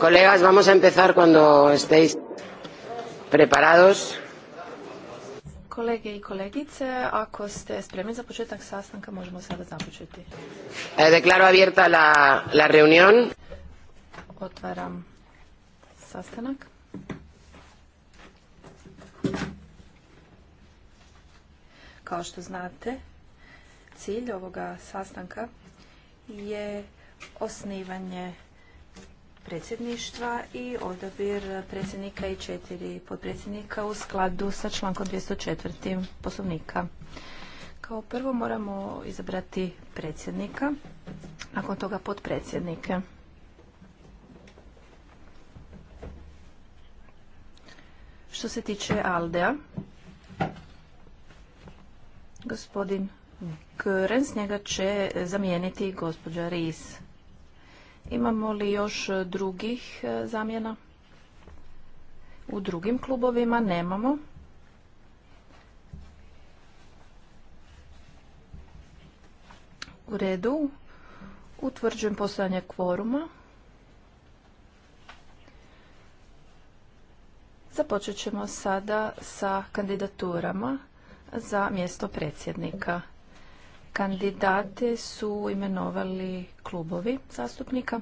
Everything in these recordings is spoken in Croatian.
Colegas, vamos a empezar cuando estéis preparados. Kolege i kolegice, ako ste spremni za početak sastanka, možemo sada započeti. E, declaro abierta la, la reunión. Otvaram sastanak. Kao što znate, cilj ovoga sastanka je osnivanje predsjedništva i odabir predsjednika i četiri podpredsjednika u skladu sa člankom 204. poslovnika. Kao prvo moramo izabrati predsjednika, nakon toga podpredsjednike. Što se tiče Aldea, gospodin s njega će zamijeniti gospođa Ries. Imamo li još e, drugih e, zamjena? U drugim klubovima nemamo. U redu. Utvrđujem postojanje kvoruma. Započet ćemo sada sa kandidaturama za mjesto predsjednika. Kandidate su imenovali klubovi zastupnika.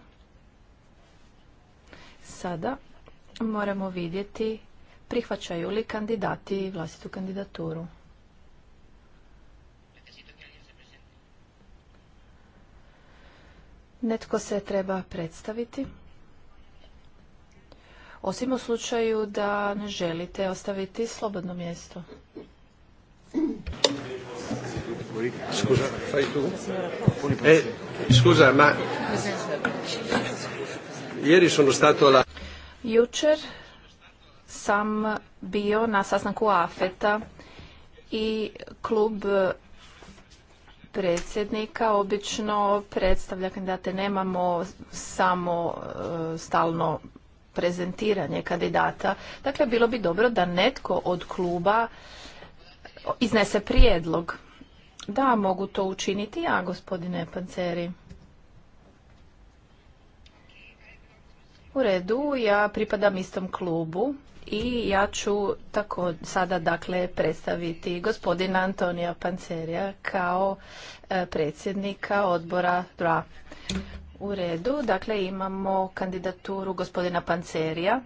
Sada moramo vidjeti prihvaćaju li kandidati vlastitu kandidaturu. Netko se treba predstaviti. Osim u slučaju da ne želite ostaviti slobodno mjesto. Scusa, fai eh, Jučer sam bio na sastanku AFETA i klub predsjednika obično predstavlja kandidate. Nemamo samo e, stalno prezentiranje kandidata. Dakle, bilo bi dobro da netko od kluba iznese prijedlog. Da, mogu to učiniti ja, gospodine Panceri. U redu, ja pripadam istom klubu i ja ću tako sada dakle predstaviti gospodina Antonija Pancerija kao e, predsjednika odbora 2. U redu, dakle imamo kandidaturu gospodina Pancerija.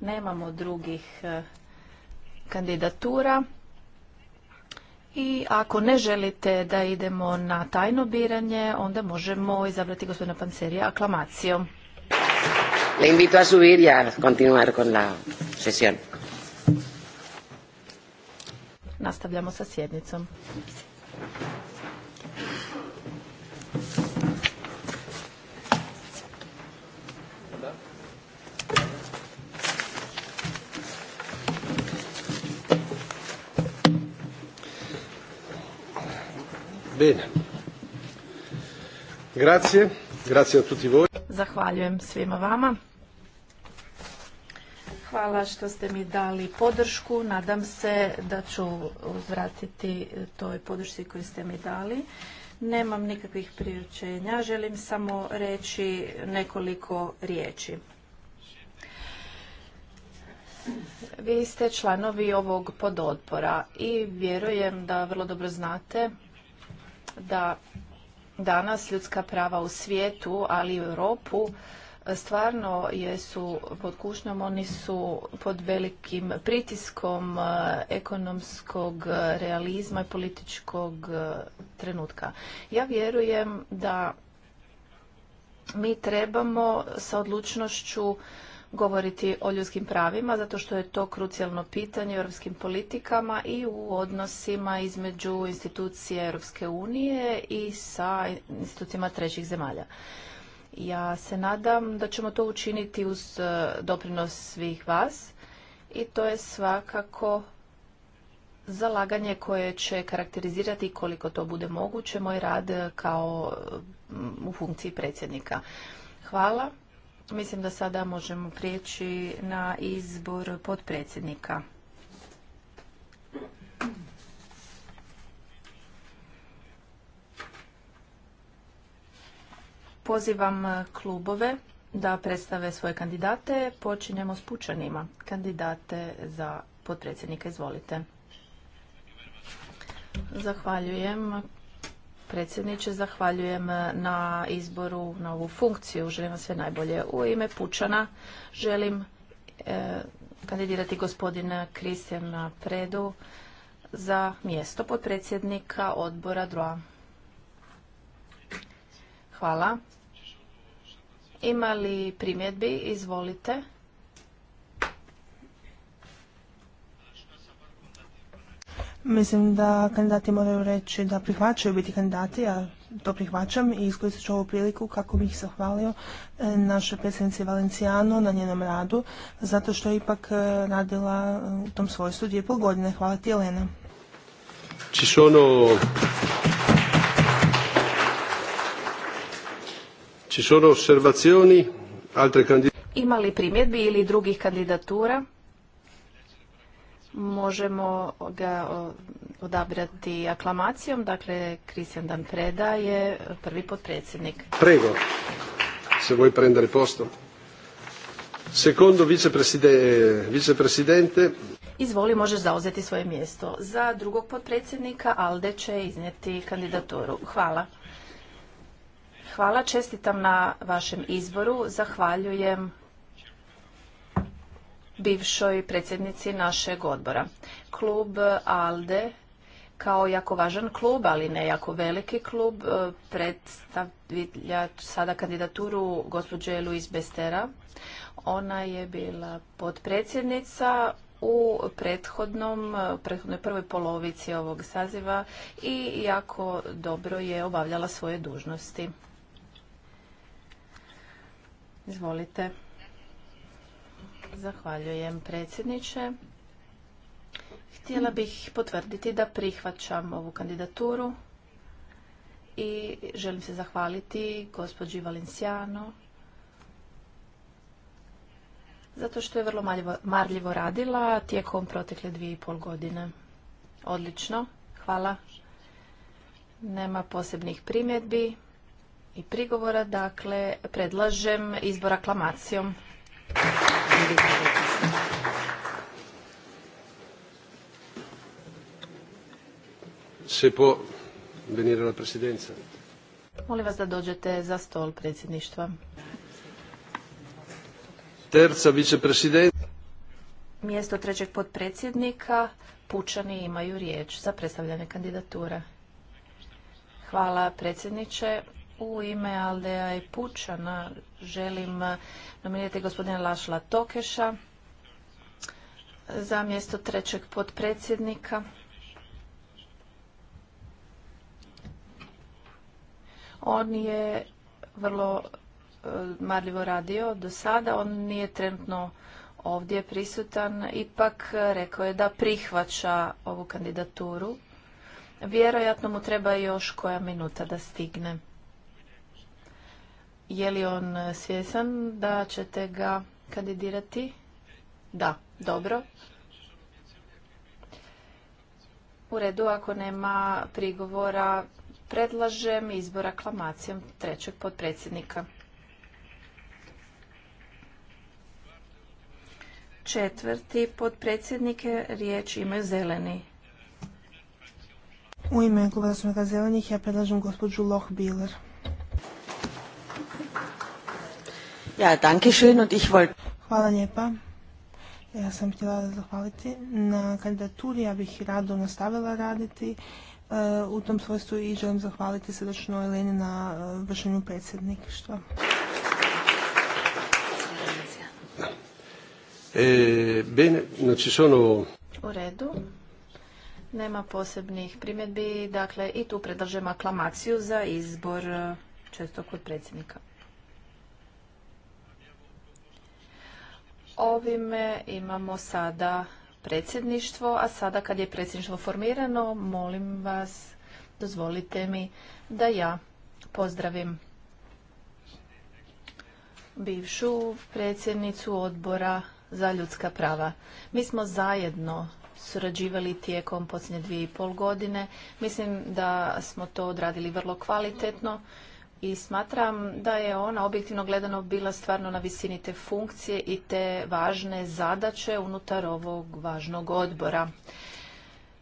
Nemamo drugih e, kandidatura. I ako ne želite da idemo na tajno biranje, onda možemo izabrati gospodina Pancerija aklamacijom. Le invito a subir y a continuar con la sesión. Nastavljamo sa sjednicom. Zahvaljujem svima vama. Hvala što ste mi dali podršku. Nadam se da ću uzvratiti toj podršci koju ste mi dali. Nemam nikakvih priučenja, želim samo reći nekoliko riječi. Vi ste članovi ovog pododpora i vjerujem da vrlo dobro znate da danas ljudska prava u svijetu, ali i u Europu, stvarno jesu pod kušnjom, oni su pod velikim pritiskom e, ekonomskog realizma i političkog e, trenutka. Ja vjerujem da mi trebamo sa odlučnošću govoriti o ljudskim pravima zato što je to krucijalno pitanje u europskim politikama i u odnosima između institucije Europske unije i sa institucijama trećih zemalja. Ja se nadam da ćemo to učiniti uz e, doprinos svih vas i to je svakako zalaganje koje će karakterizirati koliko to bude moguće moj rad kao u funkciji predsjednika. Hvala. Mislim da sada možemo prijeći na izbor potpredsjednika. Pozivam klubove da predstave svoje kandidate. Počinjemo s pučanima. Kandidate za potpredsjednika, izvolite. Zahvaljujem predsjedniče. Zahvaljujem eh, na izboru na ovu funkciju. Želim vam sve najbolje. U ime Pučana želim eh, kandidirati gospodina Kristijana Predu za mjesto potpredsjednika odbora DROA. Hvala. Ima li primjedbi? Izvolite. Mislim da kandidati moraju reći da prihvaćaju biti kandidati, a to prihvaćam i iskoristit ću ovu priliku kako bih zahvalio e, našoj predsjednici Valencijano na njenom radu, zato što je ipak e, radila e, u tom svojstvu dvije pol godine. Hvala ti, Elena. Ci altre Ima li primjedbi ili drugih kandidatura? možemo ga odabrati aklamacijom. Dakle, Kristijan Dan Preda je prvi potpredsjednik. Prego, se prendere posto. vicepresidente... Izvoli, možeš zauzeti svoje mjesto. Za drugog potpredsjednika Alde će iznijeti kandidaturu. Hvala. Hvala, čestitam na vašem izboru. Zahvaljujem bivšoj predsjednici našeg odbora. Klub eh, ALDE kao jako važan klub, ali ne jako veliki klub, eh, predstavlja sada kandidaturu gospođe Luis Bestera. Ona je bila potpredsjednica u prethodnom, eh, prethodnoj prvoj polovici ovog saziva i jako dobro je obavljala svoje dužnosti. Izvolite. Zahvaljujem predsjedniče. Htjela bih potvrditi da prihvaćam ovu kandidaturu i želim se zahvaliti gospođi Valenciano zato što je vrlo marljivo radila tijekom protekle dvije i pol godine. Odlično, hvala. Nema posebnih primjedbi i prigovora, dakle predlažem izbor aklamacijom. Molim vas da dođete za stol predsjedništva. terca Mjesto trećeg potpredsjednika pučani imaju riječ za predstavljanje kandidatura. Hvala predsjedniče. U ime Aldeja i Pučana želim nominirati gospodina Lašla Tokeša za mjesto trećeg podpredsjednika. On je vrlo e, marljivo radio do sada, on nije trenutno ovdje prisutan, ipak rekao je da prihvaća ovu kandidaturu. Vjerojatno mu treba još koja minuta da stigne. Je li on e, svjesan da ćete ga kandidirati? Da, dobro. U redu, ako nema prigovora, predlažem izbor aklamacijom trećeg potpredsjednika. Četvrti potpredsjednike riječ imaju zeleni. U ime Kluba zelenih ja predlažem gospođu Loh Biler. Ja, danke schön Hvala lijepa. Ja sam htjela zahvaliti na kandidaturi, ja bih rado nastavila raditi e, u tom svojstvu i želim zahvaliti srdačno Eleni na e, vršenju predsjedništva. E, znači u redu. Nema posebnih primjedbi, dakle i tu predlažem aklamaciju za izbor često kod predsjednika. Ovime imamo sada predsjedništvo, a sada kad je predsjedništvo formirano, molim vas, dozvolite mi da ja pozdravim bivšu predsjednicu odbora za ljudska prava. Mi smo zajedno surađivali tijekom posljednje dvije i pol godine. Mislim da smo to odradili vrlo kvalitetno i smatram da je ona objektivno gledano bila stvarno na visini te funkcije i te važne zadaće unutar ovog važnog odbora.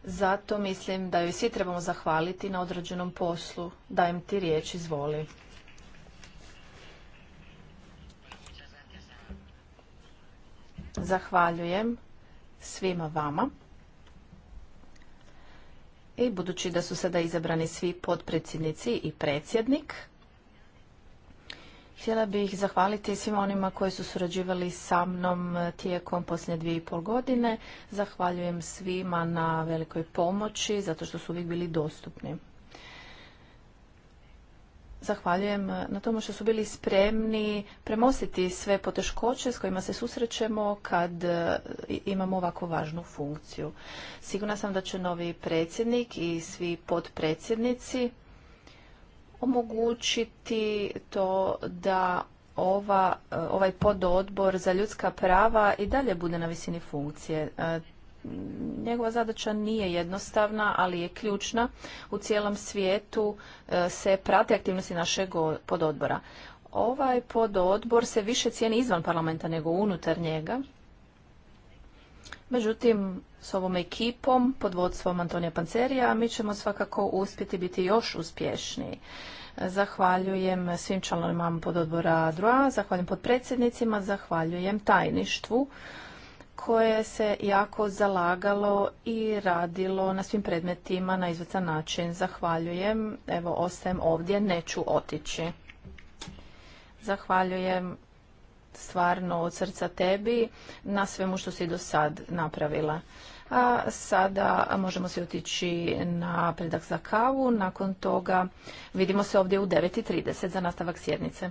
Zato mislim da joj svi trebamo zahvaliti na određenom poslu. Dajem ti riječ, izvoli. Zahvaljujem svima vama. I budući da su sada izabrani svi potpredsjednici i predsjednik, Htjela bih zahvaliti svima onima koji su surađivali sa mnom tijekom posljednje dvije i pol godine. Zahvaljujem svima na velikoj pomoći, zato što su uvijek bili dostupni. Zahvaljujem na tomu što su bili spremni premostiti sve poteškoće s kojima se susrećemo kad e, imamo ovako važnu funkciju. Sigurna sam da će novi predsjednik i svi podpredsjednici omogućiti to da e, ovaj pododbor za ljudska prava i dalje bude na visini funkcije. E, njegova zadaća nije jednostavna, ali je ključna. U cijelom svijetu e, se prate aktivnosti našeg pododbora. Ovaj pododbor se više cijeni izvan parlamenta nego unutar njega Međutim, s ovom ekipom pod vodstvom Antonija Pancerija mi ćemo svakako uspjeti biti još uspješniji. Zahvaljujem svim članovima pododbora DROA, zahvaljujem podpredsjednicima, zahvaljujem tajništvu koje se jako zalagalo i radilo na svim predmetima na izvrstan način. Zahvaljujem. Evo, ostajem ovdje, neću otići. Zahvaljujem stvarno od srca tebi na svemu što si do sad napravila. A sada možemo se otići na predak za kavu. Nakon toga vidimo se ovdje u 9.30 za nastavak sjednice.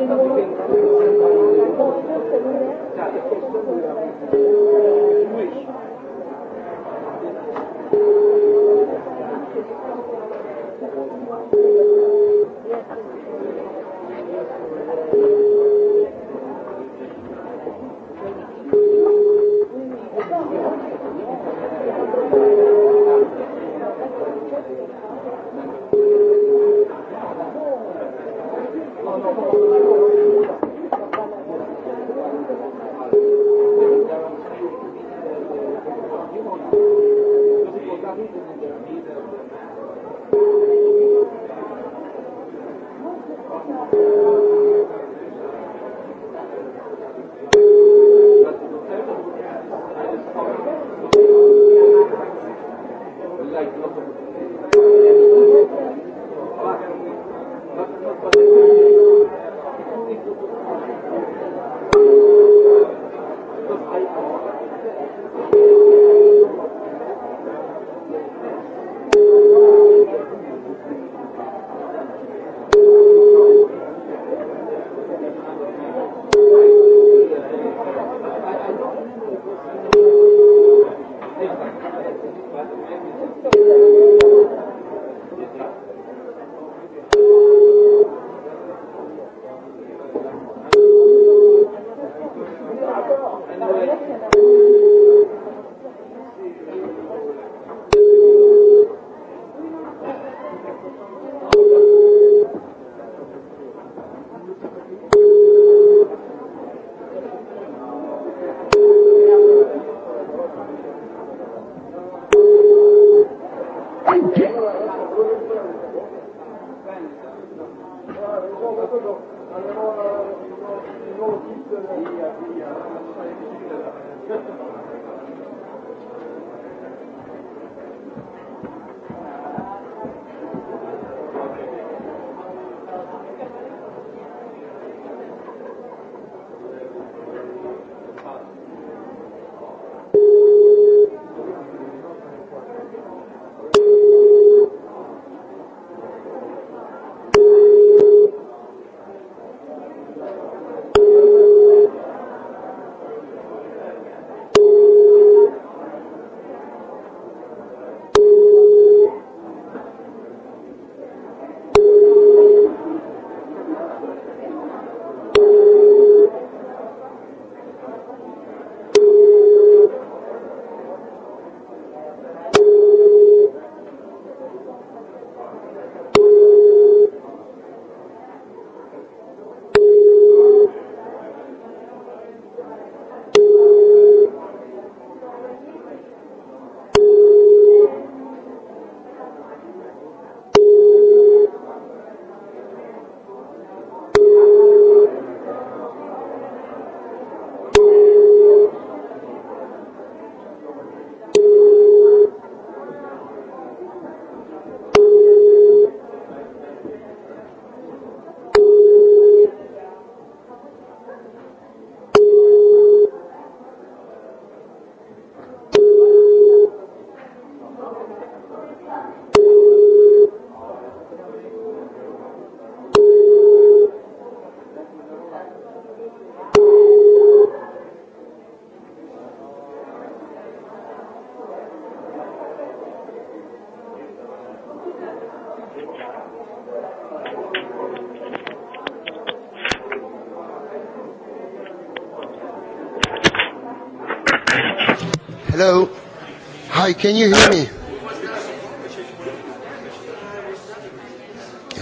Hvala Hello? Hi, can you hear me?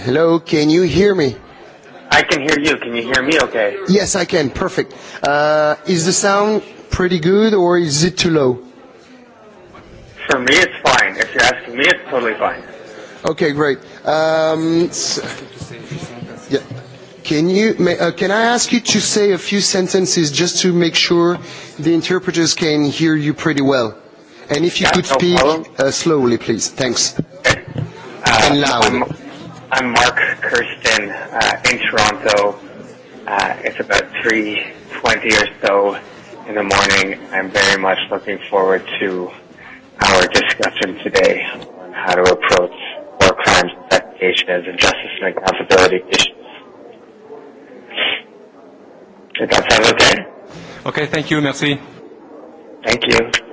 Hello, can you hear me? I can hear you. Can you hear me okay? Yes, I can. Perfect. Uh, is the sound pretty good or is it too low? For me, it's fine. If you're asking me, it's totally fine. Okay, great. Um, so Can, you, uh, can I ask you to say a few sentences just to make sure the interpreters can hear you pretty well? And if you could speak uh, slowly, please. Thanks. Uh, I'm, Mark Kirsten uh, in Toronto. Uh, it's about 3.20 or so in the morning. I'm very much looking forward to our discussion today on how to approach war crimes investigations and justice and accountability issues Does that sound okay? Okay, thank you, merci. Thank you.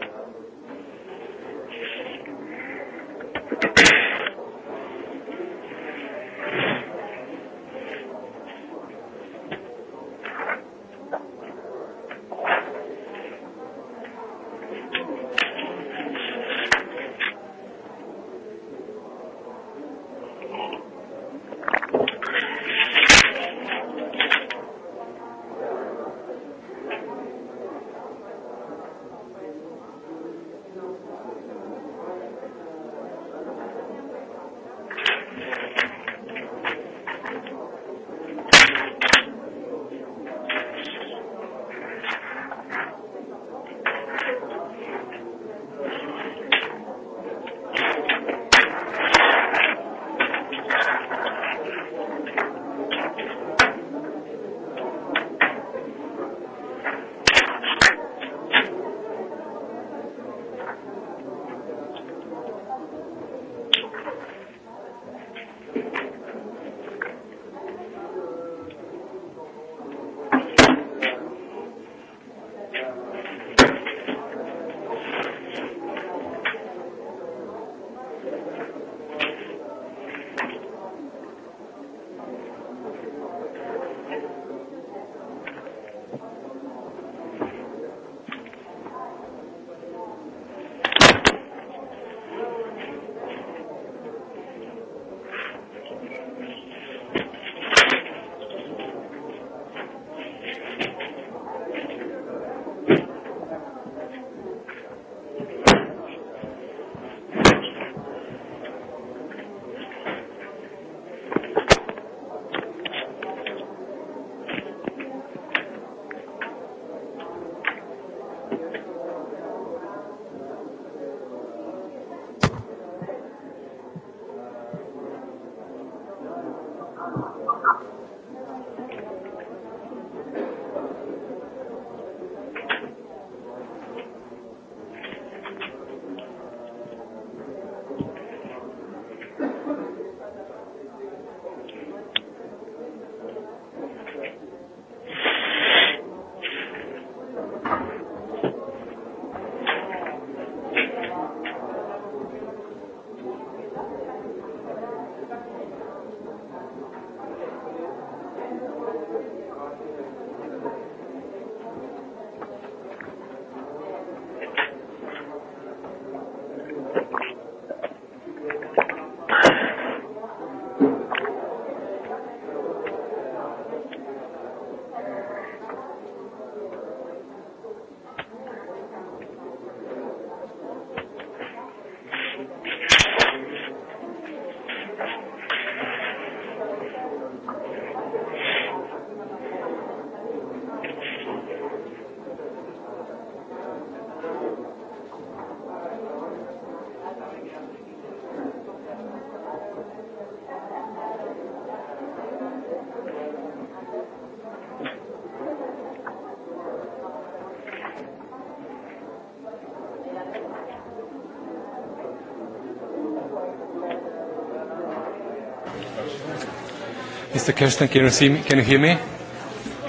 Kirsten, can you, see me? can you hear me? Yeah,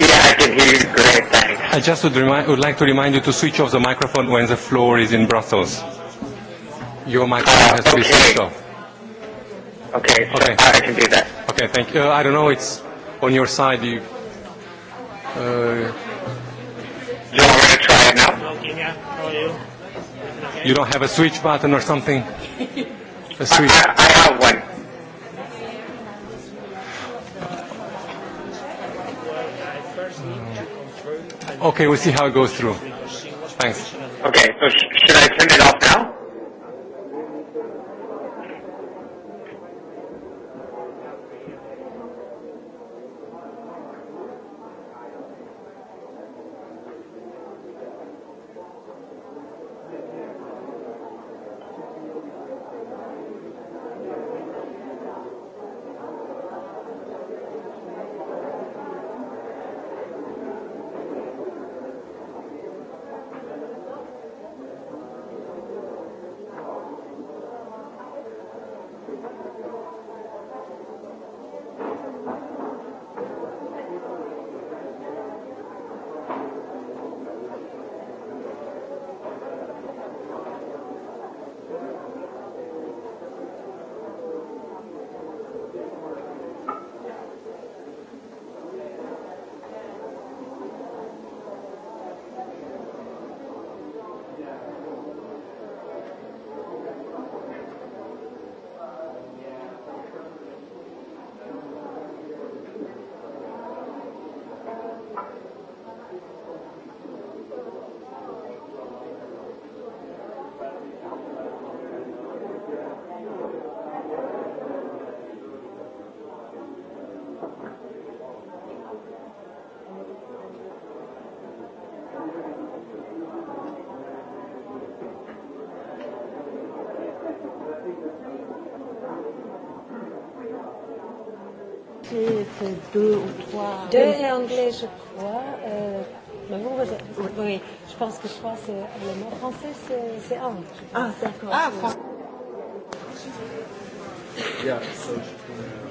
I can hear you great, thanks. I just would, remind, would like to remind you to switch off the microphone when the floor is in Brussels. Your microphone has to be uh, switched off. Okay, okay. I can do that. Okay, thank you. Uh, I don't know, it's on your side. You, uh, you want me to try it now? You don't have a switch button or something? A switch. I have one. Okay, we'll see how it goes through. Thanks. Okay, so should I send it c'est deux ou trois. Deux en anglais, je crois. Euh, mais vous, vous, oui, je pense que je crois que le mot français, c'est un. Ah, d'accord. Ah, ah français. Yeah, so uh,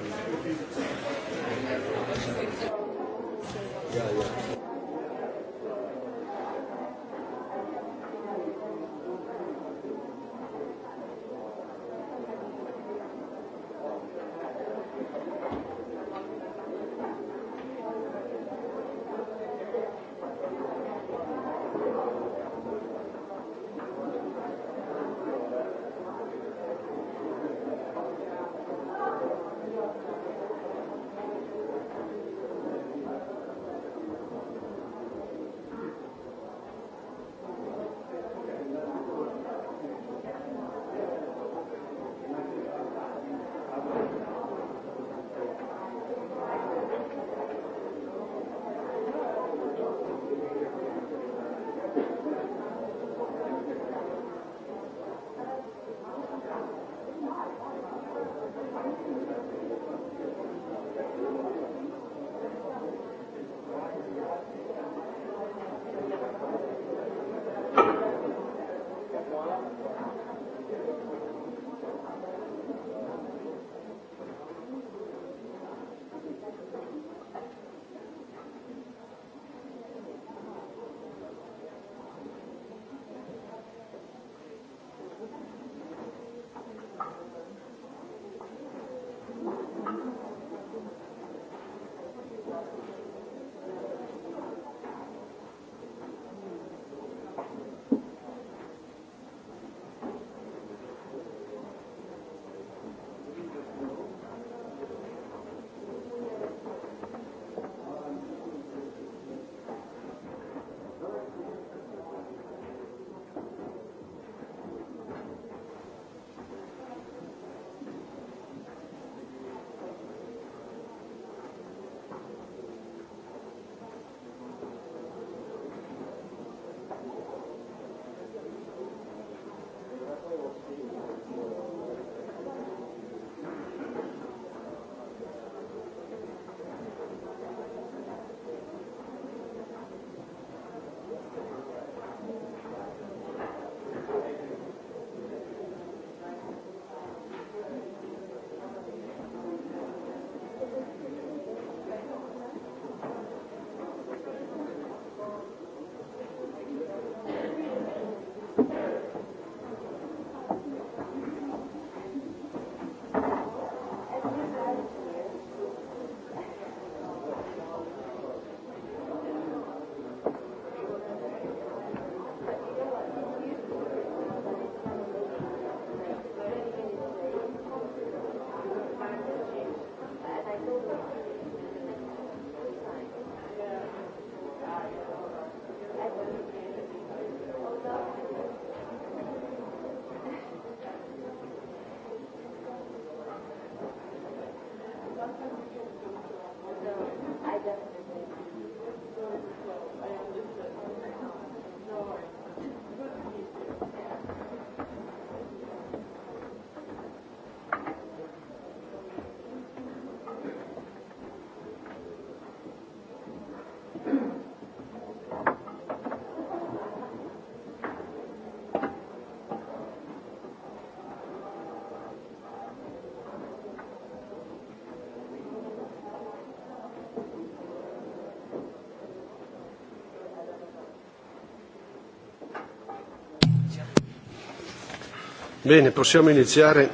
Bene, possiamo iniziare.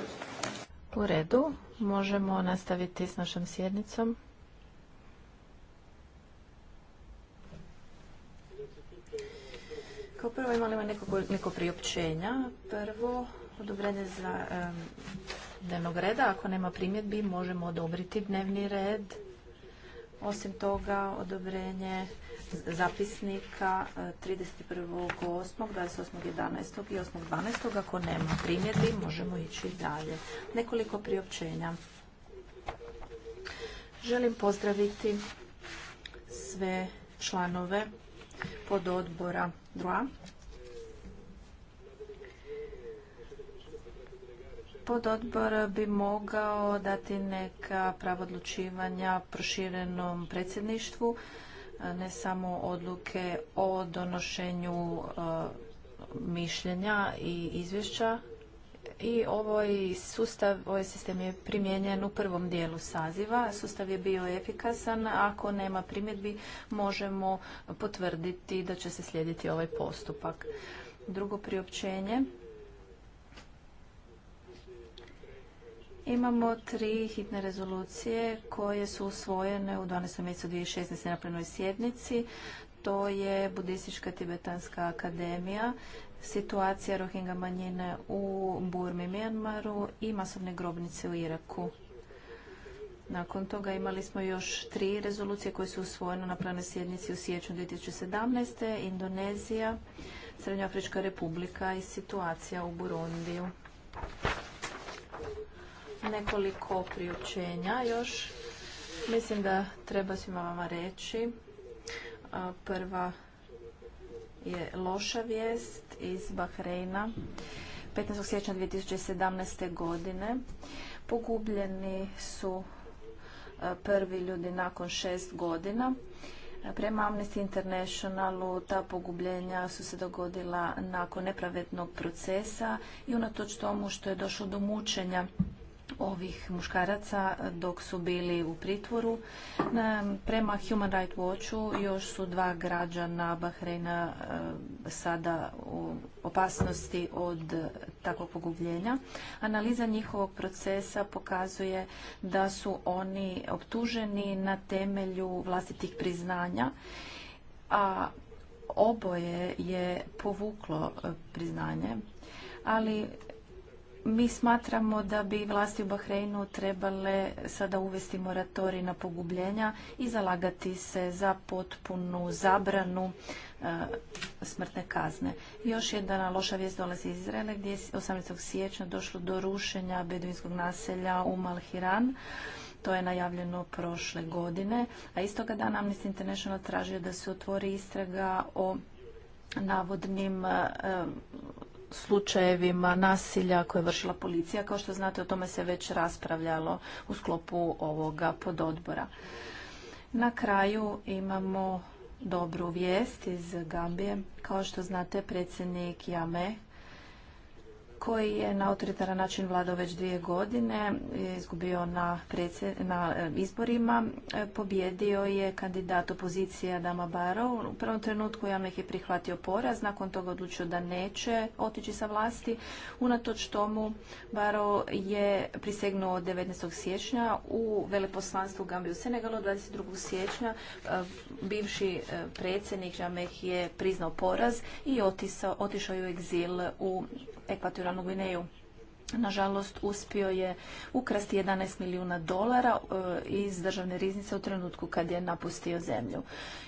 U redu, možemo nastaviti s našom sjednicom. Kao prvo li neko, neko priopćenja. Prvo, odobrenje za dnevnog reda. Ako nema primjedbi, možemo odobriti dnevni red. Osim toga, odobrenje zapisnika 31.8., e, 28.11. i 8.12. Ako nema primjedbi, možemo ići dalje. Nekoliko priopćenja. Želim pozdraviti sve članove pod odbora pod Pododbor bi mogao dati neka pravodlučivanja proširenom predsjedništvu ne samo odluke o donošenju e, mišljenja i izvješća i ovaj sustav, ovaj sistem je primijenjen u prvom dijelu saziva. Sustav je bio efikasan. Ako nema primjedbi, možemo potvrditi da će se slijediti ovaj postupak. Drugo priopćenje. Imamo tri hitne rezolucije koje su usvojene u 12. mjesecu 2016. na plenoj sjednici. To je Budistička tibetanska akademija, situacija Rohingya manjine u Burmi, Mijanmaru i masovne grobnice u Iraku. Nakon toga imali smo još tri rezolucije koje su usvojene na plenoj sjednici u siječnju 2017. Indonezija, Srednjoafrička republika i situacija u Burundiju nekoliko priučenja još. Mislim da treba svima vama reći. Prva je loša vijest iz Bahreina. 15. siječnja 2017. godine pogubljeni su prvi ljudi nakon šest godina. Prema Amnesty Internationalu ta pogubljenja su se dogodila nakon nepravednog procesa i unatoč tomu što je došlo do mučenja ovih muškaraca dok su bili u pritvoru. Prema Human Rights Watchu još su dva građana Bahreina e, sada u opasnosti od takvog pogubljenja. Analiza njihovog procesa pokazuje da su oni optuženi na temelju vlastitih priznanja, a oboje je povuklo e, priznanje ali mi smatramo da bi vlasti u Bahreinu trebale sada uvesti moratorij na pogubljenja i zalagati se za potpunu zabranu e, smrtne kazne. Još jedna loša vijest dolazi iz Izraela gdje je 18. siječnja došlo do rušenja beduinskog naselja u Malhiran. To je najavljeno prošle godine, a istoga dana Amnesty International tražio da se otvori istraga o navodnim e, slučajevima nasilja koje je vršila policija. Kao što znate, o tome se već raspravljalo u sklopu ovoga pododbora. Na kraju imamo dobru vijest iz Gambije. Kao što znate, predsjednik Jame koji je na autoritaran način vladao već dvije godine, izgubio na, na e, izborima, e, pobjedio je kandidat opozicije Adama barov U prvom trenutku Jameh je prihvatio poraz, nakon toga odlučio da neće otići sa vlasti. Unatoč tomu Baro je prisegnuo 19. siječnja u veleposlanstvu Gambiju u Senegalu 22. siječnja. E, bivši predsjednik Jameh je priznao poraz i otisao, otišao je u egzil u ekvatorijalnu Gvineju. Nažalost, uspio je ukrasti 11 milijuna dolara e, iz državne riznice u trenutku kad je napustio zemlju.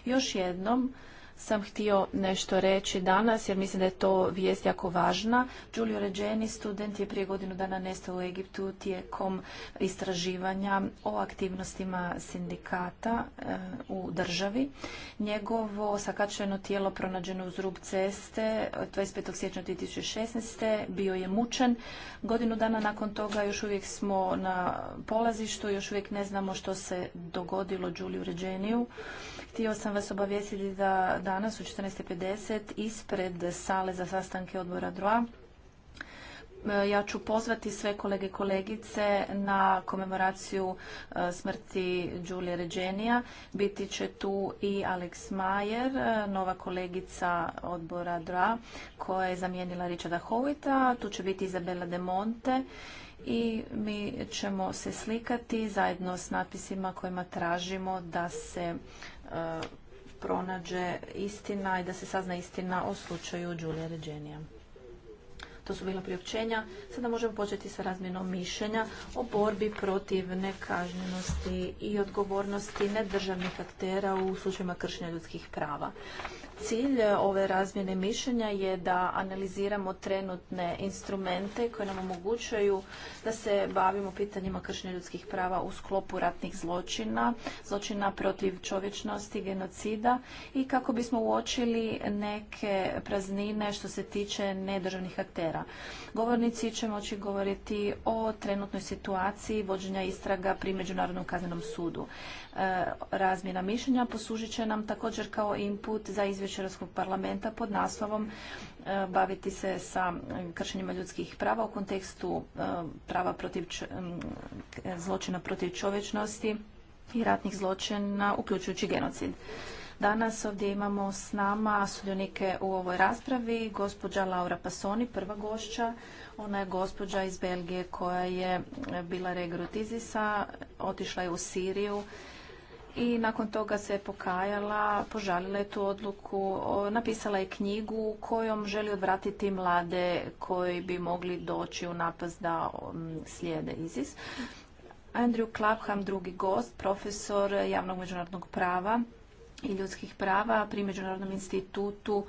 Još jednom, sam htio nešto reći danas jer mislim da je to vijest jako važna. Giulio Regeni, student, je prije godinu dana nestao u Egiptu tijekom istraživanja o aktivnostima sindikata eh, u državi. Njegovo sakačeno tijelo pronađeno uz rub ceste 25. Eh, siječnja 2016. bio je mučen. Godinu dana nakon toga još uvijek smo na polazištu, još uvijek ne znamo što se dogodilo Giulio Regeniju. Htio sam vas obavijestiti da danas u 14.50 ispred sale za sastanke odbora DROA. E, ja ću pozvati sve kolege i kolegice na komemoraciju e, smrti Đulije Ređenija. Biti će tu i Alex Majer, e, nova kolegica odbora DRA, koja je zamijenila Richarda Hovita. Tu će biti Izabela De Monte i mi ćemo se slikati zajedno s natpisima kojima tražimo da se pronađe istina i da se sazna istina o slučaju Đulija Ređenija. To su bila priopćenja. Sada možemo početi sa razmjenom mišljenja o borbi protiv nekažnjenosti i odgovornosti nedržavnih aktera u slučajima kršenja ljudskih prava. Cilj ove razmjene mišljenja je da analiziramo trenutne instrumente koje nam omogućaju da se bavimo pitanjima kršenja ljudskih prava u sklopu ratnih zločina, zločina protiv čovječnosti, genocida i kako bismo uočili neke praznine što se tiče nedržavnih aktera. Govornici će moći govoriti o trenutnoj situaciji vođenja istraga pri Međunarodnom kaznenom sudu. E, razmjena mišljenja poslužit će nam također kao input za izvješće Europskog parlamenta pod naslovom e, baviti se sa kršenjima ljudskih prava u kontekstu e, prava protiv zločina protiv čovječnosti i ratnih zločina, uključujući genocid. Danas ovdje imamo s nama sudionike u ovoj raspravi, gospođa Laura Pasoni, prva gošća. Ona je gospođa iz Belgije koja je bila regrutizisa, otišla je u Siriju i nakon toga se pokajala, požalila je tu odluku, napisala je knjigu kojom želi odvratiti mlade koji bi mogli doći u napast da slijede ISIS. Andrew Klapham, drugi gost, profesor javnog međunarodnog prava i ljudskih prava pri Međunarodnom institutu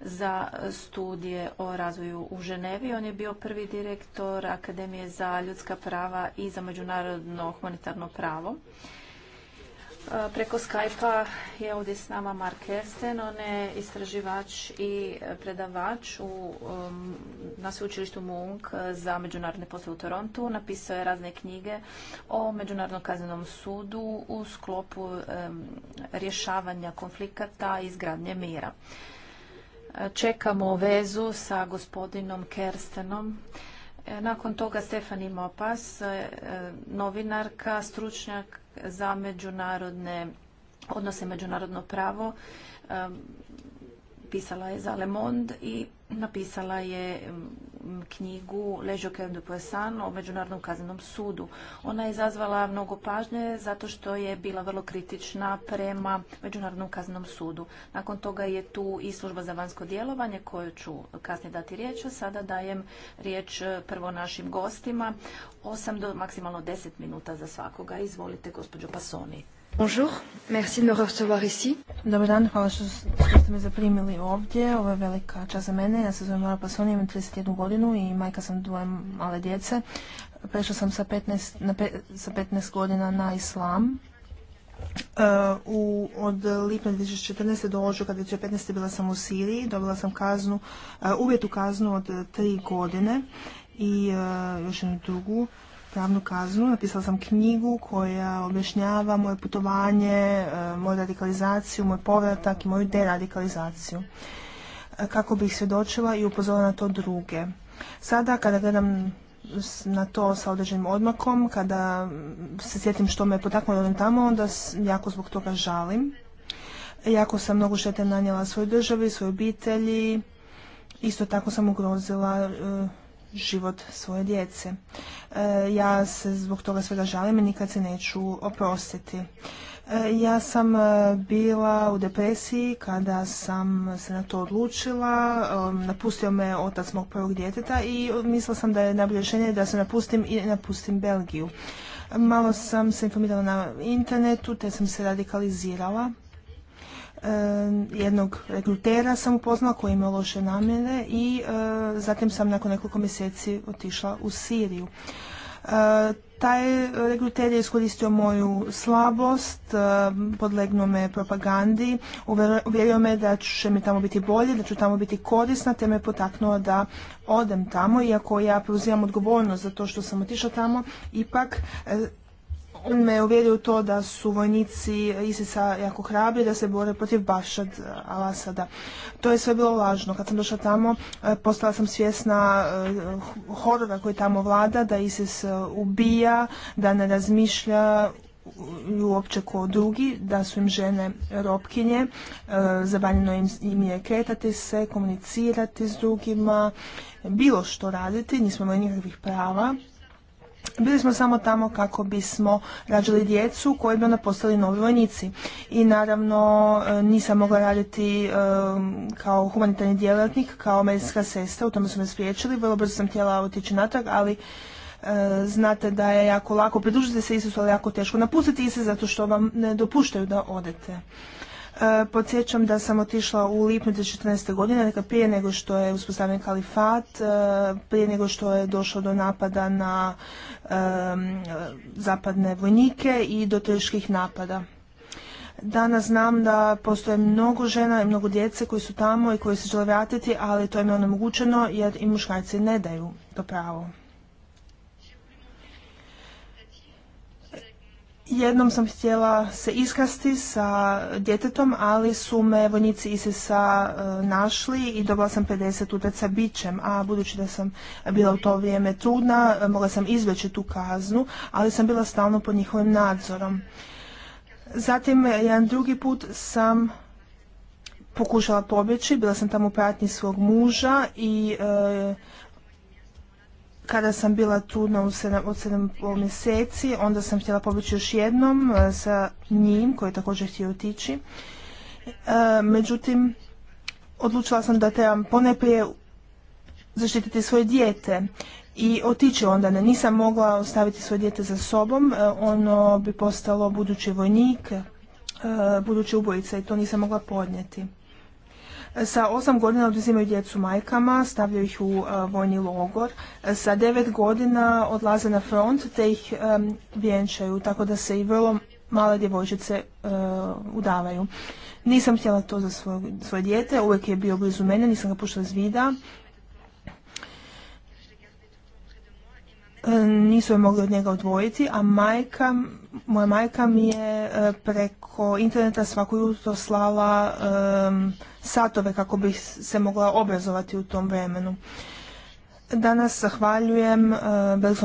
za studije o razvoju u Ženevi. On je bio prvi direktor Akademije za ljudska prava i za međunarodno humanitarno pravo. Preko Skype-a je ovdje s nama Mark Esten, on je istraživač i predavač u, um, na sveučilištu Munk za međunarodne poslove u Torontu. Napisao je razne knjige o Međunarodnom kaznenom sudu u sklopu rješavanja konflikata i izgradnje mira. Čekamo vezu sa gospodinom Kerstenom. E, nakon toga Stefani Mopas, e, e, novinarka, stručnjak za međunarodne odnose međunarodno pravo. Um, pisala je za Le Monde i napisala je um, knjigu Ležo Kevin Poisson o Međunarodnom kaznenom sudu. Ona je izazvala mnogo pažnje zato što je bila vrlo kritična prema Međunarodnom kaznenom sudu. Nakon toga je tu i služba za vanjsko djelovanje koju ću kasnije dati riječ, a sada dajem riječ e, prvo našim gostima. Osam do maksimalno deset minuta za svakoga. Izvolite, gospođo Pasoni. Bonjour. Merci de me recevoir ici. Dobar dan, hvala što, ste me zaprimili ovdje. Ovo je velika čast za mene. Ja se zovem Laura Pasoni, imam 31 godinu i majka sam dvoje male djece. Prešla sam sa 15, godina na islam. Uh, od lipnja 2014. do ožujka 2015. bila sam u Siriji, dobila sam kaznu, e, uvjetu kaznu od tri godine i e, još jednu drugu pravnu kaznu. Napisala sam knjigu koja objašnjava moje putovanje, e, moju radikalizaciju, moj povratak i moju deradikalizaciju e, kako bih svjedočila i upozorila na to druge. Sada kada gledam na to sa određenim odmakom, kada se sjetim što me potaknulo tamo, onda jako zbog toga žalim. Jako sam mnogo štete nanijela svojoj državi, svojoj obitelji. Isto tako sam ugrozila e, život svoje djece. E, ja se zbog toga svega žalim i nikad se neću oprostiti. E, ja sam e, bila u depresiji kada sam se na to odlučila. napustio me otac mog prvog djeteta i mislila sam da je najbolje rješenje da se napustim i napustim Belgiju. Malo sam se informirala na internetu te sam se radikalizirala jednog rekrutera sam upoznala koji imao loše namjere i e, zatim sam nakon nekoliko mjeseci otišla u Siriju. E, taj rekruter je iskoristio moju slabost, e, podlegnuo me propagandi, uvjerio me da će mi tamo biti bolje, da ću tamo biti korisna, te me potaknuo da odem tamo, iako ja preuzimam odgovornost za to što sam otišla tamo, ipak on me uvjerio u to da su vojnici Isisa jako hrabri, da se bore protiv Bašad eh, Al-Asada. To je sve bilo lažno. Kad sam došla tamo, eh, postala sam svjesna eh, horora koji tamo vlada, da Isis ubija, da ne razmišlja uopće ko drugi, da su im žene ropkinje, zabranjeno im je kretati se, komunicirati s drugima, bilo što raditi, nismo imali nikakvih prava bili smo samo tamo kako bismo rađali djecu koji bi onda postali novi vojnici. I naravno e, nisam mogla raditi e, kao humanitarni djelatnik, kao medicinska sestra, u tome su me spriječili, vrlo brzo sam htjela otići natrag, ali e, znate da je jako lako, pridružite se Isusu, ali jako teško napustiti Isus zato što vam ne dopuštaju da odete. E, podsjećam da sam otišla u lipnju 2014. godine, dakle prije nego što je uspostavljen kalifat, e, prije nego što je došlo do napada na e, zapadne vojnike i do teških napada. Danas znam da postoje mnogo žena i mnogo djece koji su tamo i koji se žele vratiti, ali to im je onemogućeno jer im muškarci ne daju to pravo. Jednom sam htjela se iskasti sa djetetom, ali su me vojnici ISIS-a e, našli i dobila sam 50 utaca bićem, a budući da sam bila u to vrijeme trudna, e, mogla sam izveći tu kaznu, ali sam bila stalno pod njihovim nadzorom. Zatim, jedan drugi put sam pokušala pobjeći, bila sam tamo u pratnji svog muža i e, kada sam bila trudna od pol mjeseci, onda sam htjela pobići još jednom e, sa njim, koji je također htio otići. E, međutim, odlučila sam da trebam poneprije zaštititi svoje dijete i otići onda. Ne, nisam mogla ostaviti svoje dijete za sobom, e, ono bi postalo budući vojnik, budući ubojica i to nisam mogla podnijeti. Sa osam godina oduzimaju djecu majkama, stavljaju ih u e, vojni logor. Sa devet godina odlaze na front te ih e, vjenčaju, tako da se i vrlo male djevojčice e, udavaju. Nisam htjela to za svoje dijete, uvijek je bio blizu mene, nisam ga puštala iz vida. nisu je mogli od njega odvojiti, a majka, moja majka mi je preko interneta svaku jutro slala satove kako bi se mogla obrazovati u tom vremenu. Danas zahvaljujem e,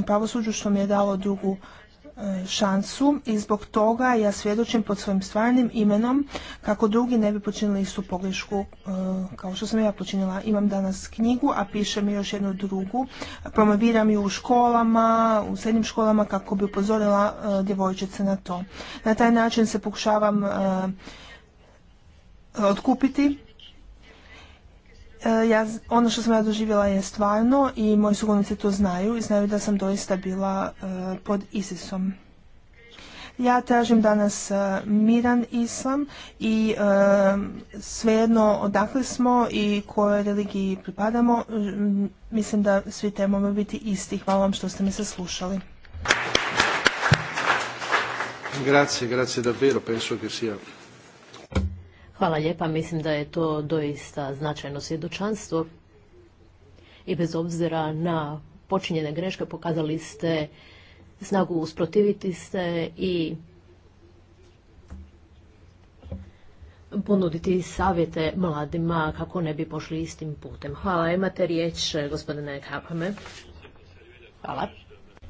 pravosuđu što mi je dalo drugu e, šansu i zbog toga ja svjedočim pod svojim stvarnim imenom kako drugi ne bi počinili istu pogrešku e, kao što sam ja počinila. Imam danas knjigu, a pišem još jednu drugu. Promoviram ju u školama, u srednjim školama kako bi upozorila e, djevojčice na to. Na taj način se pokušavam otkupiti E, ono što sam ja doživjela je stvarno i moji sugovnici to znaju i znaju da sam doista bila e, pod ISISom. Ja tražim danas e, miran islam i svejedno odakle smo i kojoj religiji pripadamo. Mm, mislim da svi trebamo biti isti. Hvala vam što ste me saslušali. Grazie, grazie davvero, penso che sia Hvala lijepa, mislim da je to doista značajno svjedočanstvo i bez obzira na počinjene greške pokazali ste snagu usprotiviti se i ponuditi savjete mladima kako ne bi pošli istim putem. Hvala, imate riječ gospodine Kapame. Hvala.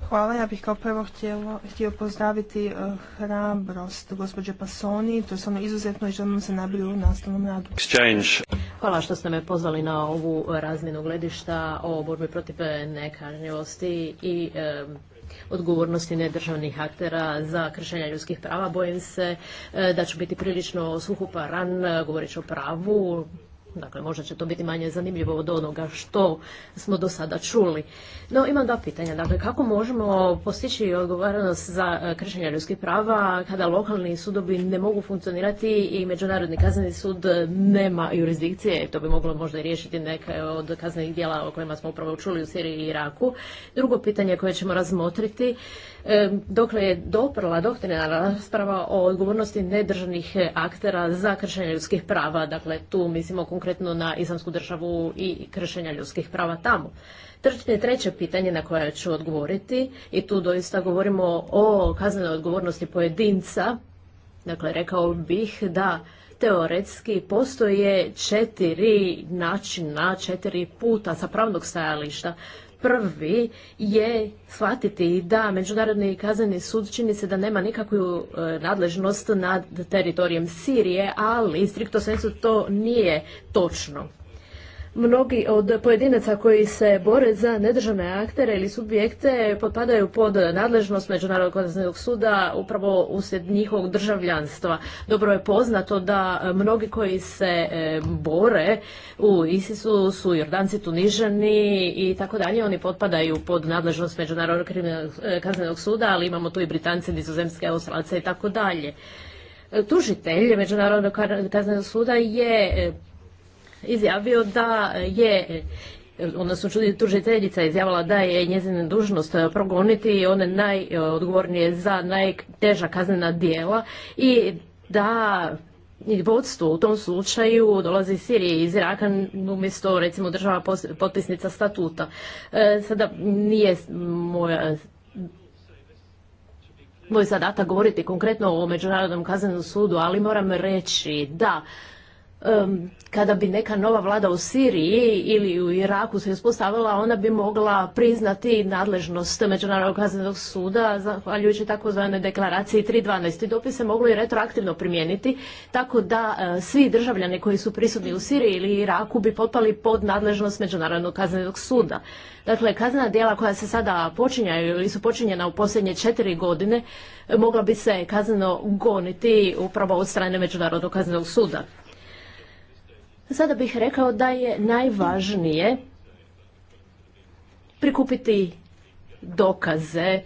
Hvala, ja bih kao prvo htio pozdraviti eh, hrabrost gospođe Pasoni, to je stvarno izuzetno i želim se najbolje u nastavnom radu. Hvala što ste me pozvali na ovu razmjenu gledišta o borbi protiv nekažnjivosti i odgovornosti nedržavnih aktera za kršenja ljudskih prava. Bojim se eh, da ću biti prilično suhoparan, eh, govorit ću o pravu, Dakle, možda će to biti manje zanimljivo od onoga što smo do sada čuli. No, imam dva pitanja. Dakle, kako možemo postići odgovornost za e, kršenje ljudskih prava kada lokalni sudovi ne mogu funkcionirati i Međunarodni kazneni sud nema jurisdikcije? To bi moglo možda i riješiti neke od kaznenih dijela o kojima smo upravo čuli u Siriji i Iraku. Drugo pitanje koje ćemo razmotriti E, dokle je doprla doktrina rasprava o odgovornosti nedržanih e, aktera za kršenje ljudskih prava. Dakle, tu mislimo konkretno na islamsku državu i kršenja ljudskih prava tamo. Treće pitanje na koje ću odgovoriti i tu doista govorimo o kaznenoj odgovornosti pojedinca. Dakle, rekao bih da teoretski postoje četiri načina, četiri puta sa pravnog stajališta prvi je shvatiti da Međunarodni kazneni sud čini se da nema nikakvu e, nadležnost nad teritorijem Sirije, ali strikto sensu to nije točno. Mnogi od pojedinaca koji se bore za nedržavne aktere ili subjekte potpadaju pod nadležnost Međunarodnog kaznenog suda upravo uslijed njihovog državljanstva. Dobro je poznato da mnogi koji se e, bore u Isisu su Jordanci, Tunižani i tako dalje. Oni potpadaju pod nadležnost Međunarodnog e, kaznenog suda, ali imamo tu i Britance, Nizozemske, Australce i tako dalje. E, tužitelj Međunarodnog kaznenog suda je izjavio da je odnosno tužiteljica izjavila da je njezina dužnost eh, progoniti one najodgovornije za najteža kaznena djela i da vodstvo u tom slučaju dolazi iz Sirije i iz Iraka umjesto recimo država potpisnica statuta. Eh, sada nije moja moj zadatak govoriti konkretno o Međunarodnom kaznenom sudu, ali moram reći da kada bi neka nova vlada u Siriji ili u Iraku se uspostavila, ona bi mogla priznati nadležnost Međunarodnog kaznenog suda, zahvaljujući takozvanoj deklaraciji 3.12. i se moglo i retroaktivno primijeniti, tako da e, svi državljani koji su prisutni u Siriji ili Iraku bi potpali pod nadležnost Međunarodnog kaznenog suda. Dakle, kaznena djela koja se sada počinjaju ili su počinjena u posljednje četiri godine, mogla bi se kazneno goniti upravo od strane Međunarodnog kaznenog suda. Sada bih rekao da je najvažnije prikupiti dokaze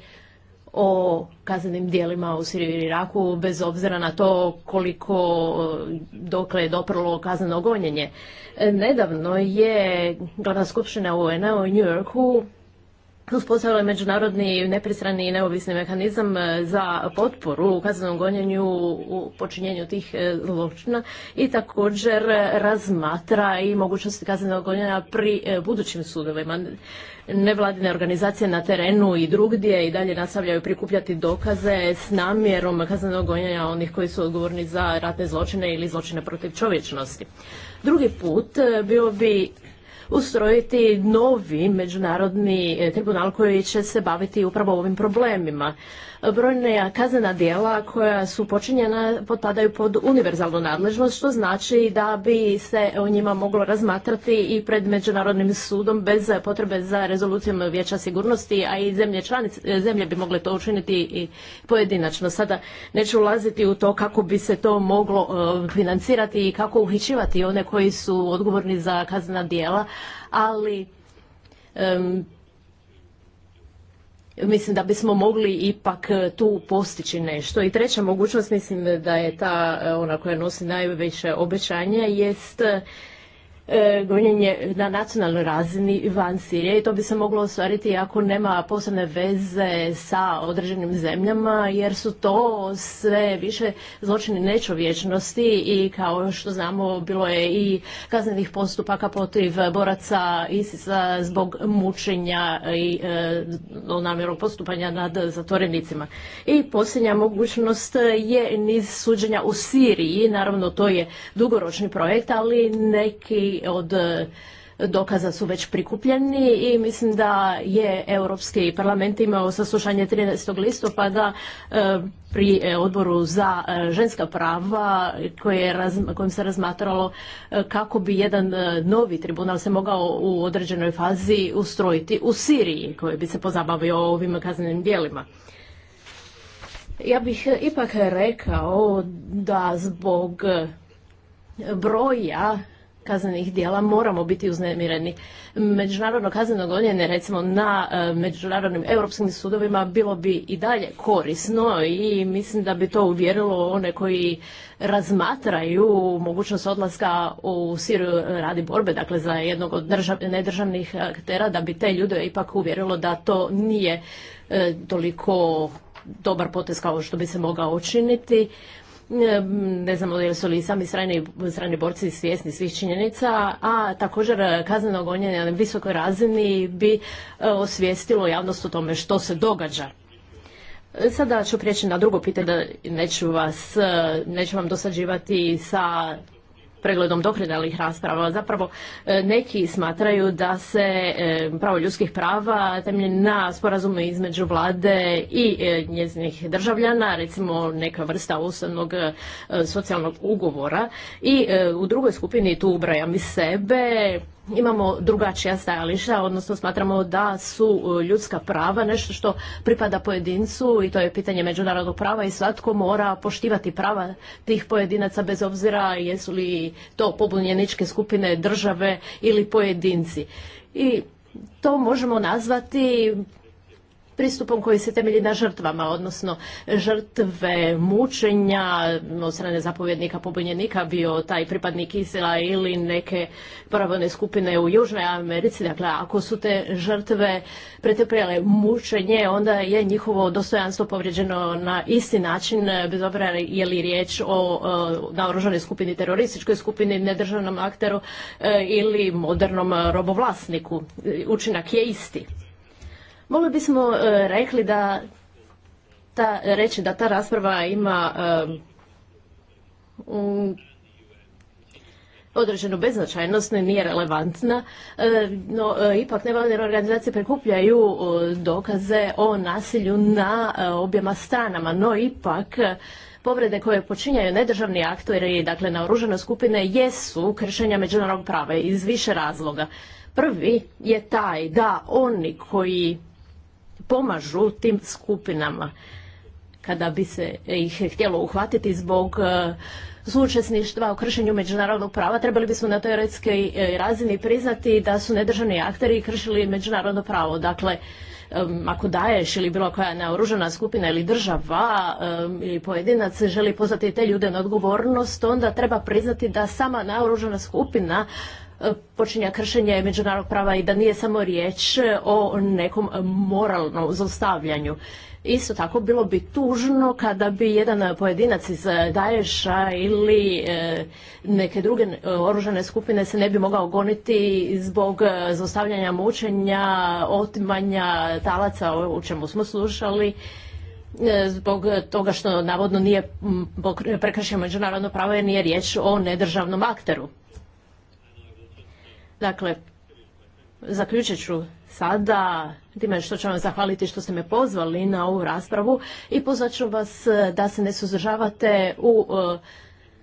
o kaznenim dijelima u Siriju i Iraku, bez obzira na to koliko dokle je doprlo kazneno gonjenje. Nedavno je Glavna skupština UN-a u New Yorku uspostavila je međunarodni nepristrani i neovisni mehanizam e, za potporu u kaznenom gonjenju u počinjenju tih e, zločina i također razmatra i mogućnosti kaznenog gonjenja pri e, budućim sudovima. Nevladine organizacije na terenu i drugdje i dalje nastavljaju prikupljati dokaze s namjerom kaznenog gonjenja onih koji su odgovorni za ratne zločine ili zločine protiv čovječnosti. Drugi put bio bi ustrojiti novi međunarodni eh, tribunal koji će se baviti upravo ovim problemima brojne kaznena djela koja su počinjena potpadaju pod univerzalnu nadležnost, što znači da bi se o njima moglo razmatrati i pred Međunarodnim sudom bez potrebe za rezolucijom Vijeća sigurnosti, a i zemlje, bi mogle to učiniti i pojedinačno. Sada neću ulaziti u to kako bi se to moglo e, financirati i kako uhićivati one koji su odgovorni za kaznena djela, ali mislim da bismo mogli ipak e, tu postići nešto. I treća mogućnost, mislim da je ta e, ona koja nosi najveće obećanje, jest E, gonjenje na nacionalnoj razini van Sirije i to bi se moglo ostvariti ako nema posebne veze sa određenim zemljama jer su to sve više zločini nečovječnosti i kao što znamo bilo je i kaznenih postupaka protiv boraca isis zbog mučenja i e, postupanja nad zatvorenicima. I posljednja mogućnost je niz suđenja u Siriji. Naravno to je dugoročni projekt, ali neki od e, dokaza su već prikupljeni i mislim da je Europski parlament imao saslušanje 13. listopada e, pri e, odboru za ženska prava koje, kojim se razmatralo kako bi jedan novi tribunal se mogao u određenoj fazi ustrojiti u Siriji koji bi se pozabavio ovim kaznenim djelima. Ja bih ipak rekao da zbog broja kaznenih dijela moramo biti uznemireni. Međunarodno kazneno gonjenje recimo na e, međunarodnim europskim sudovima bilo bi i dalje korisno i mislim da bi to uvjerilo one koji razmatraju mogućnost odlaska u Siriju radi borbe, dakle za jednog od nedržavnih aktera, da bi te ljude ipak uvjerilo da to nije e, toliko dobar potez kao što bi se mogao učiniti ne znamo jesu li sami strani, strani borci svjesni svih činjenica, a također e, kazneno gonjenje na visokoj razini bi e, osvijestilo javnost o tome što se događa. E, sada ću prijeći na drugo pitanje, neću, vas, neću vam dosađivati sa pregledom dokrenalih rasprava. Zapravo e, neki smatraju da se e, pravo ljudskih prava temelji na sporazumu između vlade i e, njezinih državljana, recimo neka vrsta osobnog socijalnog ugovora. I u drugoj skupini tu ubrajam i sebe, imamo drugačija stajališta, odnosno smatramo da su e, ljudska prava nešto što pripada pojedincu i to je pitanje međunarodnog prava i svatko mora poštivati prava tih pojedinaca bez obzira jesu li to pobunjeničke skupine države ili pojedinci. I to možemo nazvati pristupom koji se temelji na žrtvama, odnosno žrtve mučenja od strane zapovjednika pobunjenika, bio taj pripadnik Isila ili neke paravojne skupine u Južnoj Americi. Dakle, ako su te žrtve pretrpjele mučenje, onda je njihovo dostojanstvo povrijeđeno na isti način, bez obzira je li riječ o naoružanoj skupini, terorističkoj skupini, nedržavnom akteru e, ili modernom robovlasniku. Učinak je isti. Mogli bismo e, rekli da ta, reći da ta rasprava ima e, određenu beznačajnost, nije relevantna, e, no ipak nevladine organizacije prikupljaju dokaze o nasilju na objema stranama, no ipak povrede koje počinjaju nedržavni aktori, dakle naoružane skupine, jesu kršenja međunarodnog prava iz više razloga. Prvi je taj da oni koji pomažu tim skupinama kada bi se ih htjelo uhvatiti zbog sučesništva e, o kršenju međunarodnog prava, trebali bismo na toj e, razini priznati da su nedržani akteri kršili međunarodno pravo. Dakle, ako daješ ili bilo koja naoružana skupina ili država ili pojedinac želi pozvati te ljude na odgovornost, onda treba priznati da sama naoružana skupina E, počinja kršenje međunarodnog prava i da nije samo riječ o nekom moralnom zaustavljanju. Isto tako bilo bi tužno kada bi jedan pojedinac iz Daješa ili e, neke druge e, oružane skupine se ne bi mogao goniti zbog zaustavljanja mučenja, otimanja talaca, u čemu smo slušali, zbog toga što navodno nije prekršio međunarodno pravo jer nije riječ o nedržavnom akteru. Dakle, zaključit ću sada time što ću vam zahvaliti što ste me pozvali na ovu raspravu i pozvat ću vas e, da se ne suzdržavate u e,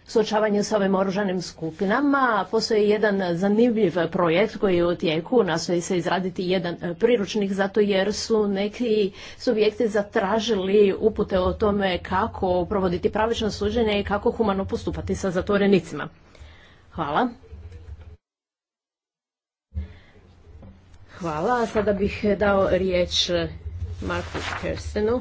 suočavanju sa ovim oružanim skupinama. Postoji jedan zanimljiv projekt koji je u tijeku, nastoji se izraditi jedan e, priručnik zato jer su neki subjekti zatražili upute o tome kako provoditi pravično suđenje i kako humano postupati sa zatvorenicima. Hvala. Hvala. Sada bih dao riječ Marku Kirstenu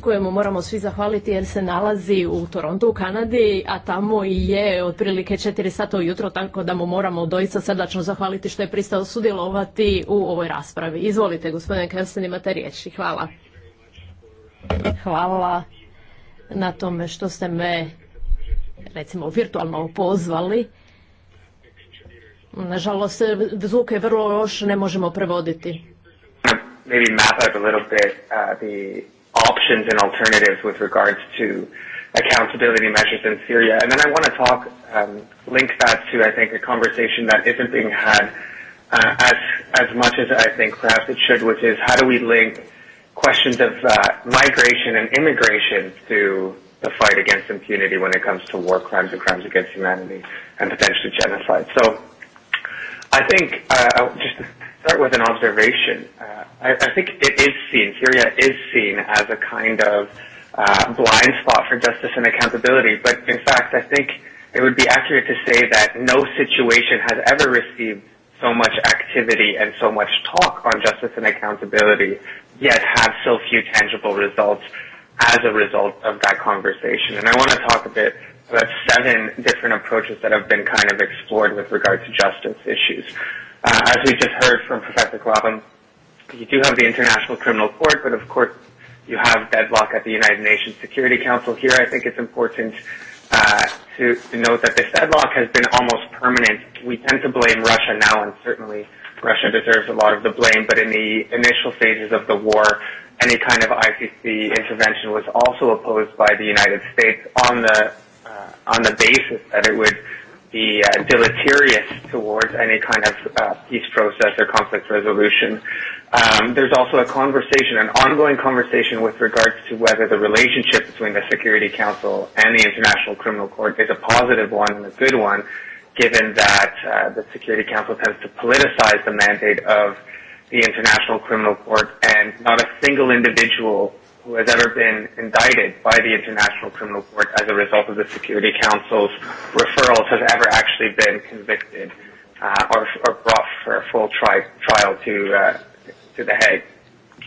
kojemu moramo svi zahvaliti jer se nalazi u Torontu u Kanadi, a tamo je otprilike 4 sata ujutro, tako da mu moramo doista srdačno zahvaliti što je pristao sudjelovati u ovoj raspravi. Izvolite, gospodine Kirsten, imate riječi. Hvala. Hvala na tome što ste me recimo virtualno pozvali Nažalost, zvuk je vrlo loš, ne možemo prevoditi. Maybe map out a little bit uh, the options and alternatives with regards to accountability measures in Syria. And then I want to talk, um, link that to, I think, a conversation that isn't being had uh, as, as much as I think perhaps it should, which is how do we link questions of uh, migration and immigration to the fight against impunity when it comes to war crimes and crimes against humanity and potentially genocide. So i think uh, just to start with an observation. Uh, I, I think it is seen. Syria is seen as a kind of uh, blind spot for justice and accountability. But in fact, I think it would be accurate to say that no situation has ever received so much activity and so much talk on justice and accountability, yet have so few tangible results as a result of that conversation. And I want to talk a bit about seven different approaches that have been kind of explored with regard to justice issues. Uh, as we just heard from Professor Globin, you do have the International Criminal Court, but of course you have deadlock at the United Nations Security Council. Here I think it's important uh, to, to note that this deadlock has been almost permanent. We tend to blame Russia now, and certainly Russia deserves a lot of the blame, but in the initial stages of the war, any kind of ICC intervention was also opposed by the United States on the Uh, on the basis that it would be uh, deleterious towards any kind of uh, peace process or conflict resolution. Um, there's also a conversation, an ongoing conversation with regards to whether the relationship between the Security Council and the International Criminal Court is a positive one and a good one, given that the Security Council tends to politicize the mandate of the International Criminal Court and not a single individual who has ever been indicted by the International Criminal Court as a result of the Security Council's referrals has ever actually been convicted uh, or, or brought for a full trial to, uh, to The Hague.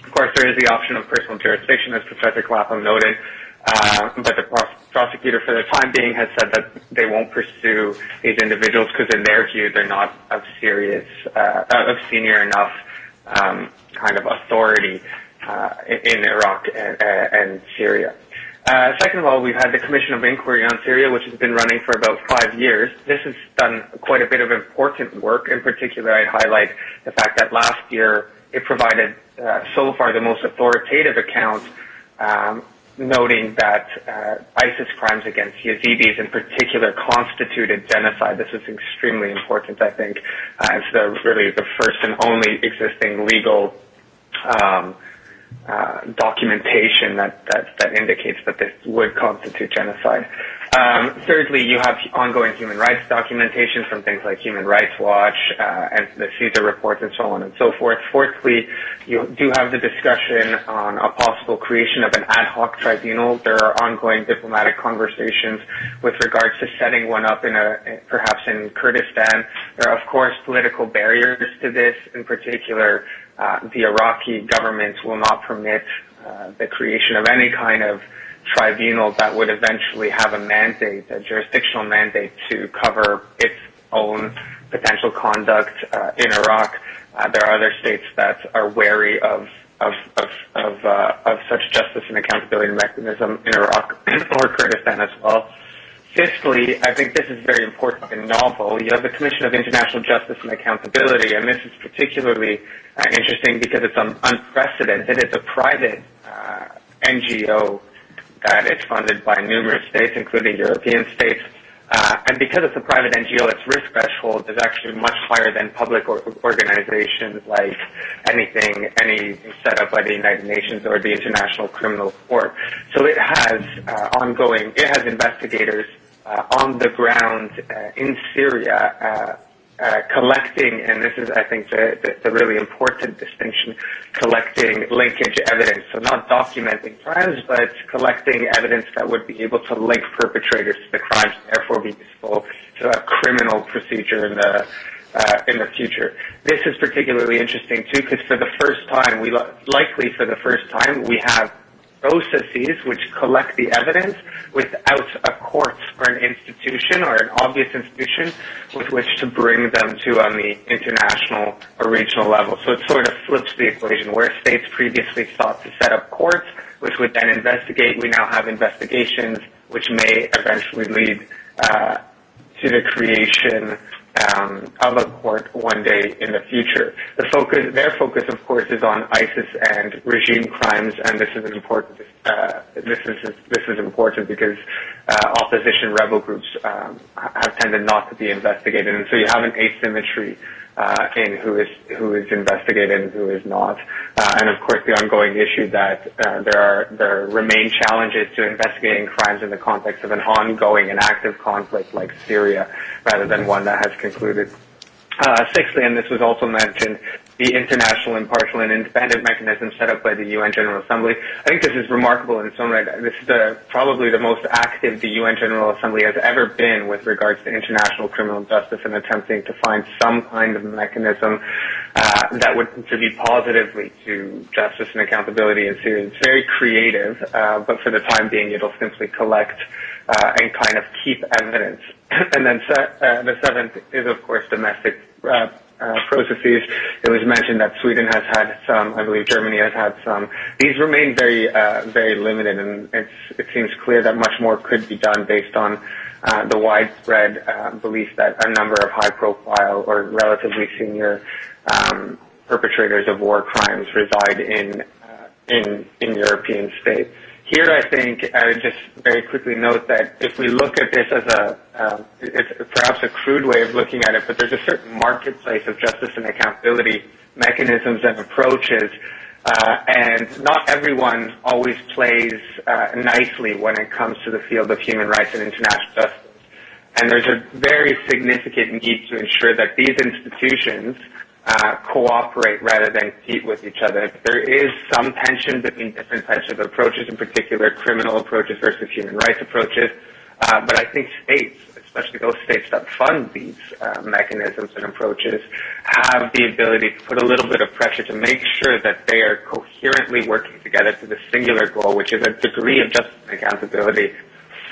Of course, there is the option of personal jurisdiction, as Professor Clapham noted, uh, but the prosecutor for the time being has said that they won't pursue these individuals because in their view they're not of serious, uh, of senior enough um, kind of authority uh, in Iraq and, uh, and Syria. Uh, second of all, we've had the Commission of Inquiry on Syria, which has been running for about five years. This has done quite a bit of important work. In particular, I'd highlight the fact that last year it provided uh, so far the most authoritative account, um, noting that uh, ISIS crimes against Yazidis in particular constituted genocide. This is extremely important, I think. Uh, the, really the first and only existing legal um, uh, documentation that, that, that indicates that this would constitute genocide. Um, thirdly, you have ongoing human rights documentation from things like Human Rights Watch uh, and the Caesar reports and so on and so forth. Fourthly, you do have the discussion on a possible creation of an ad hoc tribunal. There are ongoing diplomatic conversations with regards to setting one up in a perhaps in Kurdistan. There are of course political barriers to this, in particular Uh, the Iraqi government will not permit uh, the creation of any kind of tribunal that would eventually have a mandate, a jurisdictional mandate to cover its own potential conduct uh, in Iraq. There are other states that are wary of of of of uh of such justice and accountability mechanism in Iraq or Kurdistan as well. Fifthly, I think this is very important and novel. You have the Commission of International Justice and Accountability, and this is particularly uh, interesting because it's un unprecedented. It's a private uh, NGO that is funded by numerous states, including European states, Uh, because it's a private NGO, its risk threshold is actually much higher than public organizations like anything any set up by the United Nations or the International Criminal Court. Uh, it has investigators uh, on the ground in Syria Uh, collecting, and this is, I think, the really important distinction, collecting linkage evidence. So Not documenting crimes, but collecting evidence that would be able to link perpetrators to the crimes, therefore be useful to a criminal procedure in the uh, future. This is particularly interesting too, because for the first time, we likely for the first time, we have processes which collect the evidence without a court or an institution or an obvious institution with which to bring them to on um, the international or regional level. So it sort of flips the equation where states previously sought to set up courts which would then investigate. We now have investigations which may eventually lead uh, to the creation Um, of a court one day in the future. The focus, their focus, of course, is on ISIS and regime crimes, and this is an important. Uh, this is this is important because uh, opposition rebel groups um, have tended not to be investigated, and so you have an asymmetry uh, in who is who is investigated and who is not, uh, and of course the ongoing issue that uh, there are there remain challenges to investigating crimes in the context of an ongoing and active conflict like Syria, rather than one that has concluded. Uh, sixthly, and this was also mentioned, the international impartial and independent mechanism set up by the UN General Assembly. I think this is remarkable in its own right. This is the, probably the most active the UN General Assembly has ever been with regards to international criminal justice and attempting to find some kind of mechanism uh, that would contribute positively to justice and accountability in Syria. It's very creative, uh, but for the time being, it'll simply collect uh, and kind of keep evidence. and then uh, the seventh is, of course, domestic uh, Uh, processes. It was mentioned that Sweden has had some, I believe Germany has had some. These remain very, uh, very limited, and it's, it seems clear that much more could be done based on uh, the widespread uh, belief that a number of high-profile or relatively senior um, perpetrators of war crimes reside in uh, in in European states. Here, I think I would just very quickly note that if we look at this as um, it's perhaps a crude way of looking at it, but there's a certain marketplace of justice and accountability mechanisms and approaches, uh, and not everyone always plays uh, nicely when it comes to the field of human rights and international justice. And There's a very significant need to ensure that these institutions, Uh, cooperate rather than compete with each other. There is some tension between different types of approaches, in particular criminal approaches versus human rights approaches. Uh, but I think states, especially those states that fund these uh, mechanisms and approaches, have the ability to put a little bit of pressure to make sure that they are coherently working together to the singular goal, which is a degree of justice and accountability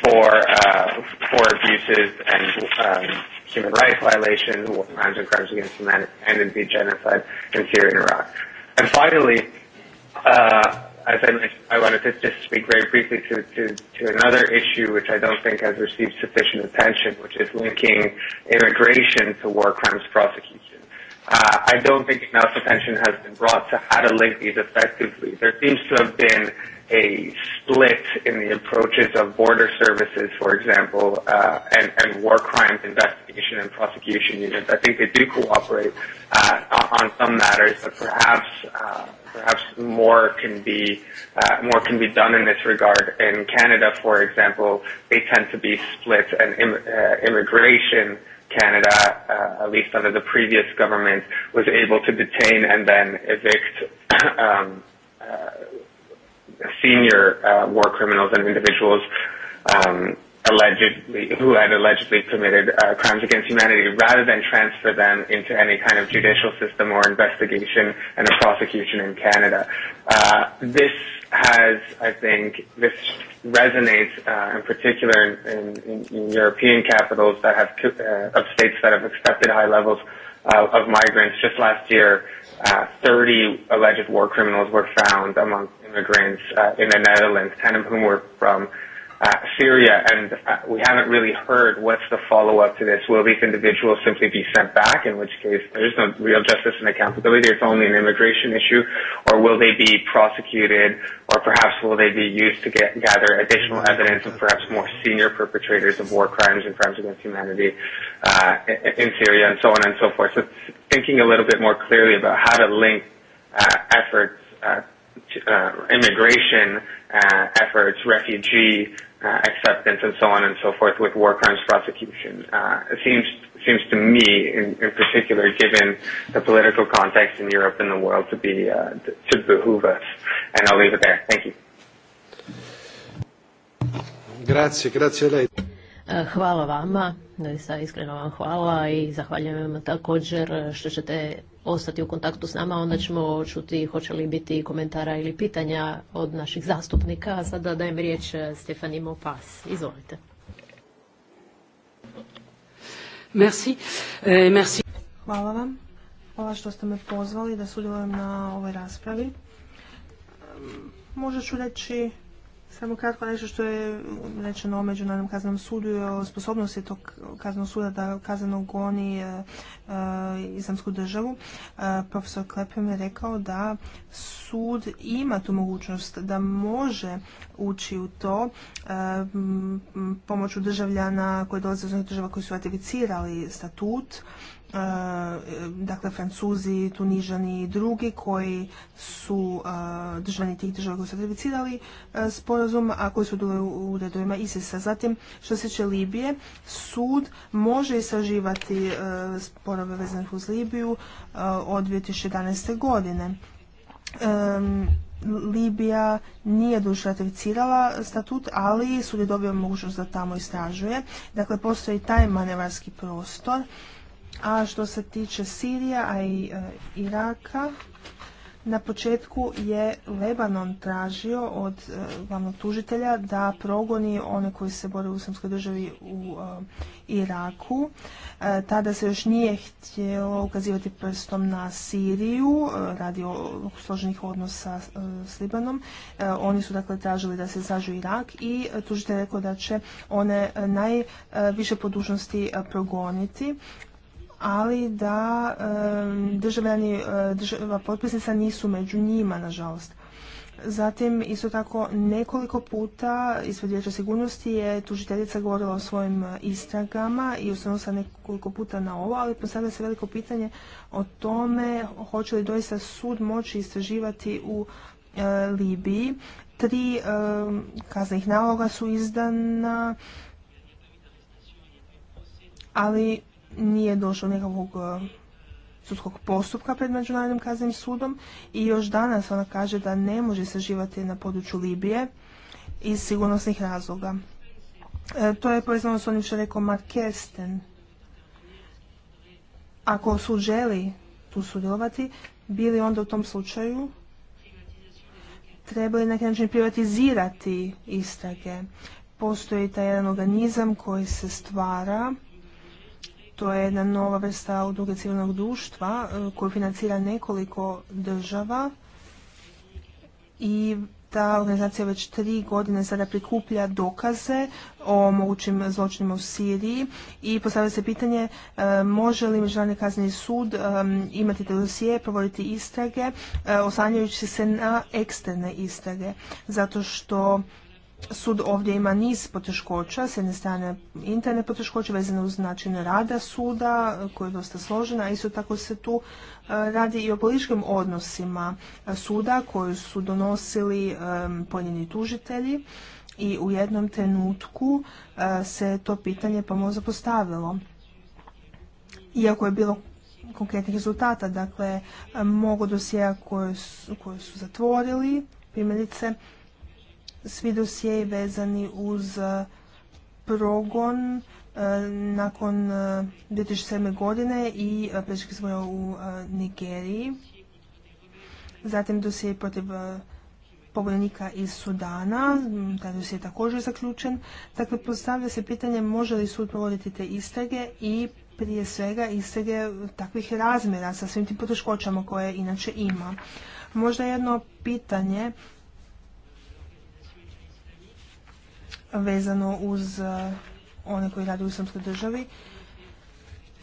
for uh, for abuses and um, human rights violations, war crimes and crimes against humanity, and indeed genocide in Syria and Iraq. And finally, uh, as I mentioned, I wanted to just speak very briefly to, to, to another issue which I don't think has received sufficient attention, which is linking immigration to war crimes prosecution. Uh, I don't think enough attention has been brought to how to link these effectively. There seems to have been a split in the approaches of border services, for example, uh, and, and war crimes investigation and prosecution units. I think they do cooperate uh, on some matters, but perhaps uh, perhaps more can be uh, more can be done in this regard. In Canada, for example, they tend to be split, and im uh, immigration. Canada, uh, at least under the previous government, was able to detain and then evict um, uh, senior uh, war criminals and individuals um, allegedly who had allegedly committed uh, crimes against humanity rather than transfer them into any kind of judicial system or investigation and a prosecution in Canada. Uh, this has, I think, this resonates uh, in particular in, in, in European capitals that have, uh, of states that have accepted high levels uh, of migrants. Just last year, 30 alleged war criminals were found among immigrants uh, in the Netherlands, 10 of whom were from uh, Syria, and uh, we haven't really heard what's the follow-up to this. Will these individuals simply be sent back, in which case there's no real justice and accountability, it's only an immigration issue, or will they be prosecuted, or perhaps will they be used to get gather additional evidence of perhaps more senior perpetrators of war crimes and crimes against humanity uh in Syria, and so on and so forth. So thinking a little bit more clearly about how to link efforts Uh, immigration uh, efforts, refugee uh, acceptance, and so on and so forth with war crimes prosecution. Uh, it seems seems to me, in, in particular, given the political context in Europe and the world, to be uh, to behoove us. And I'll leave it there. Thank you. Grazie, grazie a lei. E, hvala vama, sa iskreno vam hvala i zahvaljujem vam također što ćete ostati u kontaktu s nama, onda ćemo čuti hoće li biti komentara ili pitanja od naših zastupnika. Sada dajem riječ e, Stefani Mopas. Izvolite. E, hvala vam. Hvala što ste me pozvali da sudjelujem na ovoj raspravi. Možda ću reći samo kratko nešto što je rečeno o Međunarodnom kaznenom sudu i o sposobnosti tog kaznenog suda da kazneno goni e, e, islamsku državu. Prof. E, profesor mi je rekao da sud ima tu mogućnost da može ući u to pomoću državljana koji dolaze iz država koji su ratificirali statut E, dakle Francuzi, Tunižani i drugi koji su e, državni tih država koji su ratificirali e, sporazum, a koji su u redovima ISIS-a. Zatim, što se tiče Libije, sud može istraživati sporove vezane uz Libiju od 2011. godine. Libija nije duž ratificirala statut, ali sud je dobio mogućnost da tamo istražuje. Dakle, postoji taj manevarski prostor a što se tiče Sirija, a i e, Iraka, na početku je Lebanon tražio od e, glavnog tužitelja da progoni one koji se bore u islamskoj državi u e, Iraku. tada se još nije htjelo ukazivati prstom na Siriju radi o složenih odnosa s Libanom. Oni su dakle tražili da se zažu Irak i tužitelj rekao da će one najviše podužnosti progoniti ali da državljani e, država potpisnica nisu među njima, nažalost. Zatim, isto tako, nekoliko puta ispred vijeća sigurnosti je tužiteljica govorila o svojim istragama i ustavno nekoliko puta na ovo, ali postavlja se veliko pitanje o tome hoće li doista sud moći istraživati u e, Libiji. Tri e, kaznih naloga su izdana, ali nije došlo nekakvog e, sudskog postupka pred Međunarodnim kaznenim sudom i još danas ona kaže da ne može saživati na području Libije iz sigurnosnih razloga. E, to je povezano s onim što je rekao Mark Ako sud želi tu sudjelovati, bili onda u tom slučaju trebali na neki način privatizirati istrage. Postoji taj jedan organizam koji se stvara to je jedna nova vrsta udruge civilnog društva e, koju financira nekoliko država i ta organizacija već tri godine sada prikuplja dokaze o mogućim zločinima u Siriji i postavlja se pitanje e, može li Međunarodni kazneni sud e, imati te dosije, provoditi istrage, oslanjajući se na eksterne istrage, zato što Sud ovdje ima niz poteškoća, s jedne strane interne poteškoće vezane uz način rada suda koja je dosta složena, a isto tako se tu e, radi i o političkim odnosima e, suda koju su donosili e, pojedini tužitelji i u jednom trenutku se to pitanje pomalo postavilo. Iako je bilo konkretnih rezultata, dakle, mogu dosija koje koje su zatvorili, primjerice, svi dosjeji vezani uz e, progon e, nakon 2007. E, godine i prečke smo u Nigeriji. Zatim dosije protiv pobojnika iz Sudana, taj dosje je također zaključen. Dakle, postavlja se pitanje može li sud provoditi te istrage i prije svega istrage takvih razmjera sa svim tim poteškoćama koje inače ima. Možda jedno pitanje vezano uz e, one koji rade u islamskoj državi,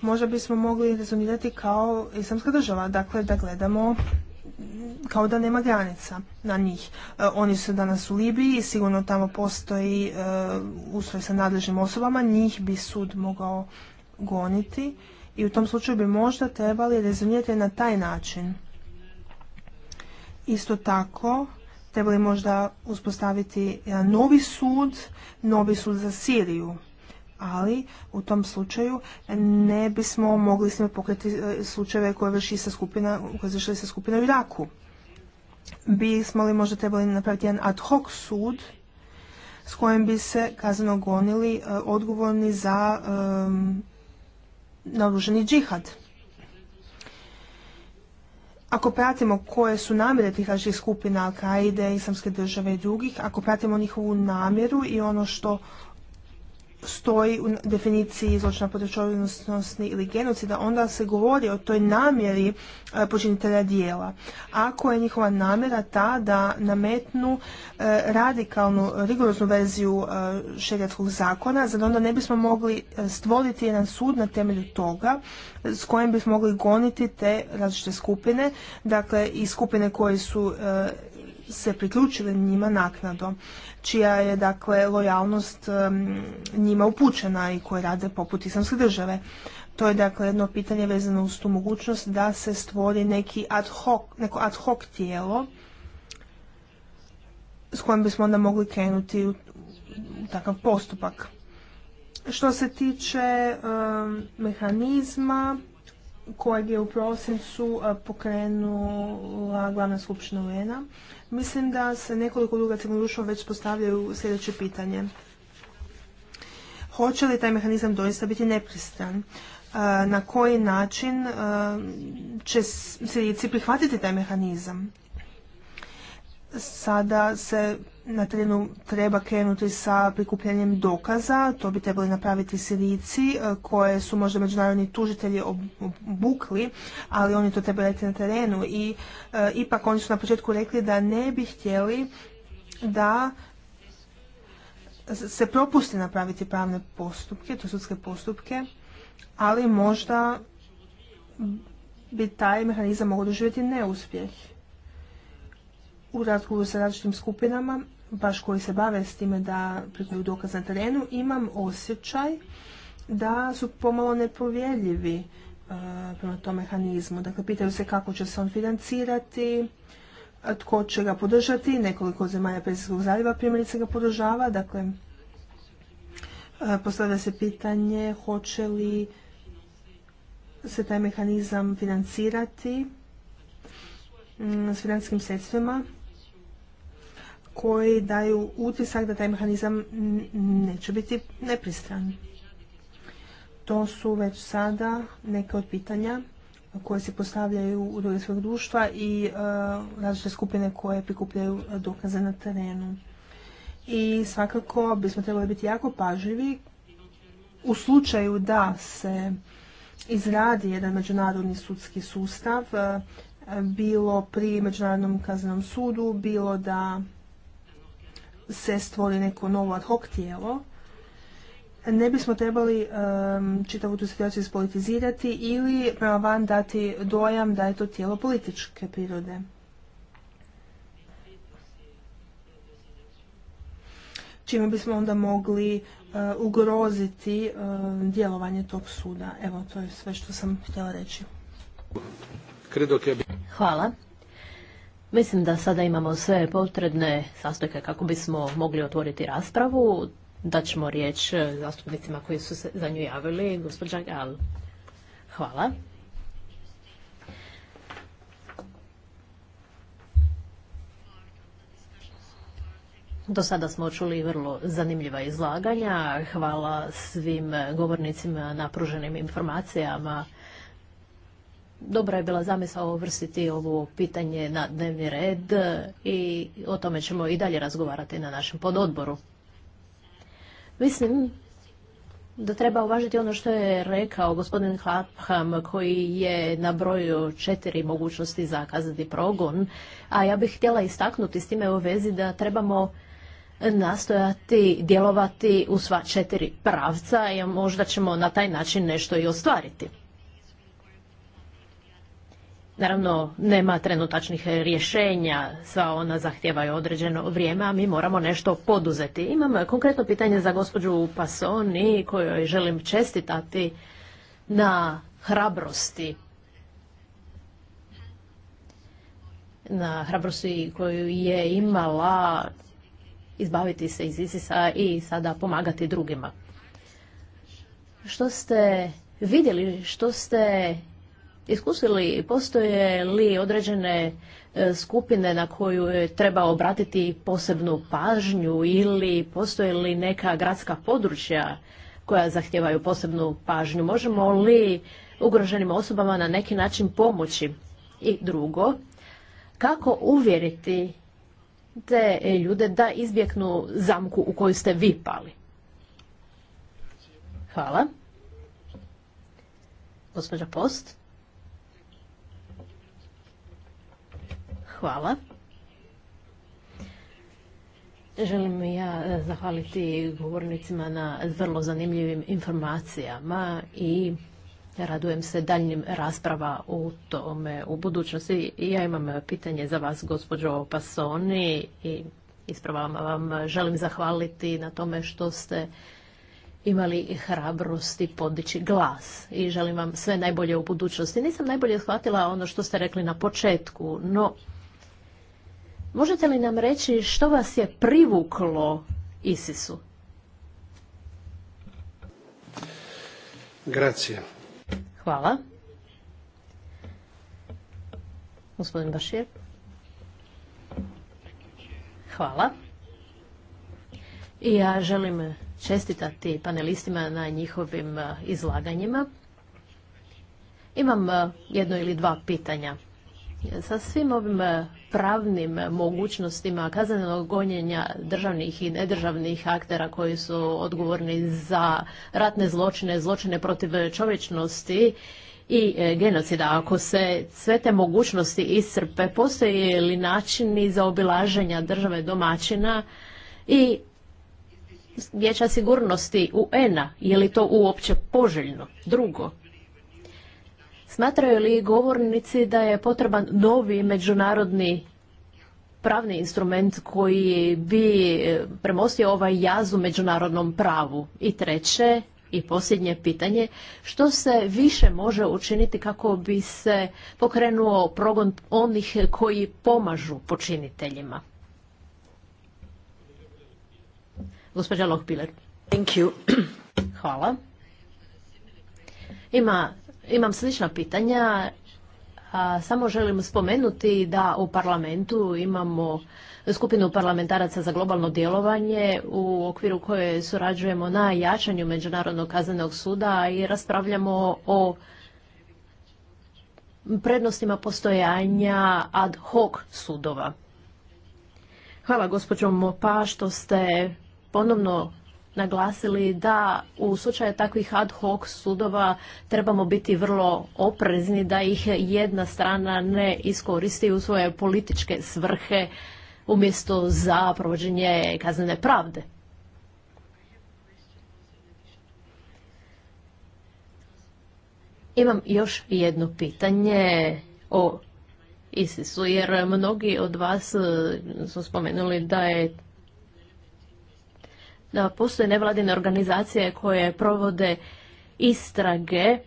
možda bismo mogli rezonirati kao islamska država, dakle da gledamo kao da nema granica na njih. E, oni su danas u Libiji, sigurno tamo postoji e, ustroj sa nadležnim osobama, njih bi sud mogao goniti i u tom slučaju bi možda trebali rezonirati na taj način. Isto tako, trebali možda uspostaviti jedan novi sud, novi sud za Siriju. Ali u tom slučaju ne bismo mogli s njima pokriti e, slučajeve koje vrši sa skupina, koje sa skupina u Iraku. Bismo li možda trebali napraviti jedan ad hoc sud s kojim bi se kazneno gonili e, odgovorni za naruženi džihad ako pratimo koje su namjere tih različitih skupina Al-Qaide, Islamske države i drugih, ako pratimo njihovu namjeru i ono što stoji u definiciji zločina protiv ili genocida, onda se govori o toj namjeri e, počinitelja dijela. Ako je njihova namjera ta da nametnu e, radikalnu, rigoroznu verziju e, šerijatskog zakona, zar onda ne bismo mogli stvoriti jedan sud na temelju toga s kojim bismo mogli goniti te različite skupine, dakle i skupine koje su se priključile njima naknadom čija je dakle lojalnost njima upućena i koje rade poput islamske države. To je dakle jedno pitanje vezano uz tu mogućnost da se stvori neki ad hoc, neko ad hoc tijelo s kojim bismo onda mogli krenuti u takav postupak. Što se tiče mehanizma kojeg je u prosincu eh, pokrenula glavna skupština un Mislim da se nekoliko druga društva već postavljaju sljedeće pitanje. Hoće li taj mehanizam doista biti nepristan? Uh, na koji način uh, će prihvatiti taj mehanizam? Sada se na terenu treba krenuti sa prikupljanjem dokaza, to bi trebali napraviti Sirici e, koje su možda međunarodni tužitelji obukli, ali oni to trebaju raditi na terenu i e, ipak oni su na početku rekli da ne bi htjeli da se propusti napraviti pravne postupke, to sudske postupke, ali možda bi taj mehanizam mogao doživjeti neuspjeh u razgovoru sa različitim skupinama baš koji se bave s time da prikljuju dokaz na terenu, imam osjećaj da su pomalo nepovjerljivi e, prema tom mehanizmu. Dakle, pitaju se kako će se on financirati, tko će ga podržati, nekoliko zemalja Persijskog zaljeva primjerice ga podržava, dakle, e, postavlja se pitanje hoće li se taj mehanizam financirati s financijskim sredstvima koji daju utisak da taj mehanizam neće biti nepristran. To su već sada neke od pitanja koje se postavljaju u druge svog društva i e, različite skupine koje prikupljaju dokaze na terenu. I svakako bismo trebali biti jako pažljivi u slučaju da se izradi jedan međunarodni sudski sustav, e, bilo pri Međunarodnom kaznenom sudu, bilo da se stvori neko novo ad hoc tijelo, ne bismo trebali um, čitavu tu situaciju ispolitizirati ili prema van dati dojam da je to tijelo političke prirode. Čime bismo onda mogli e, ugroziti djelovanje tog suda. Evo, to je sve što sam htjela reći. Hvala. Mislim da sada imamo sve potrebne sastojke kako bismo mogli otvoriti raspravu. ćemo riječ e, zastupnicima koji su se za nju javili. Gospođa Gal, hvala. Do sada smo čuli vrlo zanimljiva izlaganja. Hvala svim govornicima na pruženim informacijama dobra je bila zamisao uvrstiti ovo pitanje na dnevni red e, i o tome ćemo i dalje razgovarati na našem pododboru. Mislim da treba uvažiti ono što je rekao gospodin Clapham koji je nabrojio četiri mogućnosti zakazati progon, a ja bih htjela istaknuti s time u vezi da trebamo nastojati djelovati u sva četiri pravca i možda ćemo na taj način nešto i ostvariti. Naravno, nema trenutačnih rješenja, sva ona zahtijevaju određeno vrijeme, a mi moramo nešto poduzeti. Imam konkretno pitanje za gospođu Pasoni, kojoj želim čestitati na hrabrosti. Na hrabrosti koju je imala izbaviti se iz Isisa i sada pomagati drugima. Što ste vidjeli, što ste iskusili postoje li određene e, skupine na koju treba obratiti posebnu pažnju ili postoje li neka gradska područja koja zahtijevaju posebnu pažnju? Možemo li ugroženim osobama na neki način pomoći? I drugo, kako uvjeriti te ljude da izbjegnu zamku u koju ste vi pali? Hvala. Gospođa Post. Hvala. Želim ja zahvaliti govornicima na vrlo zanimljivim informacijama i radujem se daljnjim rasprava u tome u budućnosti. Ja imam pitanje za vas, gospođo Pasoni, i ispravama vam želim zahvaliti na tome što ste imali hrabrosti podići glas i želim vam sve najbolje u budućnosti. Nisam najbolje shvatila ono što ste rekli na početku, no Možete li nam reći što vas je privuklo Isisu? Grazie. Hvala. Gospodin Bašir. Hvala. I ja želim čestitati panelistima na njihovim eh, izlaganjima. Imam eh, jedno ili dva pitanja. Sa svim ovim e, pravnim mogućnostima kaznenog gonjenja državnih i nedržavnih aktera koji su odgovorni za ratne zločine, zločine protiv čovječnosti i e, genocida, ako se sve te mogućnosti iscrpe, postoje li načini za obilaženja države domaćina i vijeća sigurnosti UN-a, je li to uopće poželjno? Drugo, Smatraju li govornici da je potreban novi međunarodni pravni instrument koji bi e, premostio ovaj jaz u međunarodnom pravu? I treće, i posljednje pitanje, što se više može učiniti kako bi se pokrenuo progon onih koji pomažu počiniteljima? Gospođa Lohpiler. Thank you. Hvala. Ima imam slična pitanja, a samo želim spomenuti da u parlamentu imamo skupinu parlamentaraca za globalno djelovanje u okviru koje surađujemo na jačanju Međunarodnog kaznenog suda i raspravljamo o prednostima postojanja ad hoc sudova. Hvala gospođo Mopa što ste ponovno naglasili da u slučaju takvih ad hoc sudova trebamo biti vrlo oprezni da ih jedna strana ne iskoristi u svoje političke svrhe umjesto za provođenje kaznene pravde. Imam još jedno pitanje o Isisu, jer mnogi od vas su spomenuli da je da postoje nevladine organizacije koje provode istrage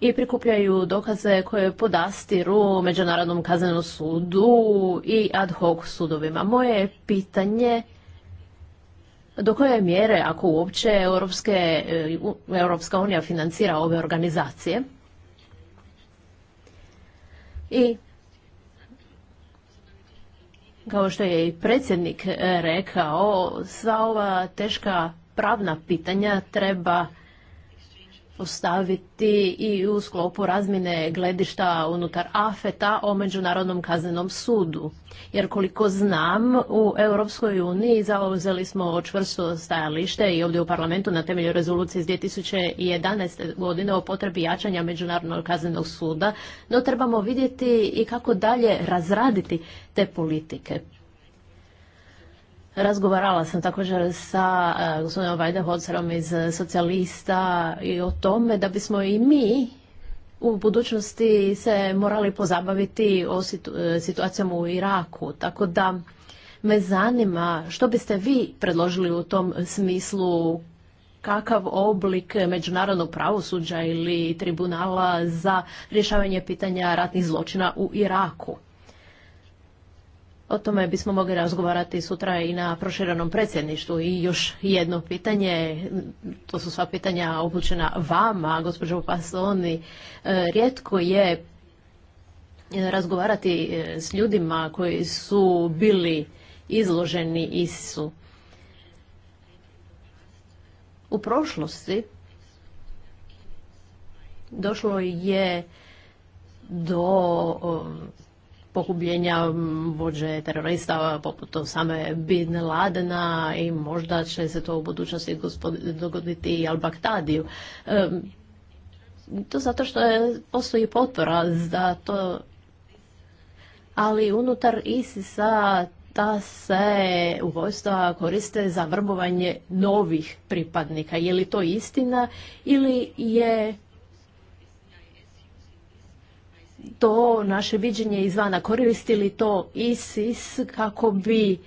i prikupljaju dokaze koje podastiru Međunarodnom kaznenom sudu i ad hoc sudovima. Moje pitanje do koje mjere, ako uopće, Europske, e, Europska unija financira ove organizacije? I kao što je i predsjednik e, rekao, sva ova teška pravna pitanja treba staviti i u sklopu razmjene gledišta unutar AFETA o Međunarodnom kaznenom sudu. Jer koliko znam, u Europskoj uniji zauzeli smo čvrsto stajalište i ovdje u parlamentu na temelju rezolucije iz 2011. godine o potrebi jačanja Međunarodnog kaznenog suda, no trebamo vidjeti i kako dalje razraditi te politike. Razgovarala sam također sa e, gospodinom Hocerom iz e, socijalista i o tome da bismo i mi u budućnosti se morali pozabaviti o e, situacijom u Iraku. Tako da me zanima što biste vi predložili u tom smislu kakav oblik međunarodnog pravosuđa ili tribunala za rješavanje pitanja ratnih zločina u Iraku. O tome bismo mogli razgovarati sutra i na proširenom predsjedništvu. I još jedno pitanje, to su sva pitanja upućena vama, gospođo Pasoni. E, rijetko je razgovarati e, s ljudima koji su bili izloženi su. U prošlosti došlo je do pokubljenja vođe terorista poput same Bin Ladena i možda će se to u budućnosti dogoditi i al baktadiju to zato što postoji potpora za to, ali unutar ISIS-a ta se ubojstva koriste za vrbovanje novih pripadnika. Je li to istina ili je to naše viđenje izvana, koristili li to ISIS kako bi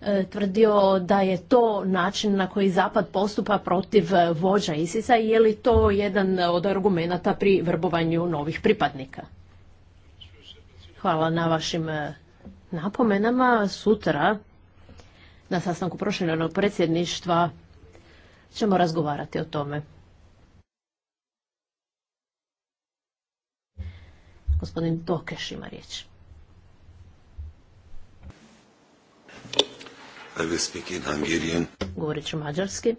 e, tvrdio da je to način na koji Zapad postupa protiv e, vođa ISIS-a i je li to jedan od argumenata pri vrbovanju novih pripadnika? Hvala na vašim e, napomenama. Sutra na sastanku prošljenog predsjedništva ćemo razgovarati o tome. Gospodin Tokeš ima riječ. I will speak in Hungarian. Govorit ću mađarski.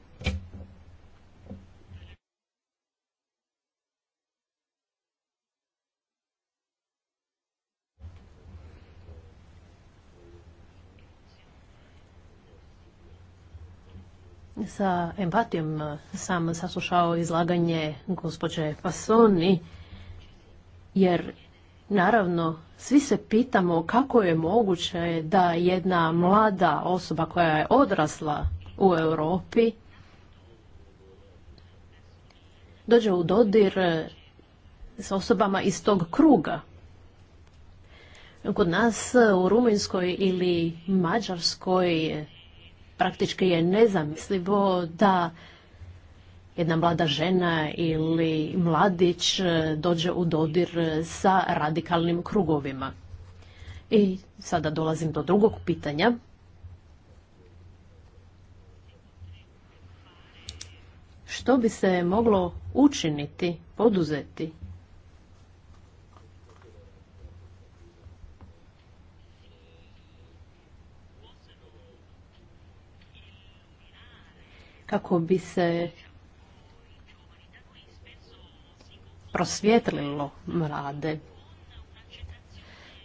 Sa empatijom sam saslušao izlaganje gospođe Pasoni, jer Naravno, svi se pitamo kako je moguće da jedna mlada osoba koja je odrasla u Europi dođe u dodir s osobama iz tog kruga. Kod nas u Rumunjskoj ili Mađarskoj praktički je nezamislivo da jedna mlada žena ili mladić e, dođe u dodir sa radikalnim krugovima. I sada dolazim do drugog pitanja. Što bi se moglo učiniti, poduzeti? Kako bi se prosvjetlilo mlade.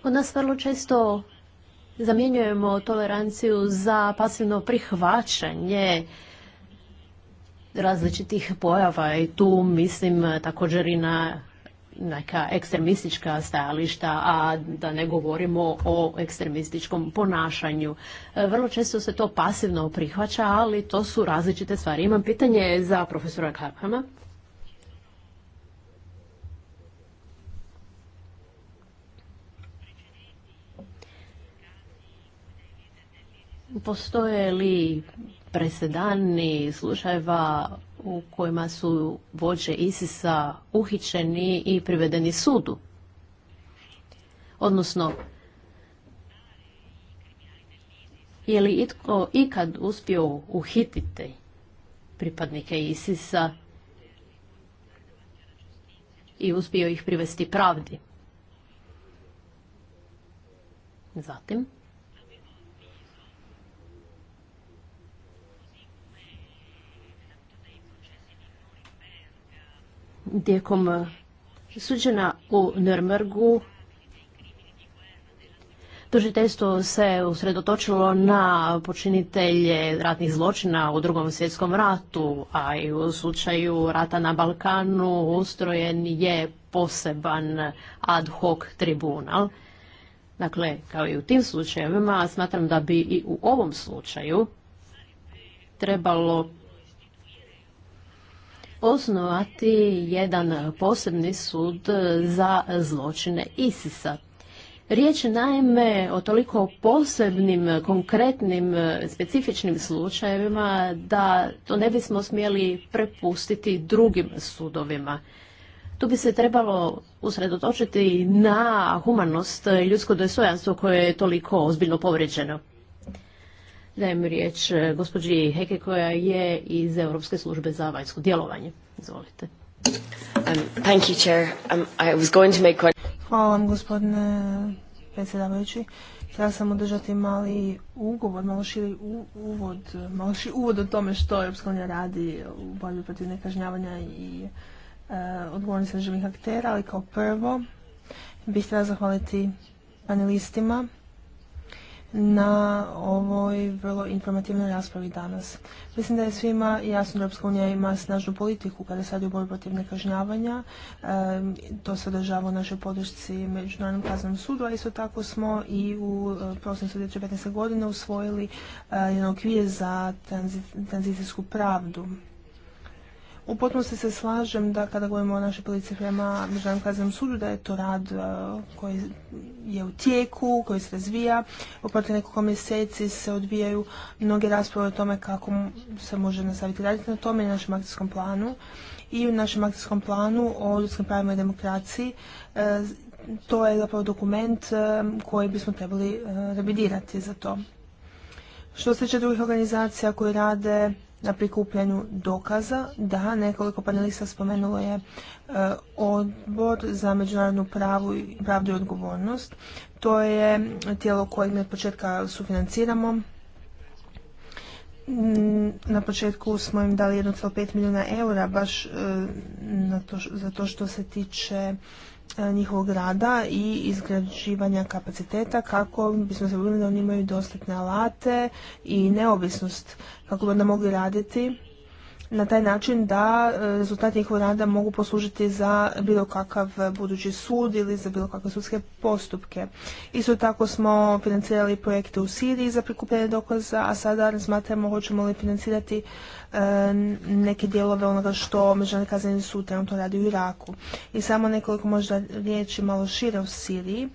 Kod nas vrlo često zamjenjujemo toleranciju za pasivno prihvaćanje različitih pojava i tu mislim također i na neka ekstremistička stajališta, a da ne govorimo o ekstremističkom ponašanju. Vrlo često se to pasivno prihvaća, ali to su različite stvari. Imam pitanje za profesora Karpama. Postoje li presedani slučajeva u kojima su vođe Isisa a i privedeni sudu? Odnosno, je li itko ikad uspio uhititi pripadnike Isisa i uspio ih privesti pravdi? Zatim, tijekom e, suđena u Nürnbergu Tužiteljstvo se usredotočilo na počinitelje ratnih zločina u drugom svjetskom ratu, a i u slučaju rata na Balkanu ustrojen je poseban ad hoc tribunal. Dakle, kao i u tim slučajevima, smatram da bi i u ovom slučaju trebalo osnovati jedan posebni sud za zločine ISIS-a. Riječ je naime o toliko posebnim, konkretnim, specifičnim slučajevima da to ne bismo smjeli prepustiti drugim sudovima. Tu bi se trebalo usredotočiti na humanost, ljudsko dostojanstvo koje je toliko ozbiljno povrijeđeno. Dajem riječ e, gospođi Heke koja je iz Europske službe za vanjsko djelovanje. Izvolite. Hvala vam gospodine predsjedavajući. Htjela sam održati mali ugovor, malo širi uvod, malo širi uvod o tome što Europska unija radi u borbi protiv nekažnjavanja i e, odgovornosti državnih aktera, ali kao prvo bih htjela zahvaliti panelistima na ovoj vrlo informativnoj raspravi danas. Mislim da je svima jasno da Europska unija ima snažnu politiku kada sad u borbi protiv nekažnjavanja. to se održava u našoj podršci Međunarodnom kaznom sudu, a isto tako smo i u e, prosincu 2015. godine usvojili e, jedan okvir za tranzicijsku pravdu u potpunosti se slažem da kada govorimo o našoj policiji prema Državnom kaznenom sudu, da je to rad e, koji je u tijeku, koji se razvija. U protiv nekoliko mjeseci se odvijaju mnoge rasprave o tome kako se može nastaviti raditi na tome i našem akcijskom planu. I u našem akcijskom planu o ljudskim pravima i demokraciji e, to je zapravo dokument e, koji bismo trebali revidirati za to. Što se tiče drugih organizacija koji rade na prikupljanju dokaza. Da, nekoliko panelista spomenulo je e, odbor za međunarodnu pravu i pravdu i odgovornost. To je tijelo kojeg mi od početka sufinanciramo. Na početku smo im dali 1,5 milijuna eura baš e, za to što se tiče E, njihovog rada i izgrađivanja kapaciteta kako bismo se da oni imaju dostatne alate i neovisnost kako bi onda mogli raditi na taj način da e, rezultati njihovog rada mogu poslužiti za bilo kakav budući sud ili za bilo kakve sudske postupke. Isto tako smo financirali projekte u Siriji za prikupljanje dokaza, a sada razmatramo hoćemo li financirati E, neke dijelove onoga što Međunarodni kazneni sud trenutno radi u Iraku. I samo nekoliko možda riječi malo šire u Siriji.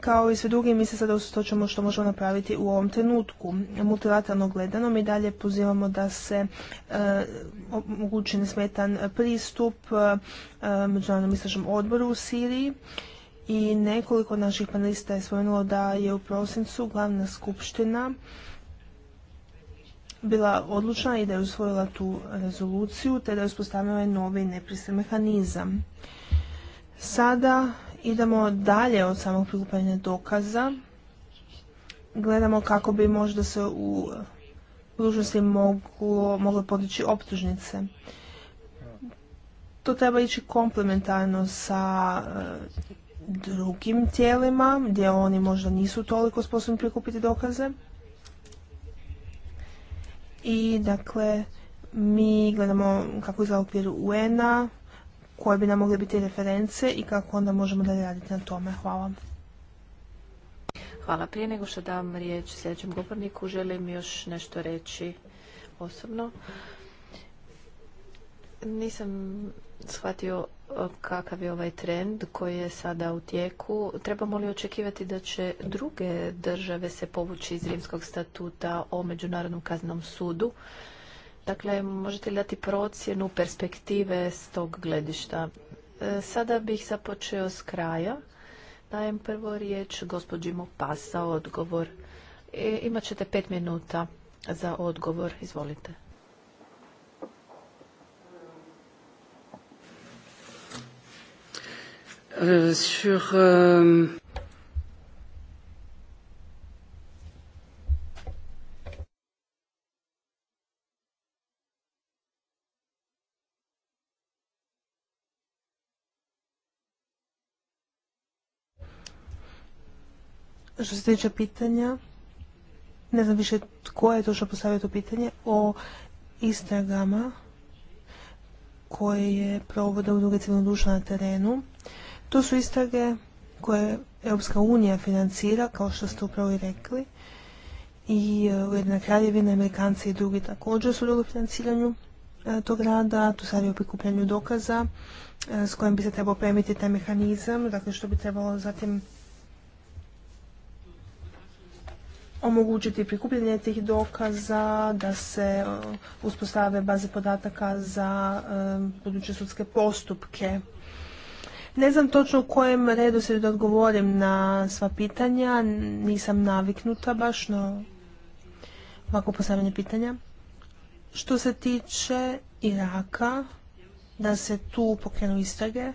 Kao i sve drugi, mi se sada ćemo što možemo napraviti u ovom trenutku. Multilateralno gledano mi dalje pozivamo da se e, omogući nesmetan pristup e, Međunarodnom istražnom odboru u Siriji i nekoliko naših panelista je spomenulo da je u prosincu glavna skupština bila odlučna i da je usvojila tu rezoluciju te da je uspostavila ovaj novi nepristran mehanizam. Sada idemo dalje od samog prikupljanja dokaza. Gledamo kako bi možda se u dužnosti moglo, mogle podići optužnice. To treba ići komplementarno sa e, drugim tijelima gdje oni možda nisu toliko sposobni prikupiti dokaze i dakle mi gledamo kako izgleda za okviru UN-a, koje bi nam mogle biti reference i kako onda možemo da raditi na tome. Hvala. Hvala. Prije nego što dam riječ sljedećem govorniku, želim još nešto reći osobno. Nisam shvatio e, kakav je ovaj trend koji je sada u tijeku. Trebamo li očekivati da će druge države se povući iz Rimskog statuta o Međunarodnom kaznom sudu? Dakle, možete li dati procjenu perspektive s tog gledišta? E, sada bih započeo s kraja. Dajem prvo riječ gospođi Mopasa, odgovor. E, imat ćete pet minuta za odgovor. Izvolite. Euh, euh, Što se tiče pitanja, ne znam više tko je točno postavio to pitanje, o istragama koje provode u civilnog društva na terenu. To su istrage koje Europska unija financira, kao što ste upravo i rekli, i e, Ujedna kraljevina, Amerikanci i drugi također su u financiranju e, tog rada, tu sad je o prikupljanju dokaza e, s kojim bi se trebao premiti taj mehanizam, dakle što bi trebalo zatim omogućiti prikupljanje tih dokaza, da se uspostave baze podataka za buduće sudske postupke ne znam točno u kojem redu se da odgovorim na sva pitanja, nisam naviknuta baš na ovako postavljanje pitanja. Što se tiče Iraka, da se tu pokrenu istrage, e,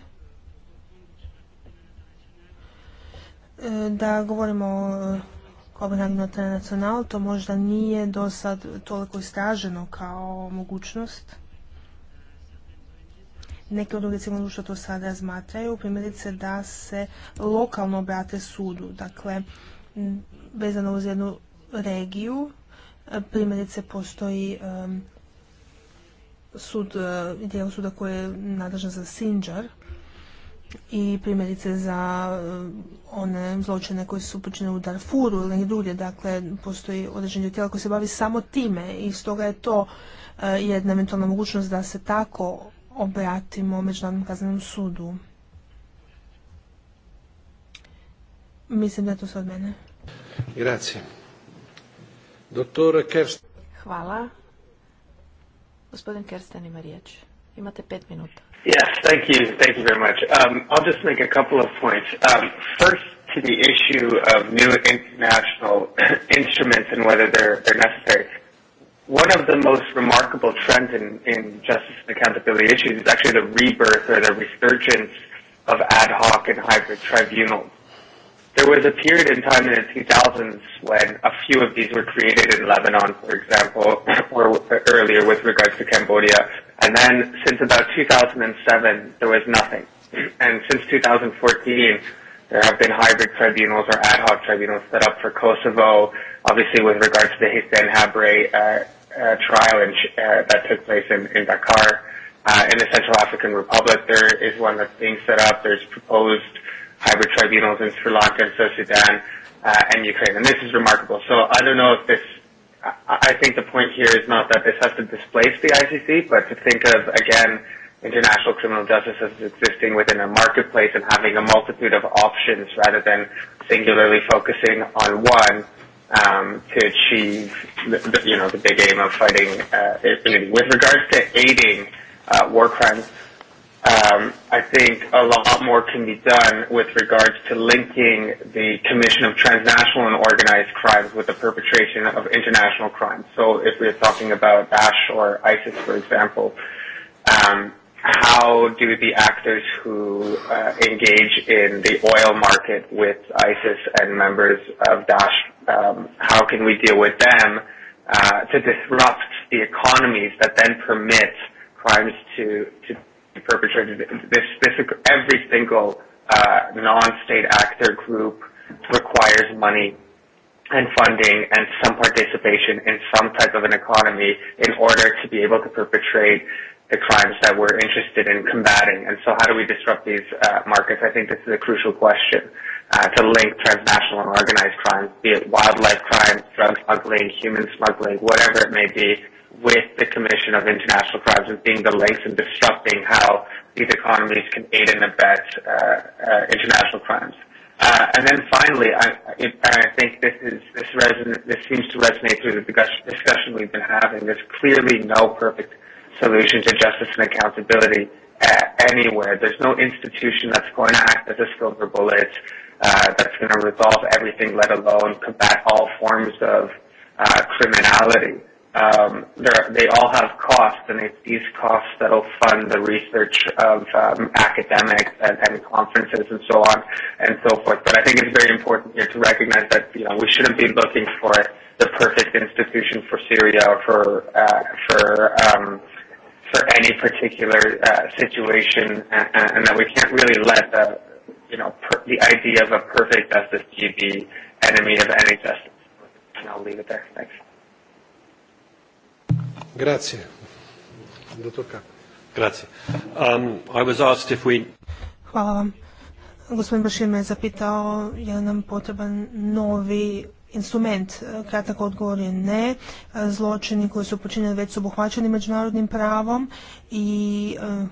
da govorimo o Kopenhagenu internacional, to možda nije do sad toliko istraženo kao mogućnost. Neke od civilnog društva to sada razmatraju, primjerice da se lokalno obrate sudu, dakle vezano uz jednu regiju, e, primjerice postoji sud, e, dijel suda koji je nadležan za Sinđar i primjerice za e, one zločine koje su počinjene u Darfuru ili negdje drugdje, dakle postoji određeni tijela koji se bavi samo time i stoga je to jedna eventualna mogućnost da se tako obratimo Međunarodnom kaznenom sudu. Mislim da je to sve od mene. Grazie. Dottore Kersten. Hvala. Gospodin Kersten ima riječ. Imate pet minuta. Yes, thank you. Thank you very much. Um, I'll just make a couple of points. Um, first, to the issue of new international instruments and whether they're, they're necessary one of the most remarkable trends in in justice and accountability issues is actually the rebirth or the resurgence of ad hoc and hybrid tribunals. There was a period in time in the 2000s when a few of these were created in Lebanon, for example, or earlier with regards to Cambodia. And then since about 2007, there was nothing. And since 2014, there have been hybrid tribunals or ad hoc tribunals set up for Kosovo, obviously with regards to the Heysen Habré uh, uh, trial uh, that took place in Dakar. In the Central African Republic, there is one that's being set up. There's proposed hybrid tribunals in Sri Lanka and South Sudan and Ukraine. And this is remarkable. So I don't know if this I think the point here is not that this has to displace the ICC, but to think of, again, international criminal justice as existing within a marketplace and having a multitude of options rather than singularly focusing on one um, to achieve the, you know the big aim of fighting uh, With regards to aiding uh, war crimes, um, I think a lot more can be done with regards to linking the commission of transnational and organized crimes with the perpetration of international crimes. So if we're talking about Daesh or ISIS, for example, um, how do the actors who uh, engage in the oil market with ISIS and members of Daesh Um, how can we deal with them uh, to disrupt the economies that then permit crimes to be perpetrated? Every single uh, non-state actor group requires money and funding and some participation in some type of an economy in order to be able to perpetrate the crimes that we're interested in combating. And so How do we disrupt these uh, markets? I think this is a crucial question. Uh, to link transnational and organized crime, be it wildlife crime, drug smuggling, human smuggling, whatever it may be, with the commission of international crimes and being the links and disrupting how these economies can aid and abet uh, uh, international crimes. Uh, and then finally, I, I think this is this reson- this seems to resonate through the discussion we've been having. There's clearly no perfect solution to justice and accountability anywhere. There's no institution that's going to act as a silver bullet uh, that's going to resolve everything, let alone combat all forms of uh, criminality. Um, they all have costs, and it's these costs that'll fund the research of um, academics and conferences and so on and so forth. I think it's very important here to recognize that we shouldn't be looking for the perfect institution for Syria or for uh, um, for any particular uh, situation, uh, and that we can't really let the idea of a perfect SSG be enemy of any justice. I'll leave it there. Thanks. Grazie. Dr. Kapp. Grazie. Um, I was asked if we... Hvala vam. Gospodin Bašir me je zapitao je li nam potreban novi instrument. E, kratak odgovor je ne. E, zločini koji su počinjeni već su obuhvaćeni međunarodnim pravom i e,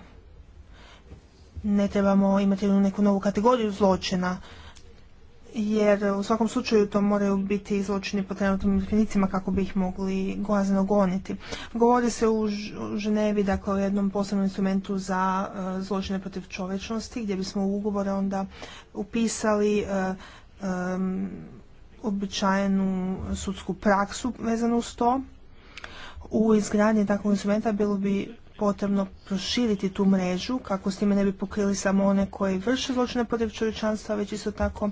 ne trebamo imati neku novu kategoriju zločina jer u svakom slučaju to moraju biti zločini po trenutnim definicijama kako bi ih mogli glazno goniti. Govori se u Ženevi dakle, o jednom posebnom instrumentu za zločine protiv čovečnosti gdje bismo u ugovore onda upisali običajnu sudsku praksu vezanu uz to. U izgradnji takvog instrumenta bilo bi potrebno proširiti tu mrežu kako s time ne bi pokrili samo one koji vrše zločine protiv čovječanstva, već isto tako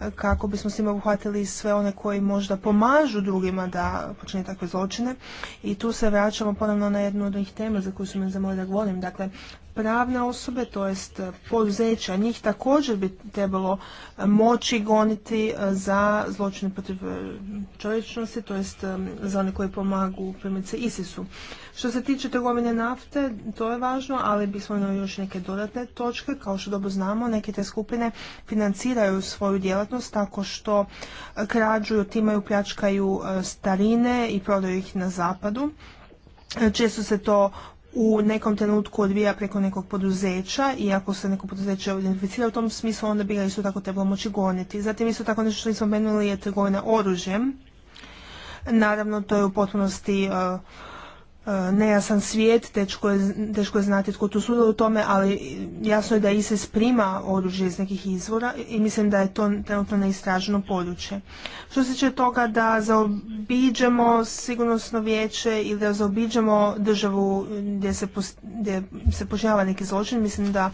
e, kako bismo s time obuhvatili sve one koji možda pomažu drugima da počine takve zločine. I tu se vraćamo ponovno na jednu od onih tema za koju su me zamolili da govorim. Dakle, pravne osobe, to jest e, poduzeća, njih također bi trebalo e, moći goniti za zločine protiv čovječnosti, to jest za one koji pomagu primjerice ISIS-u. Što se tiče trgovine nafte, to je važno, ali bismo imali još neke dodatne točke. Kao što dobro znamo, neke te skupine financiraju svoju djelatnost tako što e, krađuju, timaju, pljačkaju e, starine i prodaju ih na zapadu. E, često se to u nekom trenutku odvija preko nekog poduzeća i ako se neko poduzeće identificira u tom smislu, onda bi ga isto tako trebalo moći goniti. Zatim isto tako nešto što nismo menuli je trgovina oružjem. Naravno, to je u potpunosti E, nejasan svijet, teško je, znati tko tu sudjeluje u tome, ali jasno je da ISIS prima oružje iz nekih izvora i mislim da je to trenutno neistraženo područje. Što se tiče toga da zaobiđemo sigurnosno vijeće ili da zaobiđemo državu gdje se, gdje se počinjava neki zločin, mislim da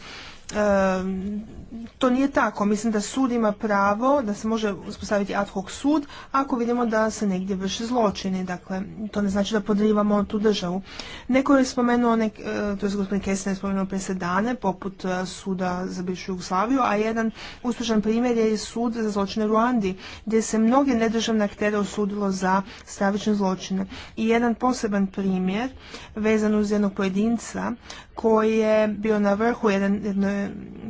to nije tako. Mislim da sud ima pravo da se može uspostaviti ad hoc sud ako vidimo da se negdje vrše zločini. Dakle, to ne znači da podrivamo tu državu. Neko je spomenuo, nek, e, to je gospodin Kesner je spomenuo presedane, poput e, suda za bivšu Jugoslaviju, a jedan uspješan primjer je i sud za zločine Ruandi, gdje se mnoge nedržavne aktere osudilo za stravične zločine. I jedan poseban primjer vezan uz jednog pojedinca koji je bio na vrhu jedne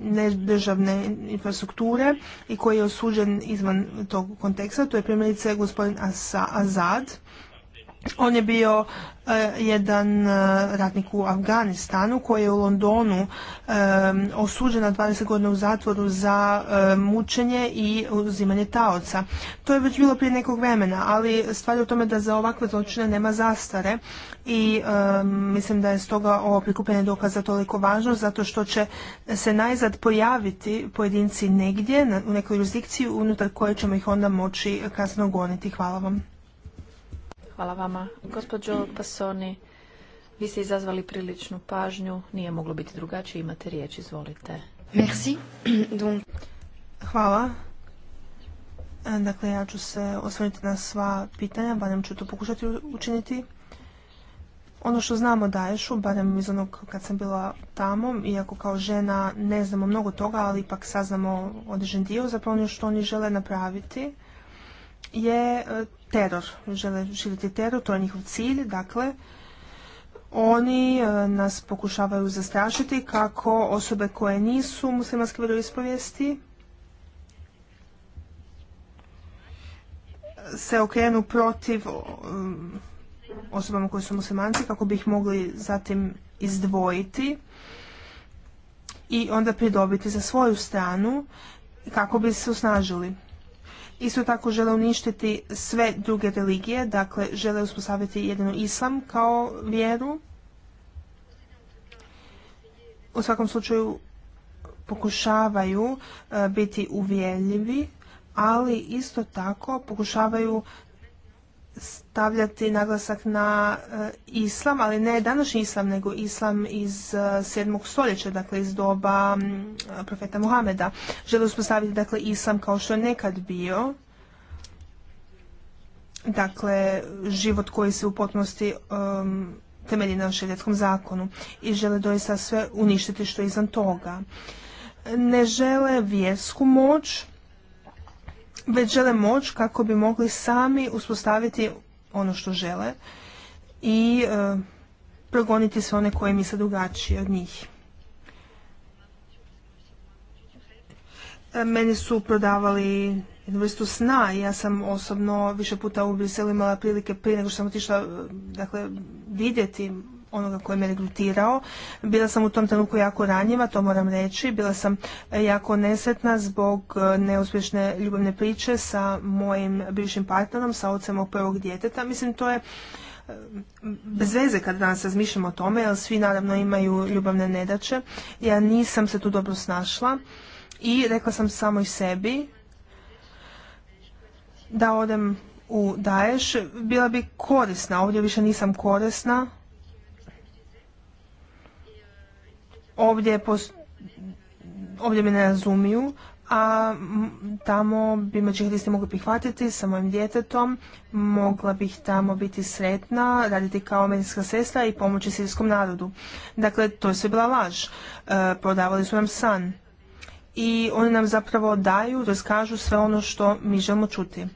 nedržavne infrastrukture i koji je osuđen izvan tog konteksta. To je primjerice gospodin Azad on je bio eh, jedan eh, ratnik u Afganistanu koji je u Londonu osuđen na 20 godina u zatvoru za mučenje i uzimanje taoca. To je već bilo prije nekog vremena, ali stvar je u tome da za ovakve zločine nema zastare i mislim da je stoga ovo prikupljanje dokaza toliko važno zato što će se najzad pojaviti pojedinci negdje u nekoj jurisdikciji unutar koje ćemo ih onda moći kasno goniti. Hvala vam. Hvala vama. Gospođo Pasoni, vi ste izazvali priličnu pažnju, nije moglo biti drugačije, imate riječ, izvolite. Merci. Hvala. E, dakle, ja ću se osvrnuti na sva pitanja, barem ću to pokušati učiniti. Ono što znamo o Daješu, barem iz onog kad sam bila tamo, iako kao žena ne znamo mnogo toga, ali ipak saznamo određen dio, zapravo ono što oni žele napraviti je e, teror. Žele širiti teror, to je njihov cilj, dakle oni e, nas pokušavaju zastrašiti kako osobe koje nisu muslimanske vjeroispovijesti se okrenu protiv e, osobama koje su muslimanci kako bi ih mogli zatim izdvojiti i onda pridobiti za svoju stranu kako bi se osnažili. Isto tako žele uništiti sve druge religije, dakle žele uspostaviti jedino islam kao vjeru. U svakom slučaju pokušavaju e, biti uvjerljivi, ali isto tako pokušavaju stavljati naglasak na e, islam, ali ne današnji islam, nego islam iz 7. E, stoljeća, dakle iz doba profeta Muhameda. Žele uspostaviti dakle islam kao što je nekad bio, dakle život koji se u potpunosti um, temelji na šerijetskom zakonu i žele doista sve uništiti što je izvan toga. Ne žele vjersku moć, već žele moć kako bi mogli sami uspostaviti ono što žele i e, progoniti sve one koje misle drugačije od njih. E, meni su prodavali jednu vrstu sna ja sam osobno više puta u Briselu imala prilike prije nego što sam otišla e, dakle, vidjeti onoga koji me regrutirao. Bila sam u tom trenutku jako ranjiva, to moram reći. Bila sam e, jako nesretna zbog e, neuspješne ljubavne priče sa mojim bivšim partnerom, sa ocem mog prvog djeteta. Mislim, to je e, bez veze kad danas razmišljamo o tome, jer svi naravno imaju ljubavne nedače. Ja nisam se tu dobro snašla i rekla sam samo i sebi da odem u Daješ. Bila bi korisna, ovdje više nisam korisna ovdje, ovdje me ne razumiju, a tamo bi me džihadisti mogli prihvatiti sa mojim djetetom, mogla bih tamo biti sretna, raditi kao medijska sestra i pomoći sirijskom narodu. Dakle, to je sve bila laž. E, prodavali su nam san. I oni nam zapravo daju, raskažu sve ono što mi želimo čuti.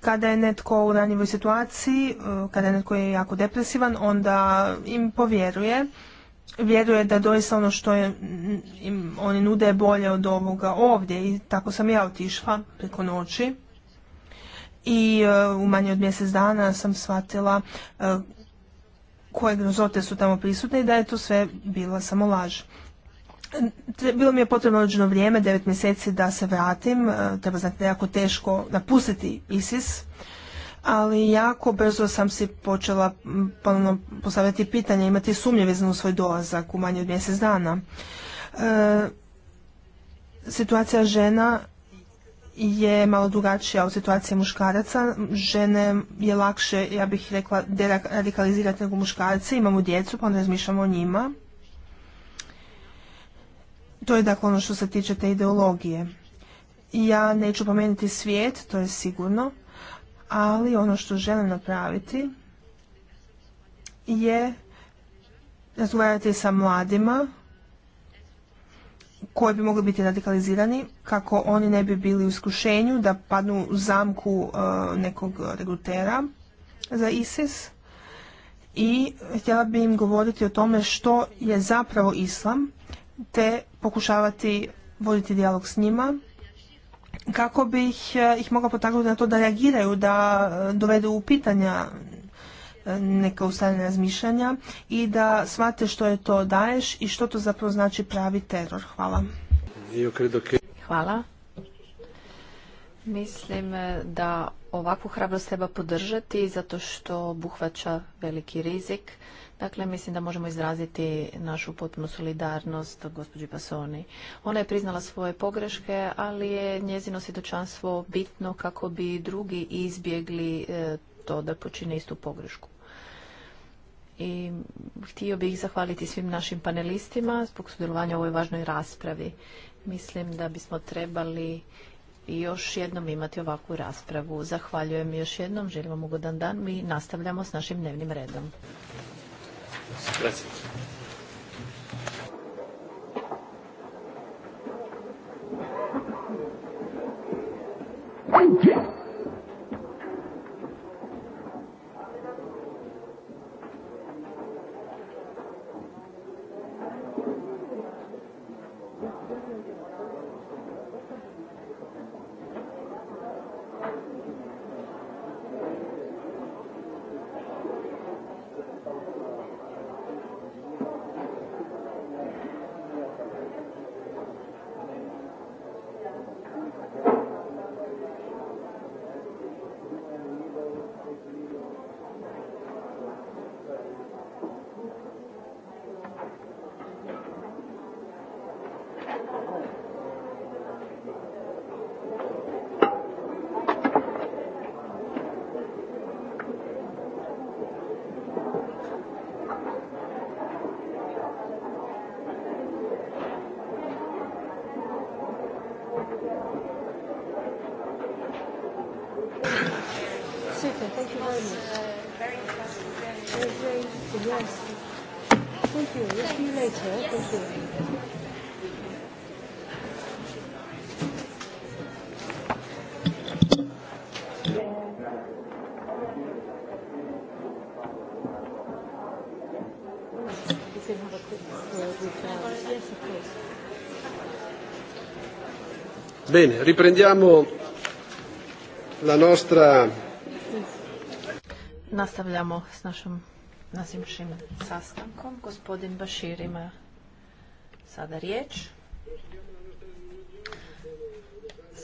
Kada je netko u ranjivoj situaciji, e, kada je netko jako depresivan, onda im povjeruje vjeruje da doista ono što im oni nude je bolje od ovoga ovdje i tako sam ja otišla preko noći i e, u manje od mjesec dana sam shvatila e, koje grozote su tamo prisutne i da je to sve bila samo laž. Bilo mi je potrebno određeno vrijeme, devet mjeseci da se vratim, e, treba znati da je jako teško napustiti ISIS, ali jako brzo sam si počela mm, ponovno postavljati pitanje, imati sumnje vezano u svoj dolazak u manje od mjesec dana. E, situacija žena je malo drugačija od situacije muškaraca. Žene je lakše, ja bih rekla, deradikalizirati nego muškarci. Imamo djecu, pa onda razmišljamo o njima. To je dakle ono što se tiče te ideologije. Ja neću pomenuti svijet, to je sigurno, ali ono što želim napraviti je razgovarati sa mladima koji bi mogli biti radikalizirani kako oni ne bi bili u iskušenju da padnu u zamku e, nekog regrutera za ISIS i htjela bi im govoriti o tome što je zapravo islam te pokušavati voditi dijalog s njima kako bih eh, ih mogla potaknuti na to da reagiraju, da eh, dovedu u pitanja eh, neka ustaljena razmišljanja i da shvate što je to daješ i što to zapravo znači pravi teror. Hvala. Hvala. Mislim da ovakvu hrabrost treba podržati zato što obuhvaća veliki rizik Dakle, mislim da možemo izraziti našu potpunu solidarnost gospođi Pasoni. Ona je priznala svoje pogreške, ali je njezino svjedočanstvo bitno kako bi drugi izbjegli e, to da počine istu pogrešku. I htio bih zahvaliti svim našim panelistima zbog sudjelovanja u ovoj važnoj raspravi. Mislim da bismo trebali još jednom imati ovakvu raspravu. Zahvaljujem još jednom, želim vam ugodan dan. Mi nastavljamo s našim dnevnim redom. Thank you. Bene, riprendiamo la nostra... Nastavljamo s našim našim sastankom. Gospodin Bašir ima sada riječ.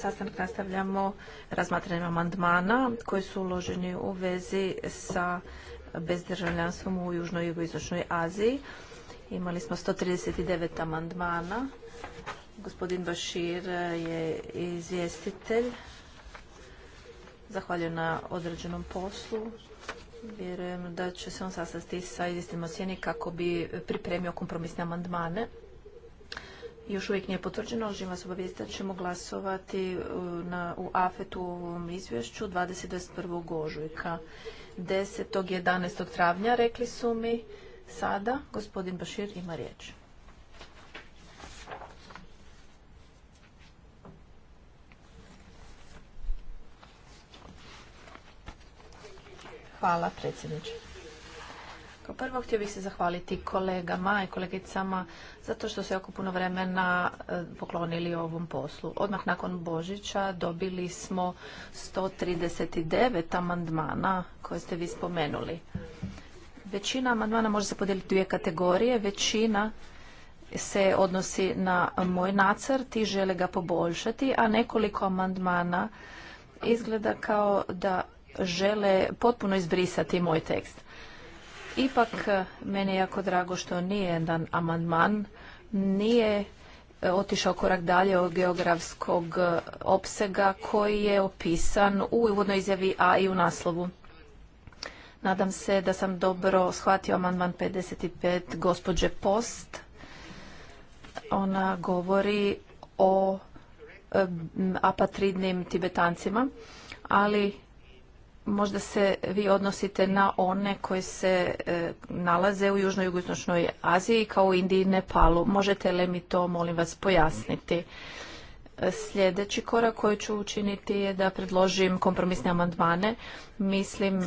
Sastanak nastavljamo razmatranjem amandmana koji su uloženi u vezi sa bezdržavljanstvom u Južnoj i Jugoistočnoj Aziji. Imali smo 139 amandmana Gospodin Bašir e, je izvjestitelj. Zahvaljujem na određenom poslu. Vjerujem da će se on sastaviti sa izvjestitim ocjeni kako bi pripremio kompromisne amandmane. Još uvijek nije potvrđeno, ali želim vas obavijestiti da ćemo glasovati e, u AFET-u ovom izvješću 21. ožujka. 10. 11. travnja, rekli su mi sada. Gospodin Bašir ima riječ. Hvala predsjedniče. Kao prvo htio bih se zahvaliti kolegama i kolegicama zato što su jako puno vremena e, poklonili ovom poslu. Odmah nakon Božića dobili smo 139 amandmana koje ste vi spomenuli. Većina amandmana može se podijeliti dvije kategorije. Većina se odnosi na moj nacrt i žele ga poboljšati, a nekoliko amandmana izgleda kao da žele potpuno izbrisati moj tekst. Ipak, e, meni je jako drago što nije jedan amandman, nije e, otišao korak dalje od geografskog e, opsega koji je opisan u uvodnoj izjavi A i u naslovu. Nadam se da sam dobro shvatio amandman 55 gospođe Post. Ona govori o apatridnim tibetancima, ali možda se vi odnosite na one koji se e, nalaze u južnoj jugoistočnoj Aziji kao u Indiji i Nepalu. Možete li mi to molim vas pojasniti? Sljedeći korak koji ću učiniti je da predložim kompromisne amandmane. Mislim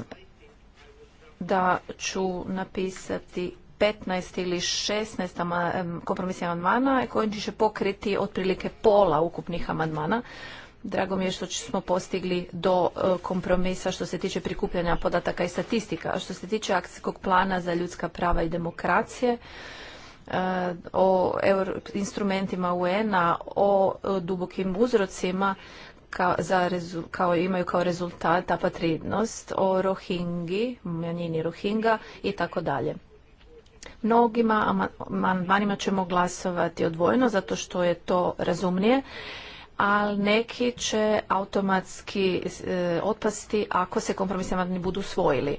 da ću napisati 15 ili 16 kompromisnih amandmana koji će pokriti otprilike pola ukupnih amandmana. Drago mi je što smo postigli do e, kompromisa što se tiče prikupljanja podataka i statistika. A što se tiče akcijskog plana za ljudska prava i demokracije, e, o instrumentima UN-a, o e, dubokim uzrocima kao, imaju kao rezultat apatridnost, o Rohingi, manjini Rohinga i tako dalje. Mnogima amandmanima ćemo glasovati odvojeno zato što je to razumnije ali neki će automatski e, otpasti ako se kompromisni amandmani budu usvojili.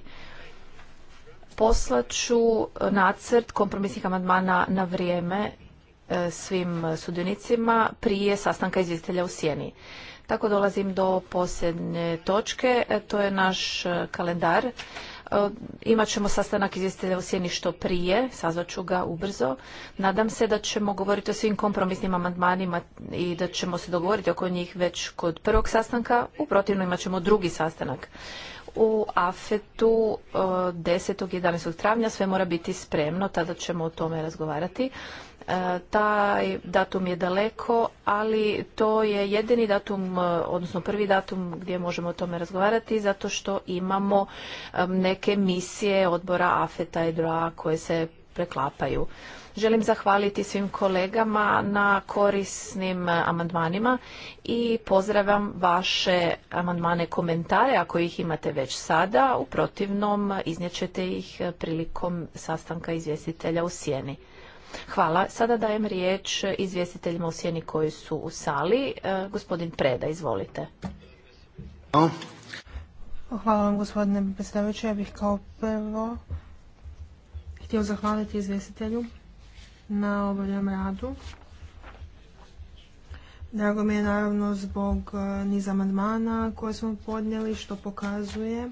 Poslaću nacrt kompromisnih amandmana na vrijeme e, svim sudionicima prije sastanka izvjestitelja u sjeni. Tako dolazim do posljednje točke, e, to je naš kalendar. E, imat ćemo sastanak izvjestitelja u Sjeni što prije, ću ga ubrzo. Nadam se da ćemo govoriti o svim kompromisnim amandmanima i da ćemo se dogovoriti oko njih već kod prvog sastanka. U protivno imat ćemo drugi sastanak. U AFET-u 10. E, i 11. travnja sve mora biti spremno, tada ćemo o tome razgovarati. E, taj datum je daleko, ali to je jedini datum, e, odnosno prvi datum gdje možemo o tome razgovarati, zato što imamo e, neke misije odbora AFETA i DROA koje se preklapaju. Želim zahvaliti svim kolegama na korisnim amandmanima i pozdravam vaše amandmane komentare ako ih imate već sada, u protivnom iznjećete ih prilikom sastanka izvjestitelja u sjeni. Hvala. Sada dajem riječ izvjestiteljima u sjeni koji su u sali. E, gospodin Preda, izvolite. Hvala vam gospodine predsjedavajući. Ja bih kao prvo htio zahvaliti izvjestitelju na obavljenom radu. Drago mi je naravno zbog e, niza amandmana koje smo podnijeli što pokazuje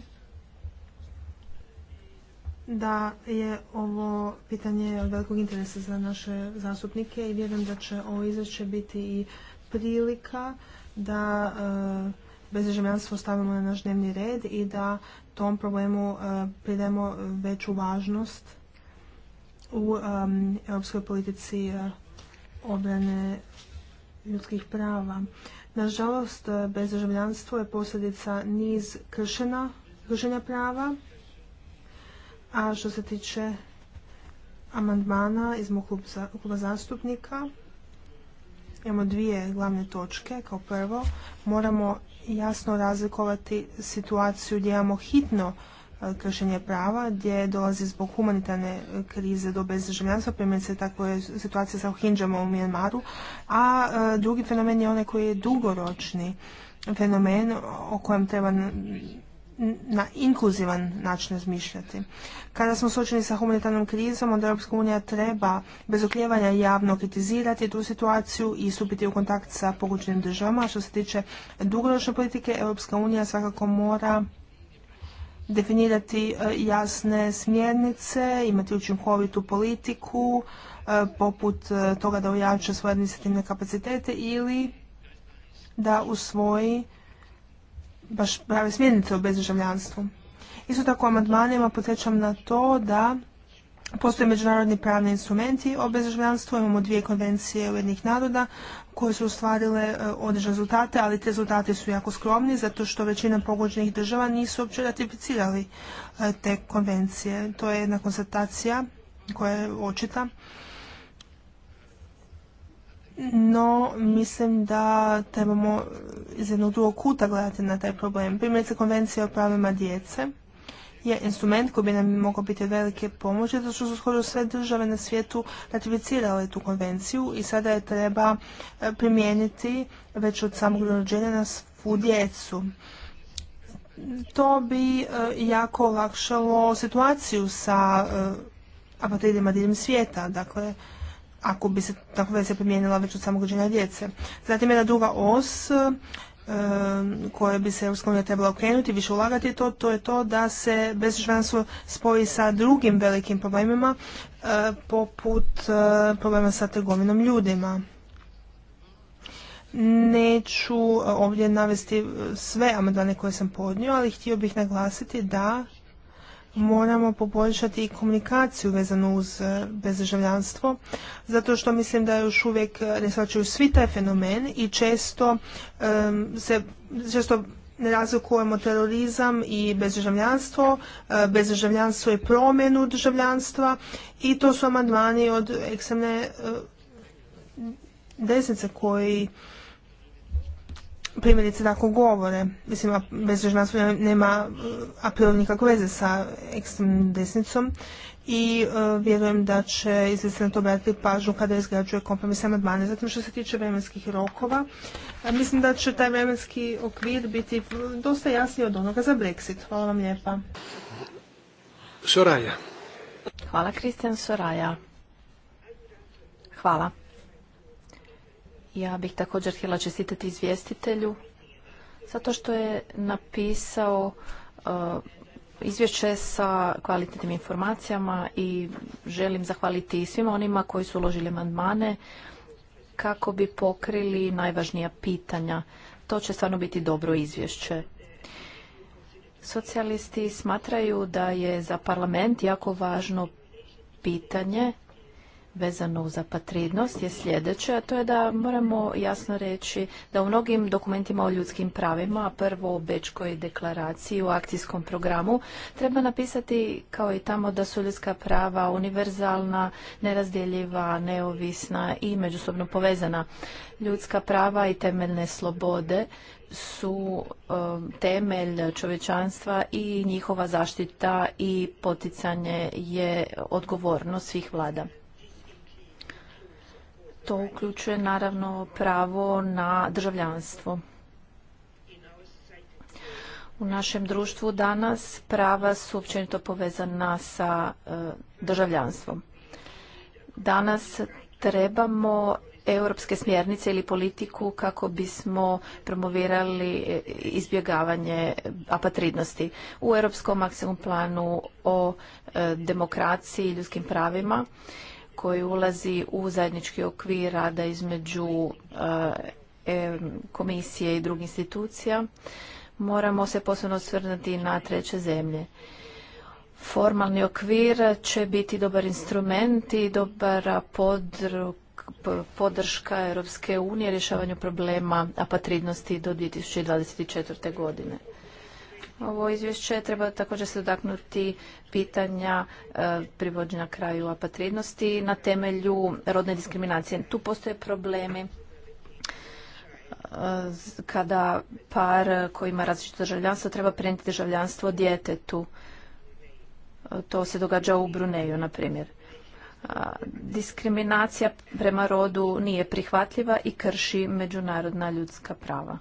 da je ovo pitanje od velikog interesa za naše zastupnike i vjerujem da će ovo izvješće biti i prilika da e, bezdržavljanstvo stavimo na naš dnevni red i da tom problemu e, pridemo veću važnost u e, europskoj politici obrane ljudskih prava. Nažalost, bezdržavljanstvo je posljedica niz kršena, kršenja prava a što se tiče amandmana iz mog kluba zastupnika, imamo dvije glavne točke. Kao prvo, moramo jasno razlikovati situaciju gdje imamo hitno e, kršenje prava, gdje dolazi zbog humanitarne krize do bezdržavljanstva, primjerice tako je situacija sa Hinđama u Mijanmaru, a e, drugi fenomen je onaj koji je dugoročni fenomen o kojem treba na inkluzivan način razmišljati. Kada smo suočeni sa humanitarnom krizom, onda Europska unija treba bez okljevanja javno kritizirati tu situaciju i stupiti u kontakt sa pogućenim državama. Što se tiče dugoročne politike, Europska unija svakako mora definirati e, jasne smjernice, imati učinkovitu politiku, e, poput e, toga da ojača svoje administrativne kapacitete ili da usvoji baš prave smjernice o bezdržavljanstvu. Isto tako amandmanima podsjećam na to da Postoje međunarodni pravni instrumenti o bezdržavljanstvu, imamo dvije konvencije Ujednih naroda koje su ostvarile e, određene rezultate, ali te rezultate su jako skromni zato što većina pogođenih država nisu uopće ratificirali e, te konvencije. To je jedna konstatacija koja je očita no mislim da trebamo iz jednog drugog kuta gledati na taj problem. Primjerice konvencija o pravima djece je instrument koji bi nam mogao biti velike pomoći, zato što su skoro sve države na svijetu ratificirale tu konvenciju i sada je treba e, primijeniti već od samog rođenja na svu djecu. To bi e, jako olakšalo situaciju sa e, apatridima diljem svijeta, dakle ako bi se takva verzija primijenila već od samog djece. Zatim jedna druga os e, koje bi se EU trebala okrenuti, više ulagati to, to je to da se bezržvanstvo spoji sa drugim velikim problemima eh, poput eh, problema sa trgovinom ljudima. Neću eh, ovdje navesti sve amandmane koje sam podnio, ali htio bih naglasiti da moramo poboljšati i komunikaciju vezanu uz e, bezdržavljanstvo, zato što mislim da još uvijek ne shvaćaju svi taj fenomen i često se često ne razlikujemo terorizam i bezdržavljanstvo, e, bezdržavljanstvo je promjenu državljanstva i to su amandmani od ekstremne e, desnice koji primjerice tako govore. Mislim, bez svoja nema apel nikakve veze sa ekstremnim desnicom i e, vjerujem da će izvjestitelj na to obratiti pažnju kada izgrađuje kompromisne amandmane. Zatim što se tiče vremenskih rokova, e, mislim da će taj vremenski okvir biti dosta jasniji od onoga za Brexit. Hvala vam lijepa. Soraja. Hvala Kristjan Soraja. Hvala. Ja bih također htjela čestitati izvjestitelju zato što je napisao e, izvješće sa kvalitetnim informacijama i želim zahvaliti svima onima koji su uložili amandmane kako bi pokrili najvažnija pitanja. To će stvarno biti dobro izvješće. Socijalisti smatraju da je za parlament jako važno pitanje vezano uz patridnost je sljedeće, a to je da moramo jasno reći da u mnogim dokumentima o ljudskim pravima, prvo u Bečkoj deklaraciji u akcijskom programu, treba napisati kao i tamo da su ljudska prava univerzalna, nerazdjeljiva, neovisna i međusobno povezana. Ljudska prava i temeljne slobode su um, temelj čovječanstva i njihova zaštita i poticanje je odgovornost svih vlada. To uključuje naravno pravo na državljanstvo. U našem društvu danas prava su općenito povezana sa e, državljanstvom. Danas trebamo europske smjernice ili politiku kako bismo promovirali e, izbjegavanje apatridnosti. U europskom maksimum planu o e, demokraciji i ljudskim pravima koji ulazi u zajednički okvir rada između e, e, komisije i drugih institucija, moramo se posebno osvrnuti na treće zemlje. Formalni okvir će biti dobar instrument i dobar podrška Europske unije rješavanju problema apatridnosti do 2024. godine ovo izvješće treba također se dotaknuti pitanja privođena privođenja kraju apatridnosti na temelju rodne diskriminacije. Tu postoje problemi e, kada par koji ima različito državljanstvo treba prenijeti državljanstvo djetetu. E, to se događa u Bruneju, na primjer. E, diskriminacija prema rodu nije prihvatljiva i krši međunarodna ljudska prava.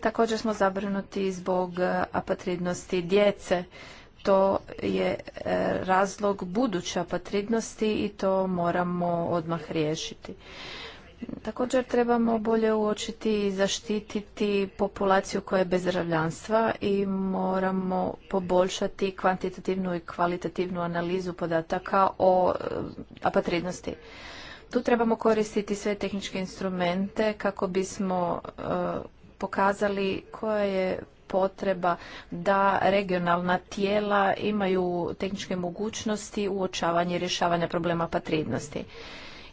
Također smo zabrinuti zbog e, apatridnosti djece. To je e, razlog buduće apatridnosti i to moramo odmah riješiti. Također trebamo bolje uočiti i zaštititi populaciju koja je bez državljanstva i moramo poboljšati kvantitativnu i kvalitativnu analizu podataka o e, apatridnosti. Tu trebamo koristiti sve tehničke instrumente kako bismo pokazali koja je potreba da regionalna tijela imaju tehničke mogućnosti uočavanja i rješavanja problema patridnosti.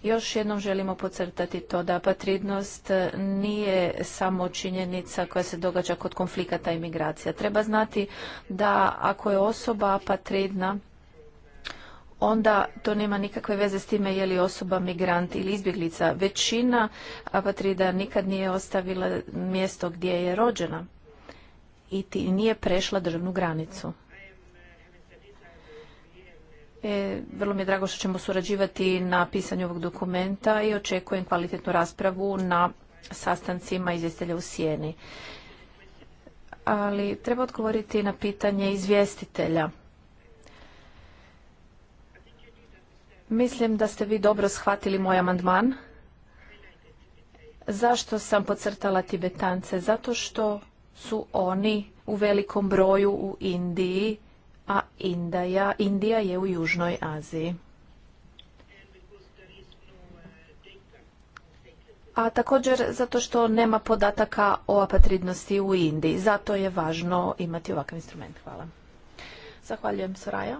Još jednom želimo podcrtati to da patridnost nije samo činjenica koja se događa kod konflikata i migracija. Treba znati da ako je osoba patridna, onda to nema nikakve veze s time je li osoba migrant ili izbjeglica. Većina apatrida nikad nije ostavila mjesto gdje je rođena i nije prešla državnu granicu. E, vrlo mi je drago što ćemo surađivati na pisanju ovog dokumenta i očekujem kvalitetnu raspravu na sastancima izvjestelja u Sijeni. Ali treba odgovoriti na pitanje izvjestitelja Mislim da ste vi dobro shvatili moj amandman. Zašto sam podcrtala Tibetance? Zato što su oni u velikom broju u Indiji, a Indija je u Južnoj Aziji. a također zato što nema podataka o apatridnosti u Indiji. Zato je važno imati ovakav instrument. Hvala. Zahvaljujem Soraja.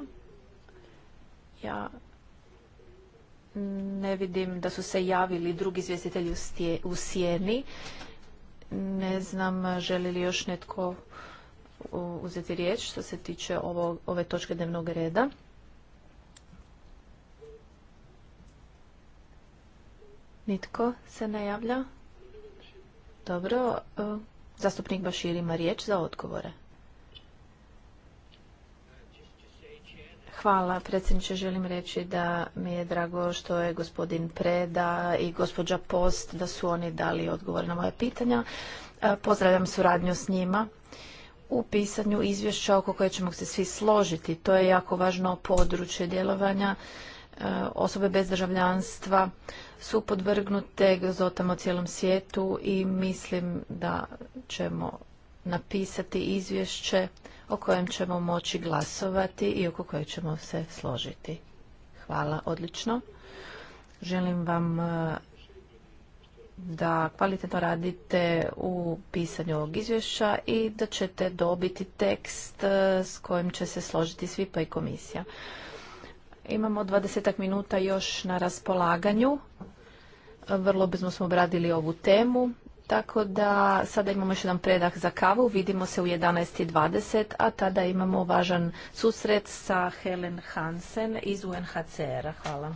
Ja ne vidim da su se javili drugi izvjestitelji u sjeni. Ne znam želi li još netko uzeti riječ što se tiče ove točke dnevnog reda. Nitko se ne javlja? Dobro. E, zastupnik Bašir ima riječ za odgovore. Hvala predsjedniče. Želim reći da mi je drago što je gospodin Preda i gospođa Post da su oni dali odgovor na moje pitanja. E, pozdravljam suradnju s njima u pisanju izvješća oko koje ćemo se svi složiti. To je jako važno područje djelovanja. E, osobe bez državljanstva su podvrgnute egzotama u cijelom svijetu i mislim da ćemo napisati izvješće o kojem ćemo moći glasovati i oko koje ćemo se složiti. Hvala, odlično. Želim vam e, da kvalitetno radite u pisanju ovog izvješća i da ćete dobiti tekst e, s kojim će se složiti svi pa i komisija. Imamo 20 minuta još na raspolaganju. Vrlo bismo smo obradili ovu temu. Tako da sada imamo još jedan predah za kavu, vidimo se u 11.20, a tada imamo važan susret sa Helen Hansen iz UNHCR-a. Hvala.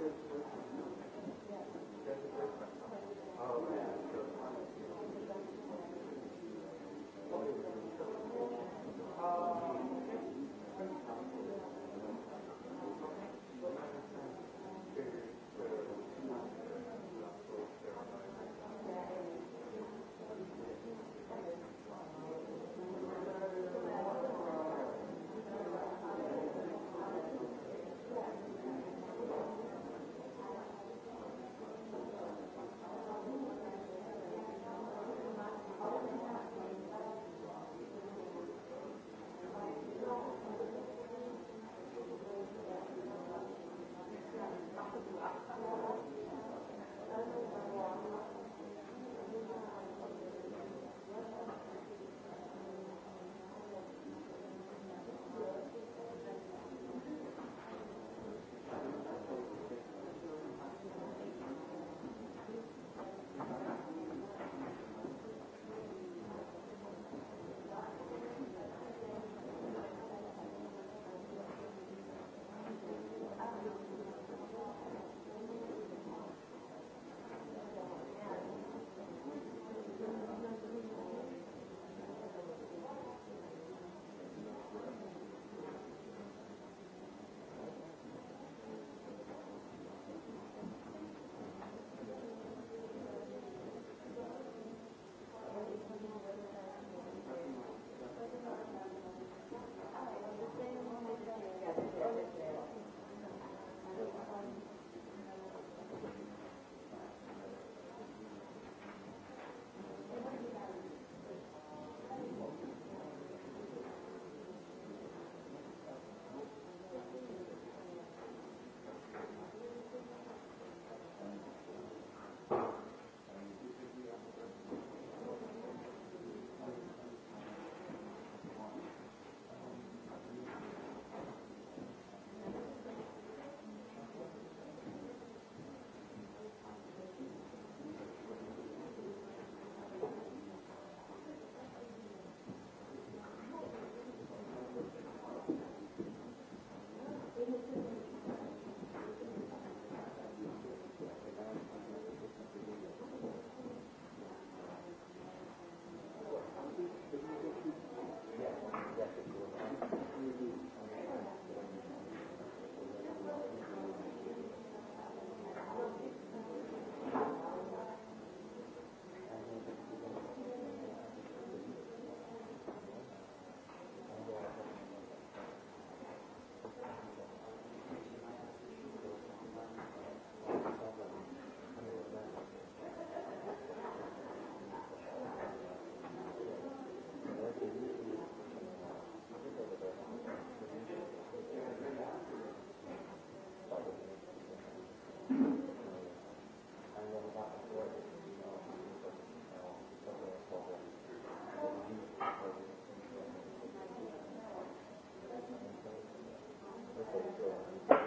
je ko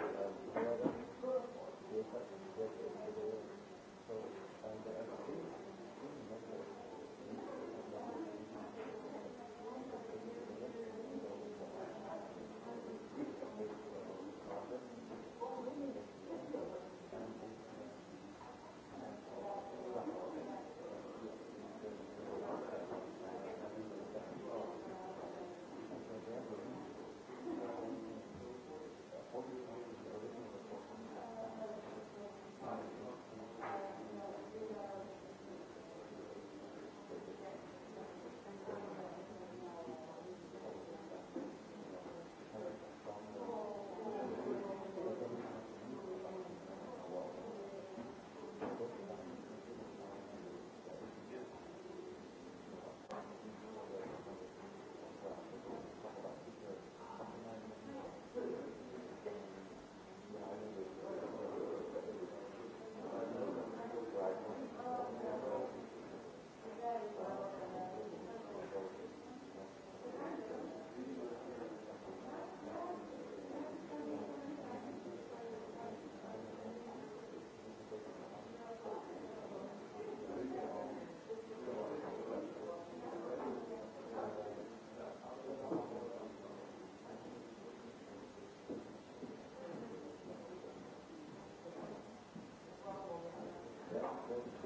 Hvala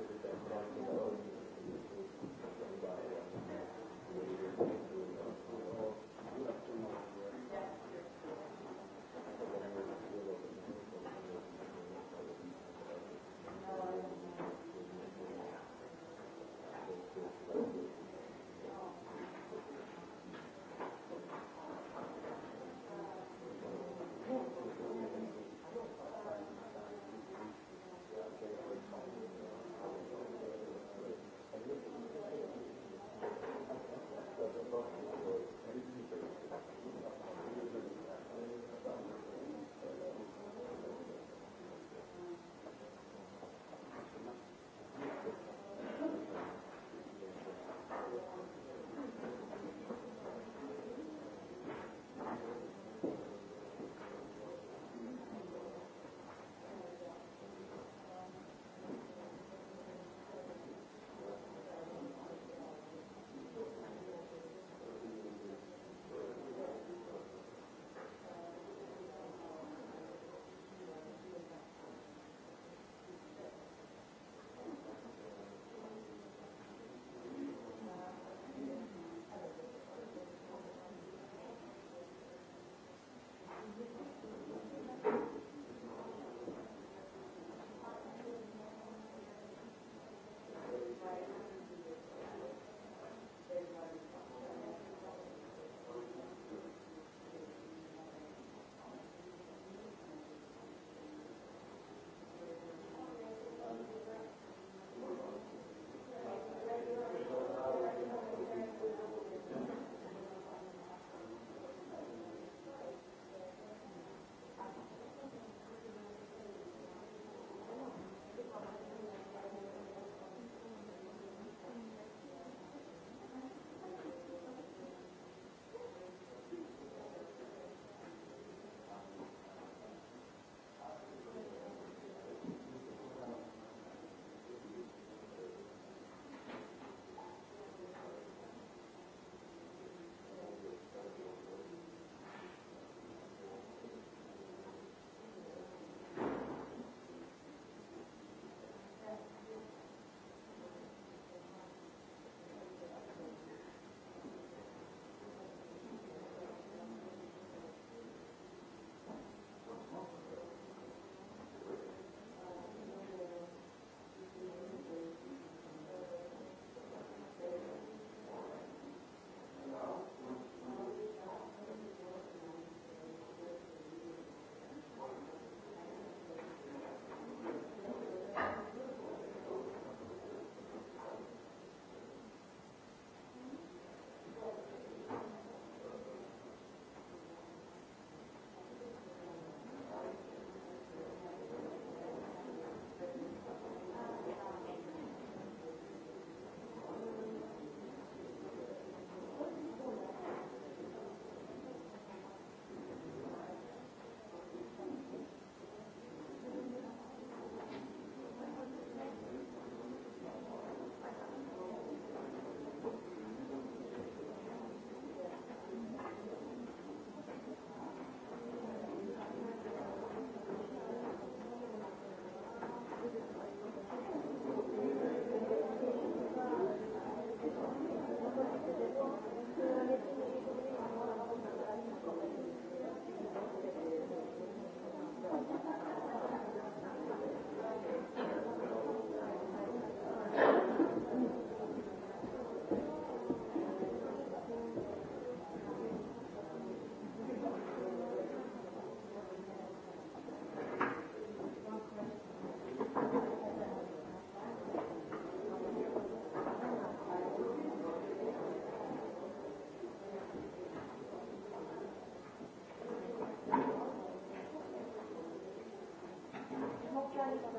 Hvala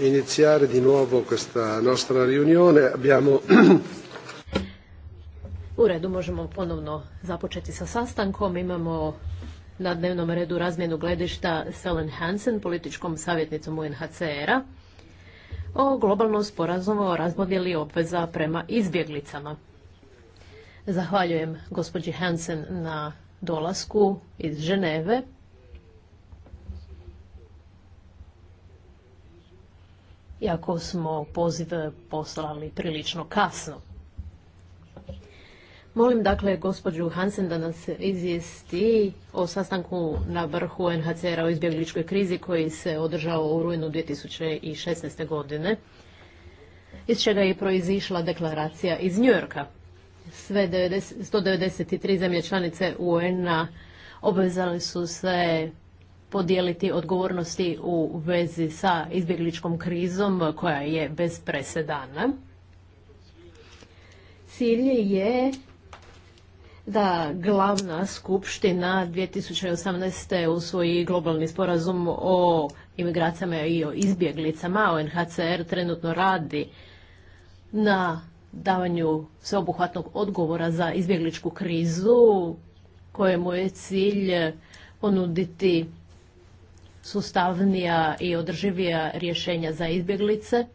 iniziare di nuovo questa nostra riunione. Abbiamo... U redu možemo ponovno započeti sa sastankom. Imamo na dnevnom redu razmjenu gledišta Selen Hansen, političkom savjetnicom UNHCR-a, o globalnom sporazumu o razmodjeli obveza prema izbjeglicama. Zahvaljujem gospođi Hansen na dolasku iz Ženeve. iako smo poziv poslali prilično kasno. Molim dakle gospođu Hansen da nas izvijesti o sastanku na vrhu NHCR-a o izbjegličkoj krizi koji se održao u rujnu 2016. godine, iz čega je proizišla deklaracija iz Njujorka. Sve 90, 193 zemlje članice UN-a obvezali su se podijeliti odgovornosti u vezi sa izbjegličkom krizom koja je bez presedana. Cilj je da glavna skupština 2018. usvoji globalni sporazum o imigracijama i o izbjeglicama. NHCR trenutno radi na davanju sveobuhvatnog odgovora za izbjegličku krizu kojemu je cilj ponuditi sustavnija i održivija rješenja za izbjeglice,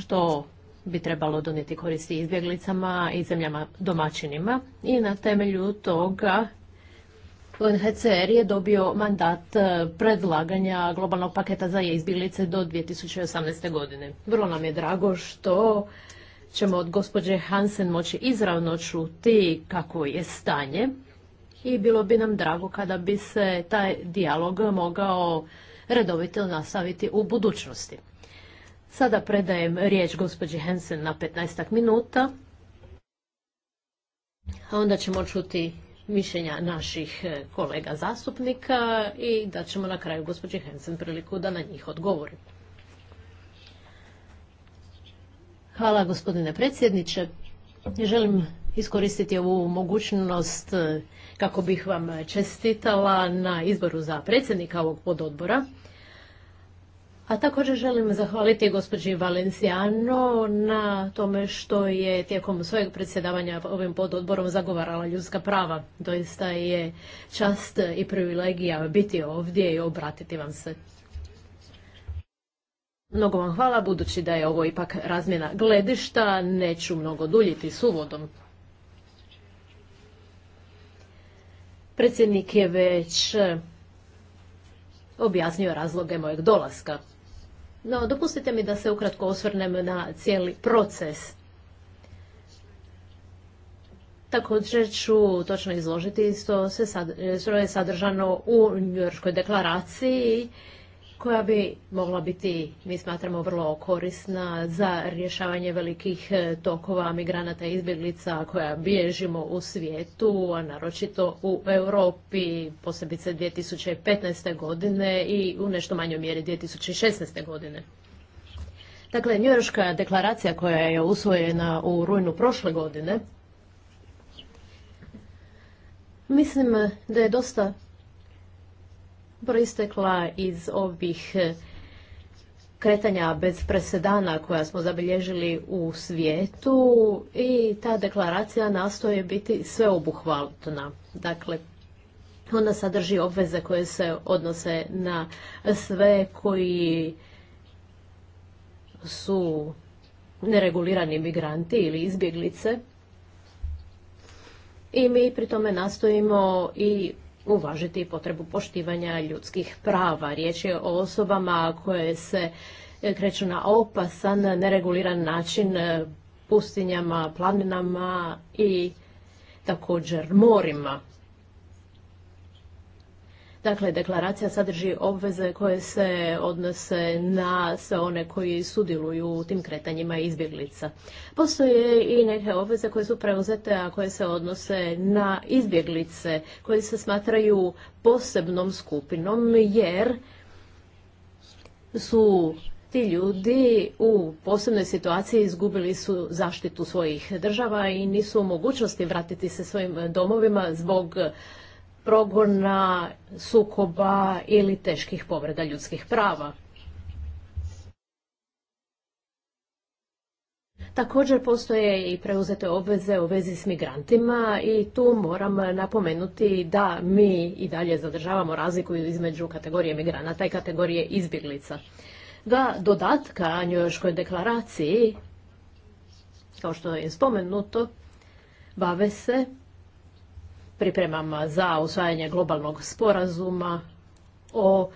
što bi trebalo donijeti koristi izbjeglicama i zemljama domaćinima. I na temelju toga UNHCR je dobio mandat e, predlaganja globalnog paketa za izbjeglice do 2018. godine. Vrlo nam je drago što ćemo od gospođe Hansen moći izravno čuti kako je stanje i bilo bi nam drago kada bi se taj dijalog mogao redovito nastaviti u budućnosti. Sada predajem riječ gospođi Hensen na 15 minuta, a onda ćemo čuti mišljenja naših e, kolega zastupnika i da ćemo na kraju gospođi Hensen priliku da na njih odgovori. Hvala gospodine predsjedniče. Želim iskoristiti ovu mogućnost e, kako bih vam čestitala na izboru za predsjednika ovog pododbora. A također želim zahvaliti gospođi Valenciano na tome što je tijekom svojeg predsjedavanja ovim pododborom zagovarala ljudska prava. Doista je čast i privilegija biti ovdje i obratiti vam se. Mnogo vam hvala, budući da je ovo ipak razmjena gledišta, neću mnogo duljiti s uvodom. Predsjednik je već e, objasnio razloge mojeg dolaska. No, dopustite mi da se ukratko osvrnem na cijeli proces. Također ću točno izložiti što, je sadržano u Njujorskoj deklaraciji koja bi mogla biti, mi smatramo, vrlo korisna za rješavanje velikih e, tokova migranata i izbjeglica koja bježimo u svijetu, a naročito u Europi, posebice 2015. godine i u nešto manjoj mjeri 2016. godine. Dakle, Njujorška deklaracija koja je usvojena u rujnu prošle godine, mislim da je dosta proistekla iz ovih eh, kretanja bez presedana koja smo zabilježili u svijetu i ta deklaracija nastoje biti sveobuhvatna. Dakle, ona sadrži obveze koje se odnose na sve koji su neregulirani migranti ili izbjeglice. I mi pri tome nastojimo i uvažiti potrebu poštivanja ljudskih prava. Riječ je o osobama koje se kreću na opasan, nereguliran način e, pustinjama, planinama i također morima. Dakle, deklaracija sadrži obveze koje se odnose na sve one koji sudjeluju u tim kretanjima izbjeglica. Postoje i neke obveze koje su preuzete, a koje se odnose na izbjeglice, koji se smatraju posebnom skupinom, jer su ti ljudi u posebnoj situaciji izgubili su zaštitu svojih država i nisu u mogućnosti vratiti se svojim domovima zbog progona, sukoba ili teških povreda ljudskih prava. Također postoje i preuzete obveze u vezi s migrantima i tu moram napomenuti da mi i dalje zadržavamo razliku između kategorije migranata i kategorije izbjeglica. Da dodatka Njujorškoj deklaraciji, kao što je spomenuto, bave se pripremama za usvajanje globalnog sporazuma o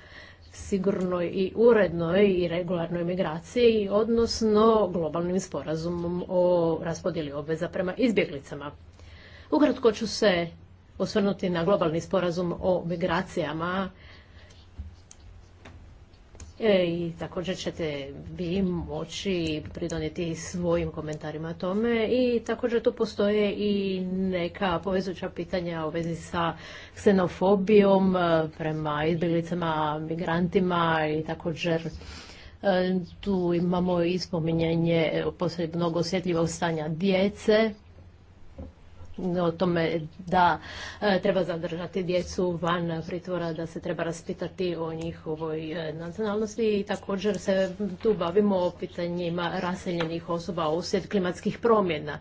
sigurnoj i urednoj i regularnoj migraciji, odnosno globalnim sporazumom o raspodjeli obveza prema izbjeglicama. Ukratko ću se osvrnuti na globalni sporazum o migracijama E, i također ćete vi moći pridonijeti svojim komentarima tome i također tu postoje i neka povezuća pitanja u vezi sa ksenofobijom e, prema izbjeglicama, migrantima i također e, tu imamo i spominjanje posebnog osjetljivog stanja djece o tome da e, treba zadržati djecu van pritvora, da se treba raspitati o njihovoj e, nacionalnosti i također se tu bavimo o pitanjima raseljenih osoba uslijed klimatskih promjena.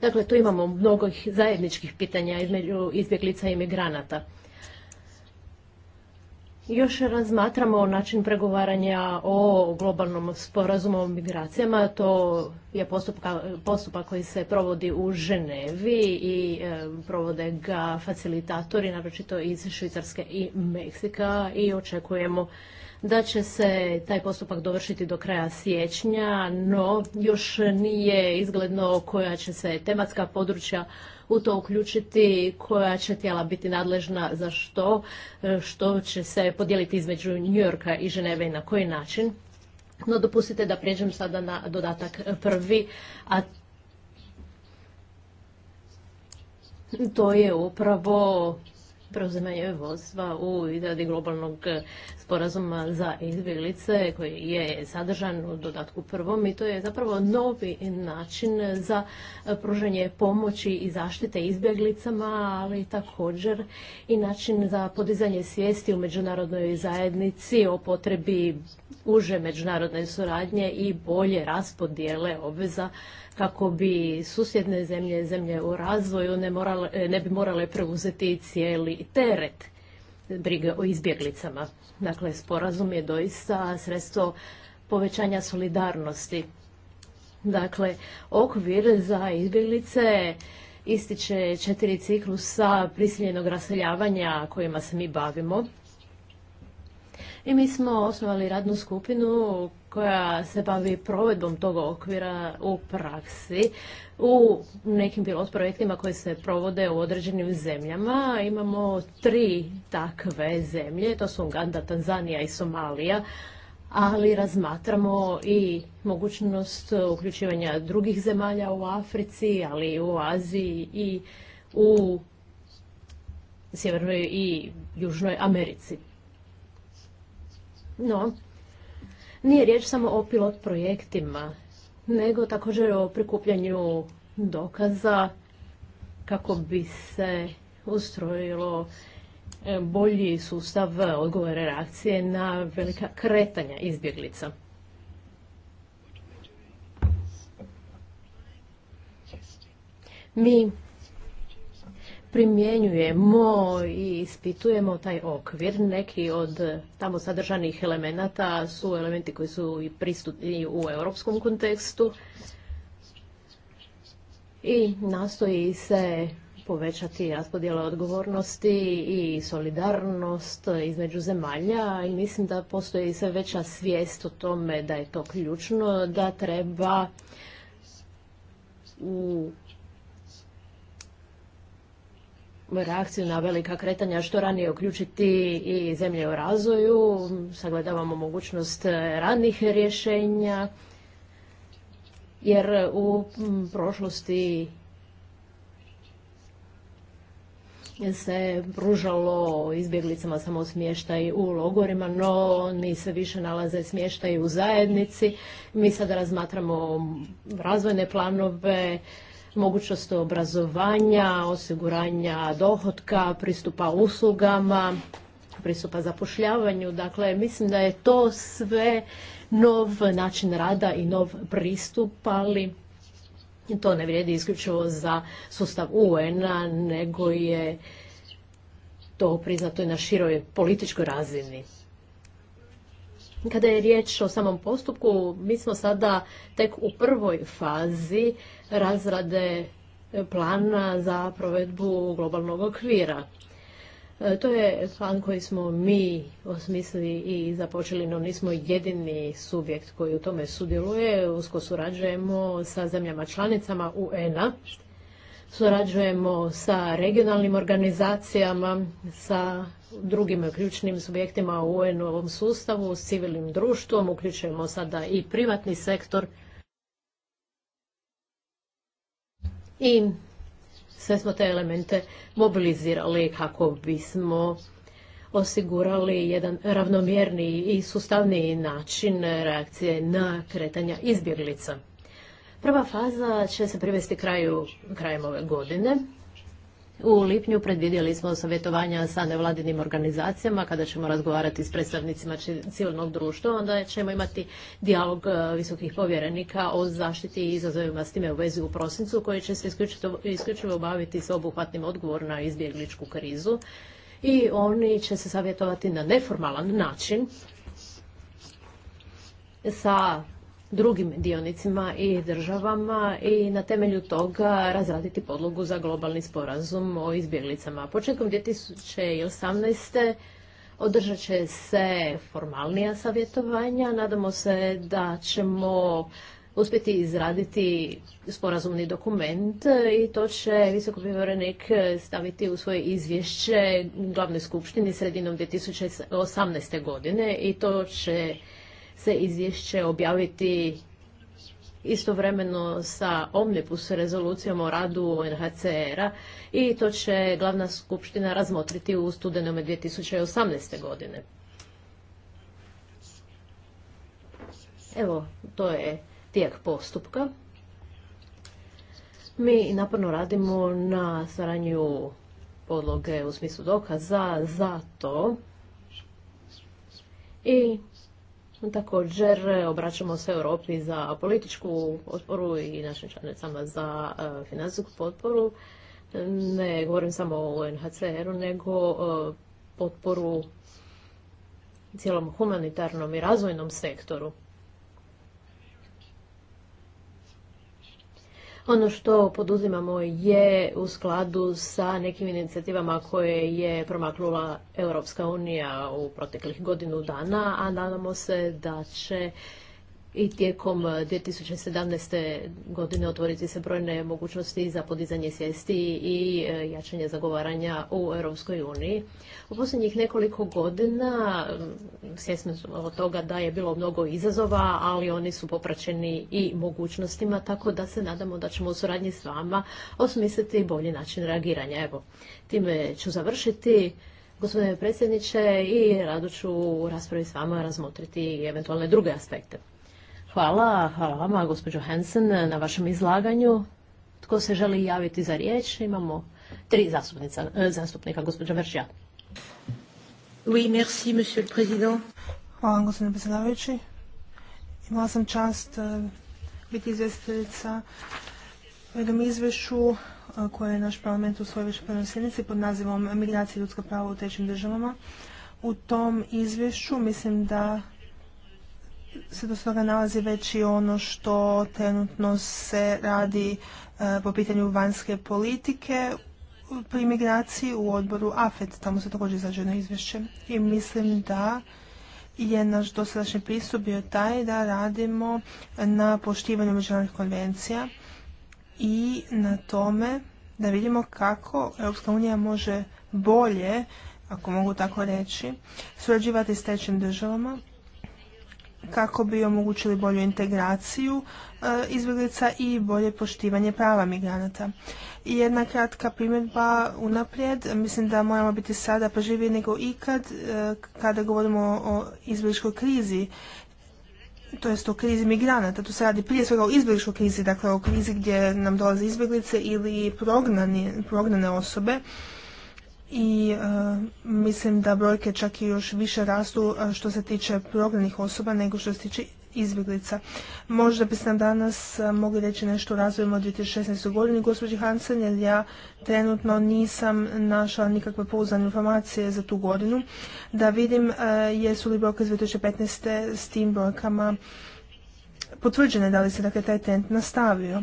Dakle, tu imamo mnogo zajedničkih pitanja između izbjeglica i imigranata još razmatramo način pregovaranja o globalnom sporazumu o migracijama. To je postupak koji se provodi u Ženevi i e, provode ga facilitatori, naročito iz Švicarske i Meksika i očekujemo da će se taj postupak dovršiti do kraja siječnja, no još nije izgledno koja će se tematska područja u to uključiti, koja će tijela biti nadležna za što, e, što će se podijeliti između Yorka i Ženeve i na koji način. No dopustite da prijeđem sada na dodatak prvi, a to je upravo preuzimanje vodstva u izradi globalnog e, sporazuma za izbjeglice koji je sadržan u dodatku prvom i to je zapravo novi način za e, pružanje pomoći i zaštite izbjeglicama, ali također i način za podizanje svijesti u međunarodnoj zajednici o potrebi uže međunarodne suradnje i bolje raspodjele obveza kako bi susjedne zemlje, zemlje u razvoju ne, e, ne bi morale preuzeti cijeli teret brige o izbjeglicama. Dakle, sporazum je doista sredstvo povećanja solidarnosti. Dakle, okvir za izbjeglice ističe četiri ciklusa prisiljenog raseljavanja kojima se mi bavimo. I mi smo osnovali radnu skupinu koja se bavi provedbom tog okvira u praksi u nekim pilot projektima koji se provode u određenim zemljama. Imamo tri takve zemlje, to su Uganda, Tanzanija i Somalija, ali razmatramo i mogućnost uključivanja drugih zemalja u Africi, ali i u Aziji i u Sjevernoj i Južnoj Americi. No, nije riječ samo o pilot projektima, nego također o prikupljanju dokaza kako bi se ustrojilo e, bolji sustav odgovore reakcije na velika kretanja izbjeglica. Mi primjenjujemo i ispitujemo taj okvir. Neki od tamo sadržanih elemenata su elementi koji su i u europskom kontekstu i nastoji se povećati raspodjela odgovornosti i solidarnost između zemalja i mislim da postoji sve veća svijest o tome da je to ključno, da treba u reakciju na velika kretanja što ranije uključiti i zemlje u razvoju, sagledavamo mogućnost ranih rješenja, jer u prošlosti se pružalo izbjeglicama samo smještaj u logorima, no oni se više nalaze smještaj u zajednici. Mi sada razmatramo razvojne planove, mogućnost obrazovanja, osiguranja dohotka, pristupa uslugama, pristupa zapošljavanju. Dakle, mislim da je to sve nov način rada i nov pristup, ali to ne vrijedi isključivo za sustav UN-a, nego je to priznato i na široj političkoj razini. Kada je riječ o samom postupku, mi smo sada tek u prvoj fazi razrade plana za provedbu globalnog okvira. E, to je plan koji smo mi osmislili i započeli, no nismo jedini subjekt koji u tome sudjeluje. Usko surađujemo sa zemljama članicama un Surađujemo sa regionalnim organizacijama, sa drugim ključnim subjektima u UN-ovom sustavu, s civilnim društvom, uključujemo sada i privatni sektor. I sve smo te elemente mobilizirali kako bismo osigurali jedan ravnomjerniji i sustavniji način reakcije na kretanja izbjeglica. Prva faza će se privesti kraju, krajem ove godine. U lipnju predvidjeli smo savjetovanja sa nevladinim organizacijama kada ćemo razgovarati s predstavnicima civilnog društva, onda ćemo imati dijalog e, visokih povjerenika o zaštiti i izazovima s time u vezi u prosincu koji će se isključivo, obaviti baviti s obuhvatnim odgovor na izbjegličku krizu i oni će se savjetovati na neformalan način sa drugim dionicima i državama i na temelju toga razraditi podlogu za globalni sporazum o izbjeglicama. Početkom 2018. održat će se formalnija savjetovanja. Nadamo se da ćemo uspjeti izraditi sporazumni dokument i to će visoko povjerenik staviti u svoje izvješće glavnoj skupštini sredinom 2018. godine i to će se izvješće objaviti istovremeno sa Omnibus rezolucijom o radu NHCR-a i to će glavna skupština razmotriti u studenome 2018. godine. Evo, to je tijek postupka. Mi naporno radimo na stvaranju podloge u smislu dokaza za to i Također e, obraćamo se Europi za političku potporu i našim članicama za e, financijsku potporu. E, ne govorim samo o UNHCR-u, nego potporu cijelom humanitarnom i razvojnom sektoru. Ono što poduzimamo je u skladu sa nekim inicijativama koje je promaknula Europska unija u proteklih godinu dana, a nadamo se da će i tijekom 2017. E, godine otvoriti se brojne mogućnosti za podizanje svijesti i e, jačanje zagovaranja u Europskoj uniji. U posljednjih nekoliko godina svjesni smo od toga da je bilo mnogo izazova, ali oni su popraćeni i mogućnostima, tako da se nadamo da ćemo u suradnji s vama osmisliti bolji način reagiranja. Evo, time ću završiti. Gospodine predsjedniče, i rado ću u raspravi s vama razmotriti eventualne druge aspekte. Hvala, hvala vama, gospođo Hansen, na vašem izlaganju. Tko se želi javiti za riječ? Imamo tri e, zastupnika, gospođa Veržija. Oui, merci, monsieur le président. Hvala, gospodine predsjedavajući. Imala sam čast e, biti izvjestiteljica u jednom izvješću e, koje je naš parlament svojoj već prvenoj sjednici pod nazivom Migracija i ljudska prava u trećim državama. U tom izvješću mislim da se do svega nalazi već i ono što trenutno se radi e, po pitanju vanjske politike pri migraciji u odboru AFET. Tamo se također izrađeno izvješće. I mislim da je naš dosadašnji pristup bio taj da radimo na poštivanju međunarodnih konvencija i na tome da vidimo kako Europska unija može bolje, ako mogu tako reći, surađivati s trećim državama kako bi omogućili bolju integraciju e, izbjeglica i bolje poštivanje prava migranata. jedna kratka primjedba unaprijed, mislim da moramo biti sada pažljiviji nego ikad e, kada govorimo o, izbjegličkoj krizi to jest o krizi migranata, tu se radi prije svega o izbjegličkoj krizi, dakle o krizi gdje nam dolaze izbjeglice ili prognane osobe i e, mislim da brojke čak i još više rastu e, što se tiče prognanih osoba nego što se tiče izbjeglica. Možda biste nam danas e, mogli reći nešto o razvojima od 2016. godini, gospođi Hansen, jer ja trenutno nisam našla nikakve pouzdane informacije za tu godinu, da vidim jesu li brojke iz 2015. s tim brojkama potvrđene, da li se dakle taj trend nastavio.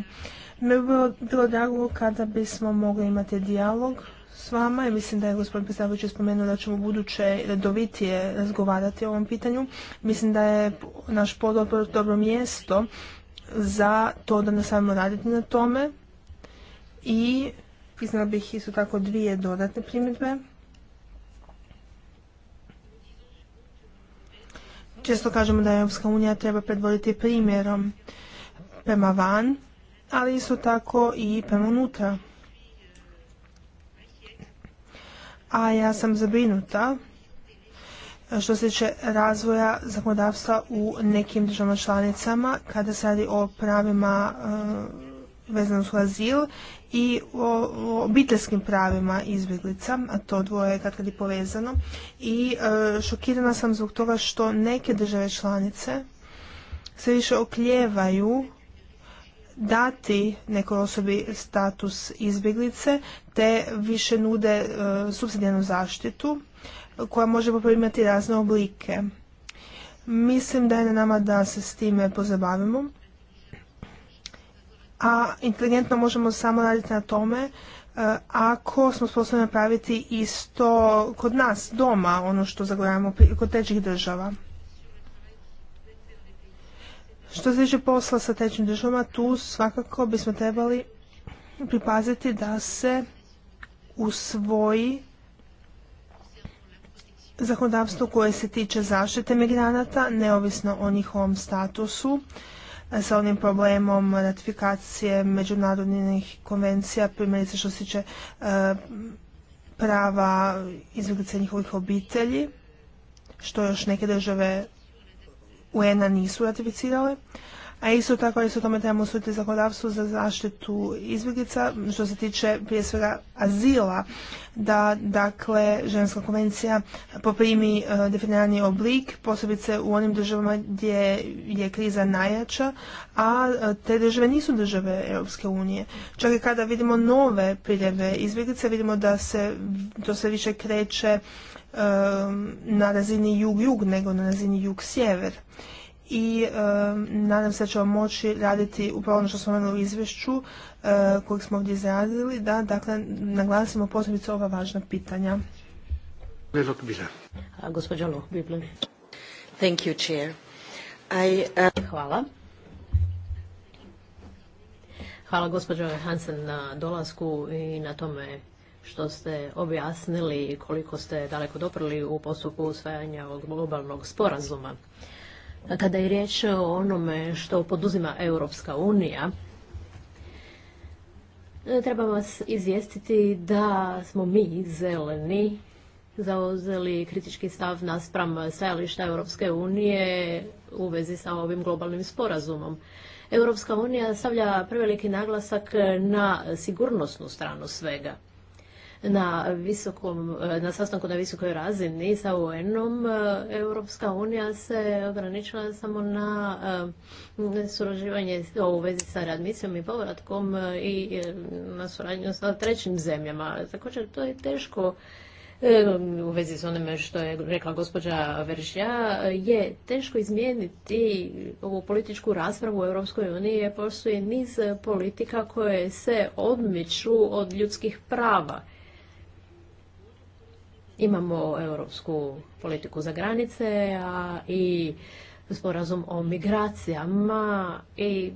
Me bi bilo drago kada bismo mogli imati dijalog s vama i mislim da je gospodin predsjedavajući spomenuo da ćemo buduće redovitije razgovarati o ovom pitanju. Mislim da je naš pododbor dobro mjesto za to da samo raditi na tome i iznala bih isto tako dvije dodatne primjedbe. Često kažemo da Europska unija treba predvoditi primjerom prema van, ali isto tako i prema unutra. a ja sam zabrinuta što se tiče razvoja zakonodavstva u nekim državama članicama kada se radi o pravima eh, vezano uz azil i o, obiteljskim pravima izbjeglica, a to dvoje je kad kad je povezano. I eh, šokirana sam zbog toga što neke države članice se više okljevaju dati nekoj osobi status izbjeglice te više nude e, zaštitu koja može poprimati razne oblike. Mislim da je na nama da se s time pozabavimo, a inteligentno možemo samo raditi na tome e, ako smo sposobni napraviti isto kod nas doma, ono što zagovaramo kod trećih država. Što se tiče posla sa trećim državama, tu svakako bismo trebali pripaziti da se usvoji zakonodavstvo koje se tiče zaštite migranata, neovisno o njihovom statusu, sa onim problemom ratifikacije međunarodnih konvencija, primjerice što se tiče e, prava izbjeglica njihovih obitelji, što još neke države UN-a nisu ratificirale. A isto tako isto tome trebamo usuditi zakonodavstvo za zaštitu izbjeglica što se tiče prije svega azila da dakle ženska konvencija poprimi e, definirani oblik posebice u onim državama gdje je kriza najjača a e, te države nisu države Europske unije. Čak i kada vidimo nove priljeve izbjeglice vidimo da se to sve više kreće Um, na razini jug-jug nego na razini jug-sjever. I um, nadam se da ćemo moći raditi upravo ono što smo imali u izvješću uh, kojeg smo ovdje izradili, da dakle naglasimo posebice ova važna pitanja. Uh, Hvala. Hvala gospođo Hansen na dolasku i na tome što ste objasnili koliko ste daleko doprli u postupku usvajanja ovog globalnog sporazuma. Kada je riječ o onome što poduzima Europska unija, treba vas izvijestiti da smo mi zeleni zauzeli kritički stav naspram stajališta Europske unije u vezi sa ovim globalnim sporazumom. Europska unija stavlja preveliki naglasak na sigurnosnu stranu svega na, visokom, eh, na sastanku na visokoj razini sa UN-om, eh, Europska unija se ograničila samo na eh, surađivanje u vezi sa readmisijom i povratkom i na suradnju sa trećim zemljama. Također to je teško u vezi s onime što je rekla gospođa Veržja, je teško izmijeniti ovu političku raspravu u Europskoj uniji jer postoji niz politika koje se odmiču od ljudskih prava. Imamo europsku politiku za granice i sporazum o migracijama i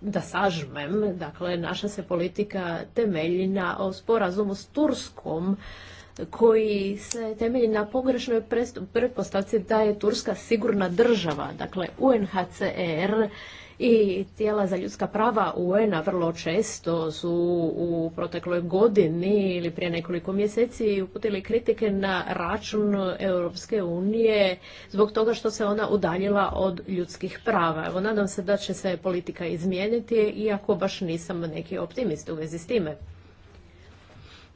da sažmem, dakle naša se politika temelji na sporazumu s Turskom koji se temelji na pogrešnoj pretpostavci da je Turska sigurna država. Dakle, UNHCR i tijela za ljudska prava UN-a vrlo često su u protekloj godini ili prije nekoliko mjeseci uputili kritike na račun Europske unije zbog toga što se ona udaljila od ljudskih prava. Evo, nadam se da će se politika izmijeniti, iako baš nisam neki optimist u vezi s time.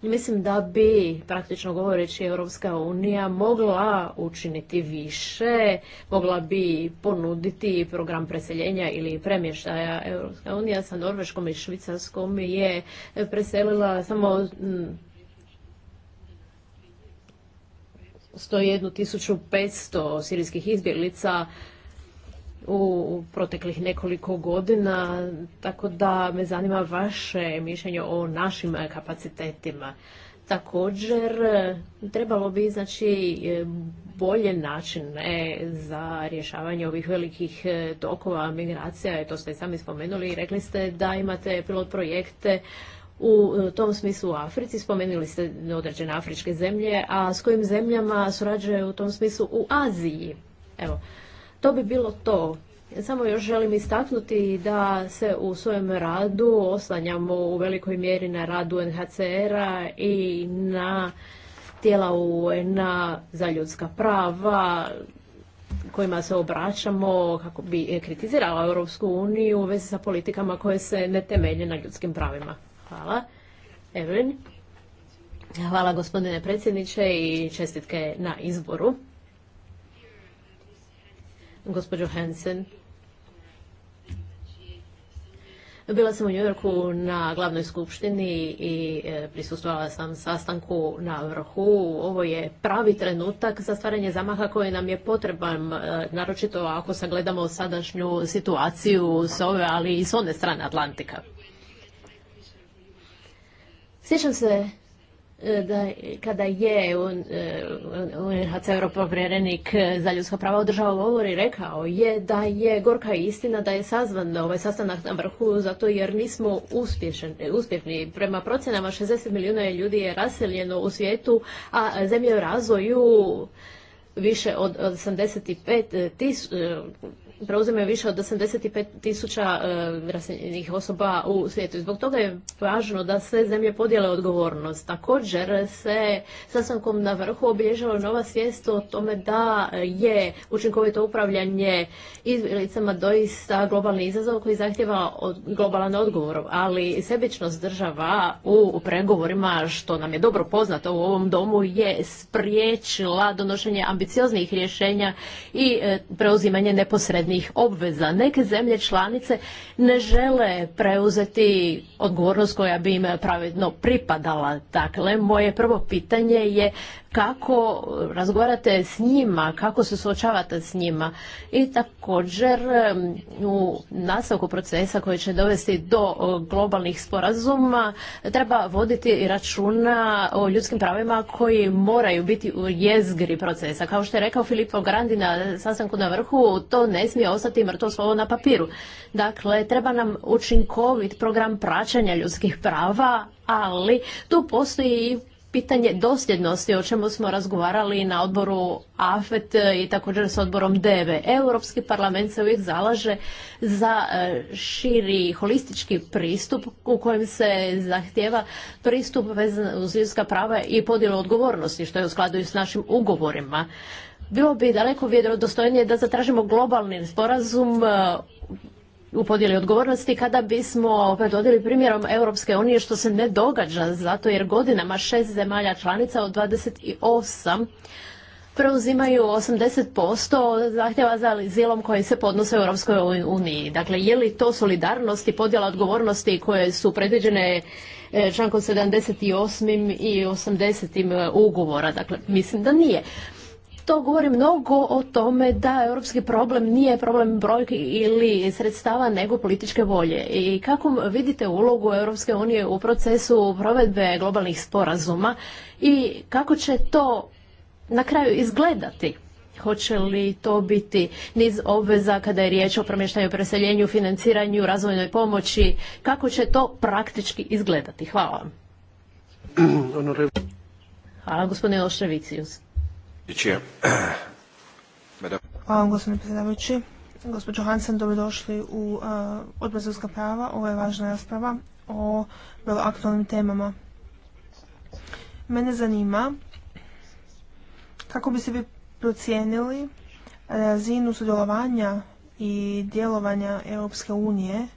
Mislim da bi, praktično govoreći, Europska unija mogla učiniti više, mogla bi ponuditi program preseljenja ili premještaja. Europska unija sa Norveškom i Švicarskom je preselila samo 101.500 mm, sirijskih izbjeglica u proteklih nekoliko godina, tako da me zanima vaše mišljenje o našim kapacitetima. Također, trebalo bi znači bolje načine za rješavanje ovih velikih tokova migracija, to ste sami spomenuli i rekli ste da imate pilot projekte u tom smislu u Africi, spomenuli ste određene afričke zemlje, a s kojim zemljama surađuje u tom smislu u Aziji? Evo, to bi bilo to. Samo još želim istaknuti da se u svojem radu oslanjamo u velikoj mjeri na radu NHCR-a i na tijela UN-a za ljudska prava kojima se obraćamo kako bi kritizirala Europsku uniju u vezi sa politikama koje se ne temelje na ljudskim pravima. Hvala. Evelyn. Hvala gospodine predsjedniče i čestitke na izboru gospođo Hansen. Bila sam u Njujorku na glavnoj skupštini i e, prisustvala sam sastanku na vrhu. Ovo je pravi trenutak za stvaranje zamaha koji nam je potreban, e, naročito ako sagledamo sadašnju situaciju s ove, ali i s one strane Atlantika. Sjećam se E, da kada je UNHCR e, povjerenik e, za ljudska prava održao govor i rekao je da je gorka istina da je sazvan ovaj sastanak na vrhu zato jer nismo uspješni. Prema procjenama 60 milijuna ljudi je raseljeno u svijetu, a zemlje u razvoju više od 85 tisuća preuzimaju više od 85 tisuća e, rasenjenih osoba u svijetu. zbog toga je važno da sve zemlje podijele odgovornost. Također se sastankom na vrhu obilježava nova svijest o tome da je učinkovito upravljanje izbjeglicama doista globalni izazov koji zahtjeva globalan odgovor, ali sebičnost država u pregovorima, što nam je dobro poznato u ovom domu, je spriječila donošenje ambicioznih rješenja i e, preuzimanje neposrednog obveza. Neke zemlje članice ne žele preuzeti odgovornost koja bi im pravedno pripadala. Dakle, moje prvo pitanje je kako razgovarate s njima, kako se suočavate s njima i također um, u nastavku procesa koji će dovesti do uh, globalnih sporazuma treba voditi računa o ljudskim pravima koji moraju biti u jezgri procesa. Kao što je rekao Filippo Grandi na sastanku na vrhu, to ne smije ostati mrtvo slovo na papiru. Dakle, treba nam učinkovit program praćenja ljudskih prava, ali tu postoji i pitanje dosljednosti o čemu smo razgovarali na odboru AFET i također s odborom DEVE. Europski parlament se uvijek zalaže za e, širi holistički pristup u kojem se zahtjeva pristup vezan uz ljudska prava i podjelu odgovornosti što je u skladu i s našim ugovorima. Bilo bi daleko vjerodostojnije da zatražimo globalni sporazum e, u podjeli odgovornosti kada bismo odjeli primjerom Europske unije što se ne događa zato jer godinama šest zemalja članica od 28 preuzimaju 80% zahtjeva za zilom koji se podnose u Europskoj uniji. Dakle, je li to solidarnost i podjela odgovornosti koje su predviđene e, člankom 78. i 80. E, ugovora? Dakle, mislim da nije to govori mnogo o tome da europski problem nije problem brojki ili sredstava nego političke volje. I kako vidite ulogu Europske unije u procesu provedbe globalnih sporazuma i kako će to na kraju izgledati? Hoće li to biti niz obveza kada je riječ o promještanju, preseljenju, financiranju, razvojnoj pomoći? Kako će to praktički izgledati? Hvala vam. Hvala gospodine Oštrevicius. Hvala vam, gospodine predsjedavajući. Gospođo Hansen, došli u Odbor za ljudska prava. Ovo je važna rasprava o vrlo aktualnim temama. Mene zanima kako bi se vi procijenili razinu sudjelovanja i djelovanja Europske unije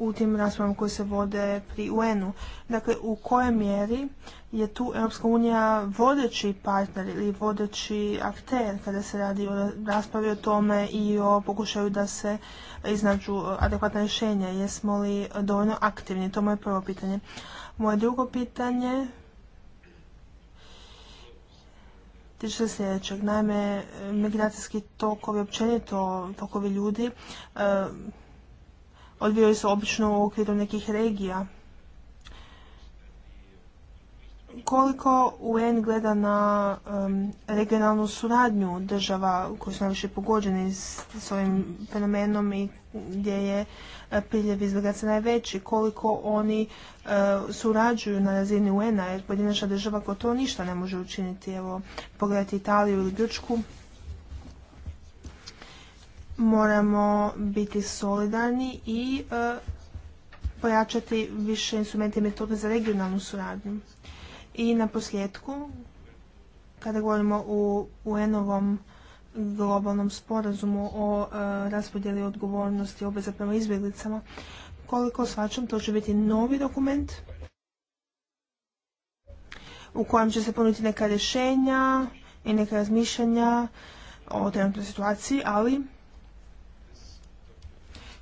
u tim raspravama koje se vode pri UN-u. Dakle, u kojoj mjeri je tu Europska unija vodeći partner ili vodeći akter kada se radi o raspravi o tome i o pokušaju da se iznađu adekvatna rješenja. Jesmo li dovoljno aktivni? To je moje prvo pitanje. Moje drugo pitanje tiče se sljedećeg. Naime, migracijski tokovi, općenito tokovi ljudi, odvijaju se obično u okviru nekih regija. Koliko UN gleda na regionalnu suradnju država koje su najviše pogođene s, ovim fenomenom i gdje je e, priljev izbjegaca najveći, koliko oni e, surađuju na razini UN-a jer pojedinačna država koja to ništa ne može učiniti. Evo, pogledajte Italiju ili Grčku, moramo biti solidarni i e, pojačati više instrumente i metode za regionalnu suradnju. I na posljedku, kada govorimo u UN-ovom globalnom sporazumu o e, raspodjeli odgovornosti obveza prema izbjeglicama, koliko svačam, to će biti novi dokument u kojem će se ponuditi neka rješenja i neka razmišljanja o trenutnoj situaciji, ali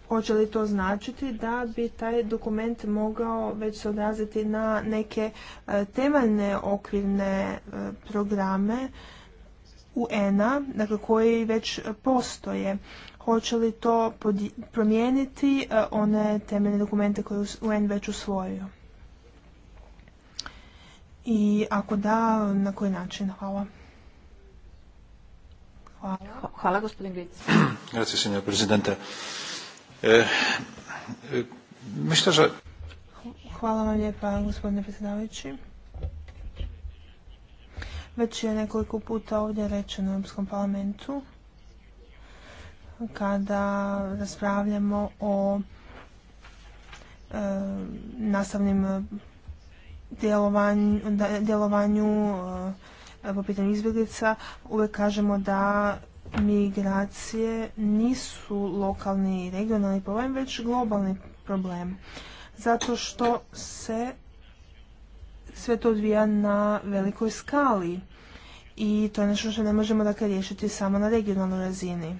Hoće li to značiti da bi taj dokument mogao već se odraziti na neke e, temeljne okvirne e, programe UN-a, dakle koji već postoje? Hoće li to promijeniti e, one temeljne dokumente koje UN već usvojio? I ako da, na koji način? Hvala. Hvala. gospodin Gric. E, e, Hvala vam lijepa, gospodine predsjedavajući. Već je nekoliko puta ovdje rečeno u Europskom parlamentu kada raspravljamo o e, nastavnim djelovanju, djelovanju po pitanju izbjeglica, uvijek kažemo da migracije nisu lokalni i regionalni problem, već globalni problem. Zato što se sve to odvija na velikoj skali i to je nešto što ne možemo dakle riješiti samo na regionalnoj razini.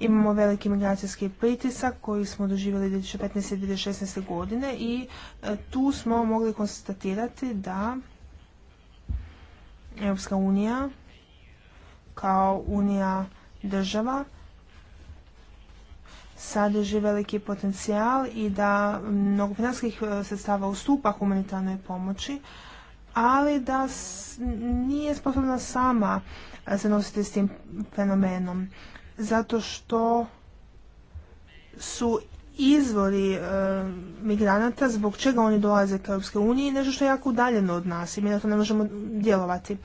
Imamo veliki migracijski pritisak koji smo doživjeli 2015. i 2016. godine i e, tu smo mogli konstatirati da Europska unija kao unija država sadrži veliki potencijal i da mnogo financijskih e, sredstava ustupa humanitarnoj pomoći, ali da nije sposobna sama e, se nositi s tim fenomenom. Zato što su izvori e, migranata, zbog čega oni dolaze ka Europske unije nešto što je jako udaljeno od nas i mi na to ne možemo djelovati.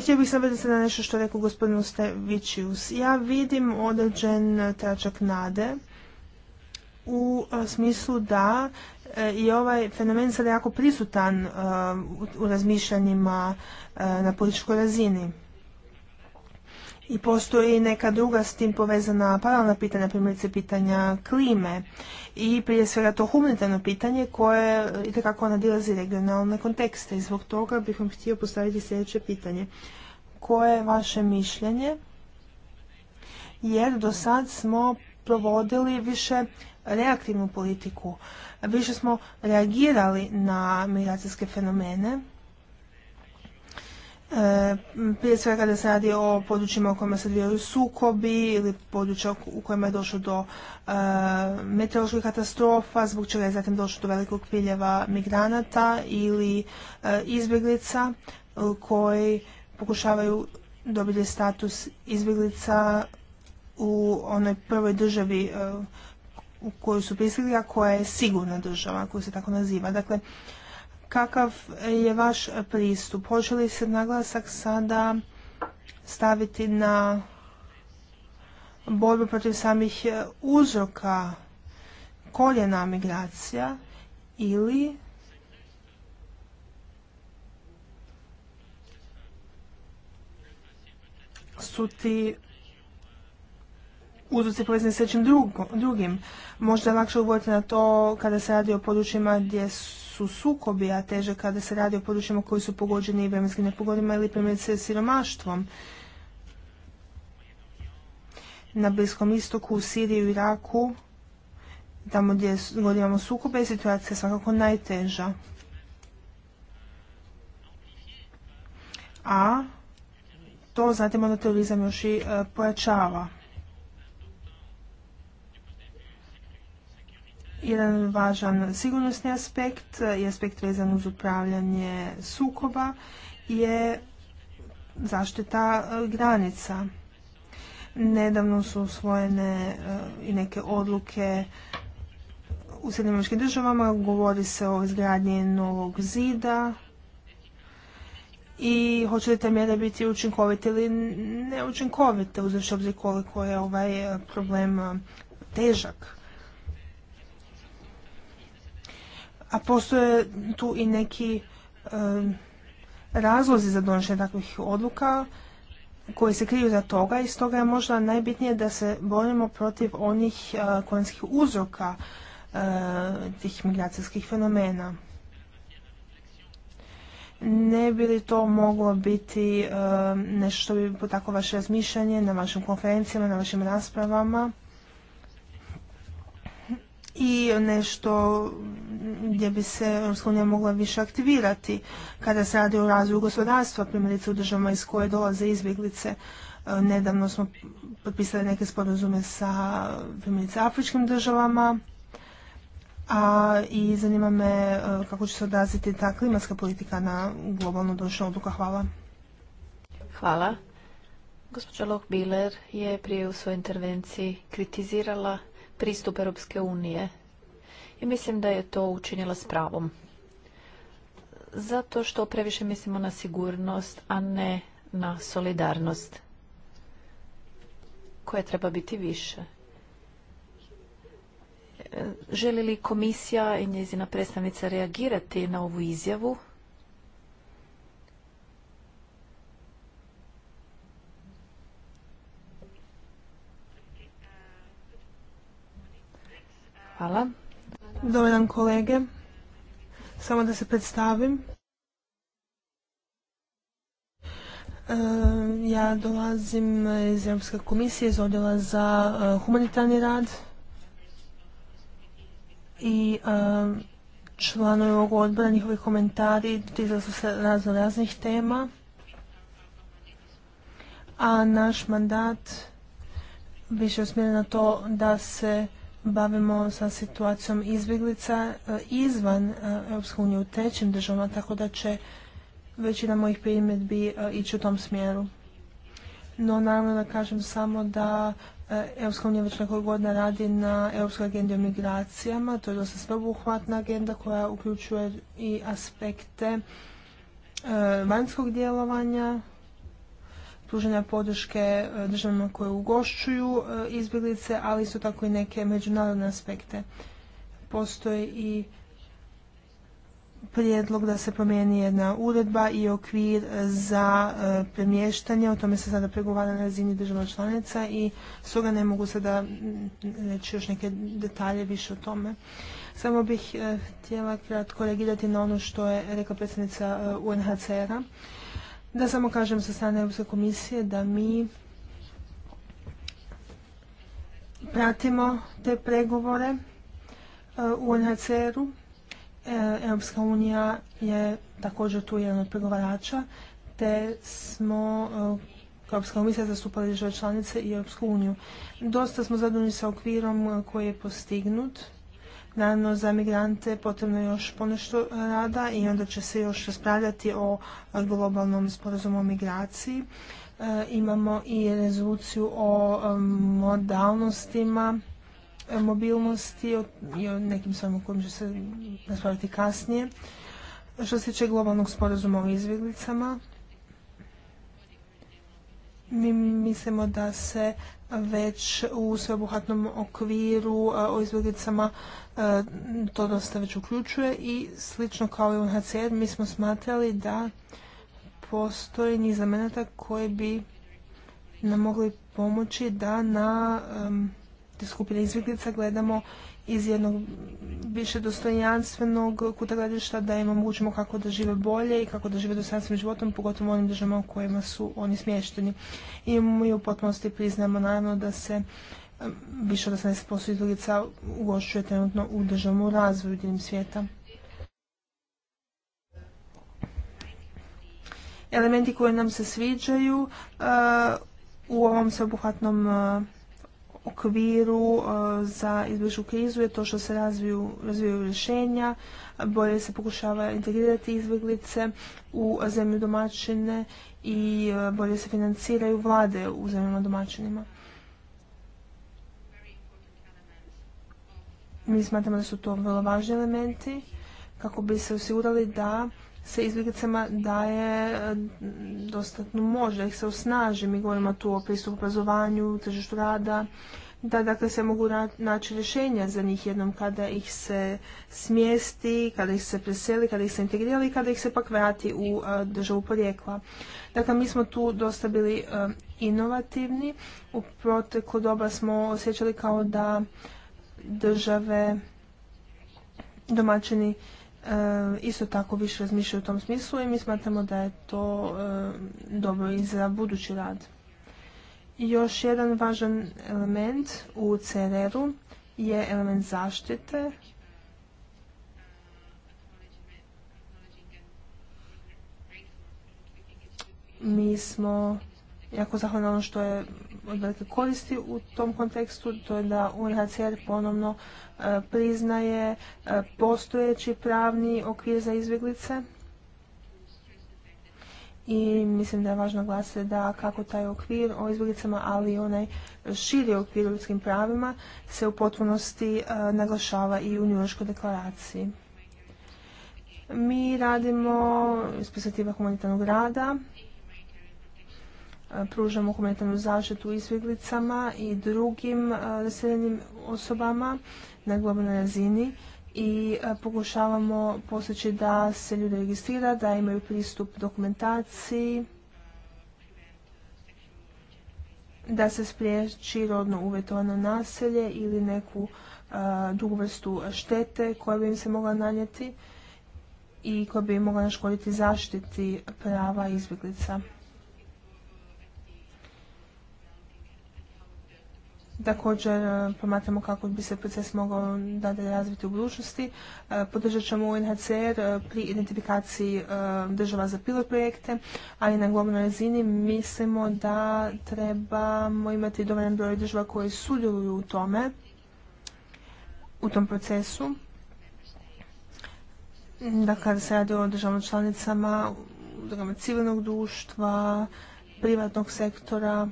Htio bih sam se na nešto što je rekao gospodin Ustavićius. Ja vidim određen tračak nade u e, smislu da i e, ovaj fenomen sada jako prisutan u razmišljanjima na političkoj razini i postoji neka druga s tim povezana paralelna pitanja, primjerice pitanja klime i prije svega to humanitarno pitanje koje itekako nadilazi regionalne kontekste i zbog toga bih vam htio postaviti sljedeće pitanje. Koje je vaše mišljenje? Jer do sad smo provodili više reaktivnu politiku. Više smo reagirali na migracijske fenomene E, prije svega kada se radi o područjima u kojima se odvijaju sukobi ili područja u kojima je došlo do e, meteoroloških katastrofa, zbog čega je zatim došlo do velikog piljeva migranata ili e, izbjeglica koji pokušavaju dobiti status izbjeglica u onoj prvoj državi u koju su pristigli, a koja je sigurna država, koju se tako naziva. Dakle, Kakav je vaš pristup? Hoće li se naglasak sada staviti na borbu protiv samih e, uzroka koljena migracija ili su ti uzroci povezani s nečim drugim. Možda je lakše uvoditi na to kada se radi o područjima gdje su sukobi, a teže kada se radi o područjima koji su pogođeni vremenskim nepogodima ili primjerice siromaštvom. Na Bliskom istoku, u Siriji i Iraku, tamo gdje imamo sukobe, situacija je svakako najteža. A to zatim da terorizam još i e, pojačava. Jedan važan sigurnosni aspekt i aspekt vezan uz upravljanje sukoba je zaštita e, granica. Nedavno su usvojene e, i neke odluke u Sjedinjeničkim državama, govori se o izgradnji novog zida i hoće li te mjere biti učinkovite ili neučinkovite, uzavši obzir koliko je ovaj e, problem težak. a postoje tu i neki razlozi za donošenje takvih odluka koji se kriju za toga i stoga je možda najbitnije da se borimo protiv onih e, uzroka e, tih migracijskih fenomena. Ne bi li to moglo biti e, nešto što bi potaklo vaše razmišljanje na vašim konferencijama, na vašim raspravama? i nešto gdje bi se Europska unija mogla više aktivirati kada se radi o razvoju gospodarstva, primjerice u državama iz koje dolaze izbjeglice. E, nedavno smo potpisali neke sporazume sa primjerice afričkim državama, a i zanima me e, kako će se odraziti ta klimatska politika na globalno došlo odluka. Hvala. Hvala. Gospođa Locke-Biller je prije u svojoj intervenciji kritizirala pristup Europske unije. I mislim da je to učinila s pravom. Zato što previše mislimo na sigurnost, a ne na solidarnost koja treba biti više. Želi li komisija i njezina predstavnica reagirati na ovu izjavu Hvala. Dobar dan kolege. Samo da se predstavim. E, ja dolazim iz Europske komisije, iz odjela za e, humanitarni rad i e, članovi ovog odbora, njihovi komentari tizali su se razno raznih tema, a naš mandat više je usmjeren na to da se bavimo sa situacijom izbjeglica e, izvan e, EU u trećim državama, tako da će većina mojih primjedbi e, ići u tom smjeru. No naravno da kažem samo da Europska unija već nekoliko godina radi na Europskoj agendi o migracijama. To je dosta sveobuhvatna agenda koja uključuje i aspekte vanjskog djelovanja, pružanja podrške e, državama koje ugošćuju e, izbjeglice, ali isto tako i neke međunarodne aspekte. Postoji i prijedlog da se promijeni jedna uredba i okvir e, za premještanje. O tome se sada pregovara na razini država članica i stoga ne mogu sada reći još neke detalje više o tome. Samo bih htjela kratko reagirati na ono što je rekla predsjednica UNHCR-a. Da samo kažem sa strane Europske komisije da mi pratimo te pregovore eh, u UNHCR-u. Eh, Europska unija je također tu jedan od pregovarača, te smo eh, Europska komisija zastupali države članice i Europsku uniju. Dosta smo zadovoljni sa okvirom koji je postignut Naravno, za migrante potrebno je još ponešto rada i onda će se još raspravljati o globalnom sporazumu o migraciji. E, imamo i rezoluciju o modalnostima e, mobilnosti i o nekim svojim kojim će se raspraviti kasnije. Što se tiče globalnog sporazuma o izbjeglicama, mi mislimo da se već u sveobuhatnom okviru e, o izbjeglicama e, to dosta već uključuje i slično kao i u UNHCR mi smo smatrali da postoji niz elemenata koji bi nam mogli pomoći da na te skupine izbjeglica gledamo iz jednog više dostojanstvenog kuta gledišta da im omogućimo kako da žive bolje i kako da žive dostojanstvenim životom, pogotovo u onim državama u kojima su oni smješteni. I mi u potpunosti priznamo naravno da se više od 18% izbjeglica ugošćuje trenutno u državnom razvoju diljem svijeta. Elementi koji nam se sviđaju eh, u ovom sveobuhvatnom eh, okviru e, za izbježu krizu je to što se razviju, razvijaju rješenja, bolje se pokušava integrirati izbjeglice u zemlju domaćine i e, bolje se financiraju vlade u zemljama domaćinima. Mi smatramo da su to vrlo važni elementi kako bi se osigurali da se izbjeglicama daje e, dostatnu moć, da ih se osnaži. Mi govorimo tu o pristupu obrazovanju, tržištu rada, da dakle se mogu naći rješenja za njih jednom kada ih se smjesti, kada ih se preseli, kada ih se integrirali i kada ih se pak vrati u e, državu porijekla. Dakle, mi smo tu dosta bili e, inovativni. U proteklu doba smo osjećali kao da države domaćini E, isto tako više razmišljaju u tom smislu i mi smatramo da je to e, dobro i za budući rad. još jedan važan element u CRR-u je element zaštite mi smo jako zahvalni ono što je velike koristi u tom kontekstu, to je da UNHCR ponovno e, priznaje e, postojeći pravni okvir za izbjeglice. I mislim da je važno glasiti da kako taj okvir o izbjeglicama, ali i onaj širi okvir o ljudskim pravima se u potpunosti e, naglašava i u deklaraciji. Mi radimo iz humanitarnog rada pružamo humanitarnu zaštitu izbjeglicama i drugim raseljenim osobama na globalnoj razini i pokušavamo postići da se ljudi registrira, da imaju pristup dokumentaciji, da se spriječi rodno uvjetovano naselje ili neku dugu vrstu štete koja bi im se mogla nanijeti i koja bi im mogla naškoditi zaštiti prava izbjeglica. Također e, promatramo kako bi se proces mogao dalje razviti u budućnosti. E, podržat ćemo UNHCR e, pri identifikaciji država za pilot projekte, ali na globalnoj razini mislimo da trebamo imati dovoljan broj država koje sudjeluju u tome, u tom procesu. Dakle, da se radi o državama članicama, udrugama civilnog društva, privatnog sektora,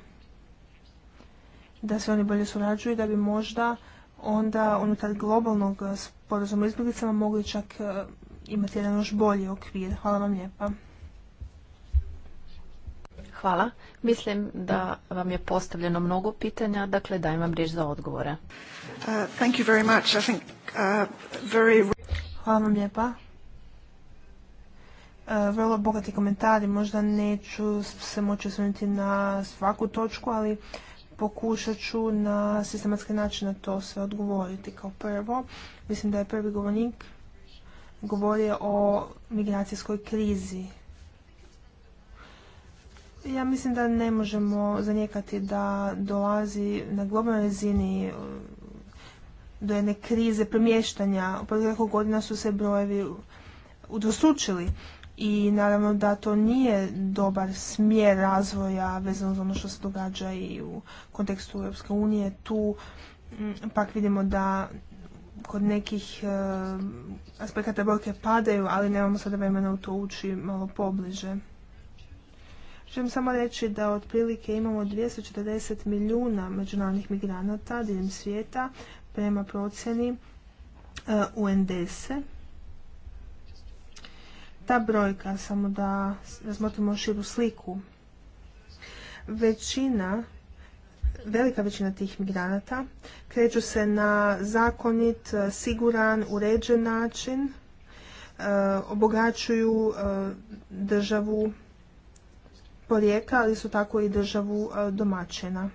da se oni bolje surađuju i da bi možda onda unutar globalnog eh, sporazuma izbjeglicama mogli čak eh, imati jedan još bolji okvir. Hvala vam lijepa. Hvala. Mislim da vam je postavljeno mnogo pitanja, dakle dajem vam riječ za odgovore. Uh, thank uh, Hvala vam lijepa. Eh, vrlo bogati komentari, možda neću se moći osvrnuti na svaku točku, ali pokušat ću na sistematski način na to sve odgovoriti. Kao prvo, mislim da je prvi govornik govorio o migracijskoj krizi. Ja mislim da ne možemo zanijekati da dolazi na globalnoj razini um, do jedne krize premještanja. U proteklih godina su se brojevi udvostručili i naravno da to nije dobar smjer razvoja vezano za ono što se događa i u kontekstu Europske unije. Tu mm, pak vidimo da kod nekih e, aspekata brojke padaju, ali nemamo sada vremena u to ući malo pobliže. Želim samo reći da otprilike imamo 240 milijuna međunarodnih migranata diljem svijeta prema procjeni e, UNDS-e ta brojka, samo da razmotrimo širu sliku. Većina, velika većina tih migranata kreću se na zakonit, siguran, uređen način, e, obogaćuju e, državu porijeka, ali su tako i državu e, domaćina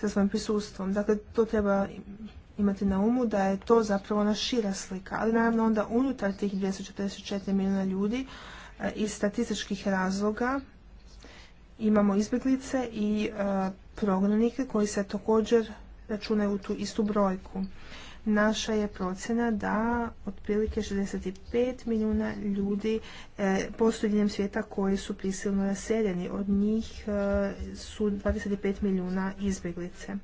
sa svojim prisustvom. Dakle, to treba imati na umu da je to zapravo ona šira slika. Ali naravno onda unutar tih 244 milijuna ljudi e, iz statističkih razloga imamo izbjeglice i e, prognanike koji se također računaju u tu istu brojku. Naša je procjena da otprilike 65 milijuna ljudi e, postoji diljem svijeta koji su prisilno naseljeni. Od njih su 25 milijuna izbjeglice.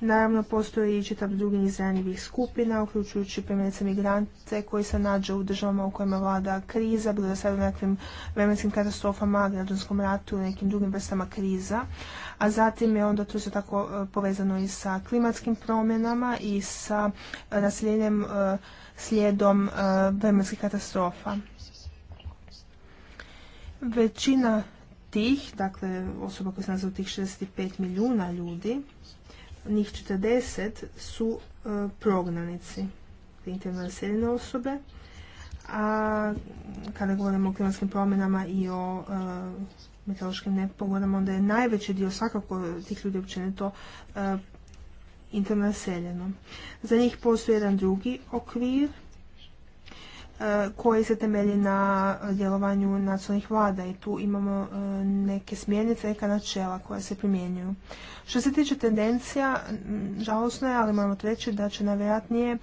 Naravno, postoji i čitav drugi niz ranjivih skupina, uključujući primjerice migrante koji se nađu u državama u kojima vlada kriza, bilo da sad u nekim vremenskim katastrofama, građanskom ratu i nekim drugim vrstama kriza. A zatim je onda to se tako e, povezano i sa klimatskim promjenama i sa naseljenjem e, slijedom e, vremenskih katastrofa. Većina tih, dakle osoba koje se naziva tih 65 milijuna ljudi, njih 40 su e, prognanici, interno naseljene osobe, a kada govorimo o klimatskim promjenama i o e, meteorološkim nepogodama, onda je najveći dio svakako tih ljudi općenito e, interno naseljeno. Za njih postoji jedan drugi okvir, koji se temelji na djelovanju nacionalnih vlada i tu imamo e, neke smjernice, neka načela koja se primjenjuju. Što se tiče tendencija, žalosno je, ali moramo reći da će najvjerojatnije e,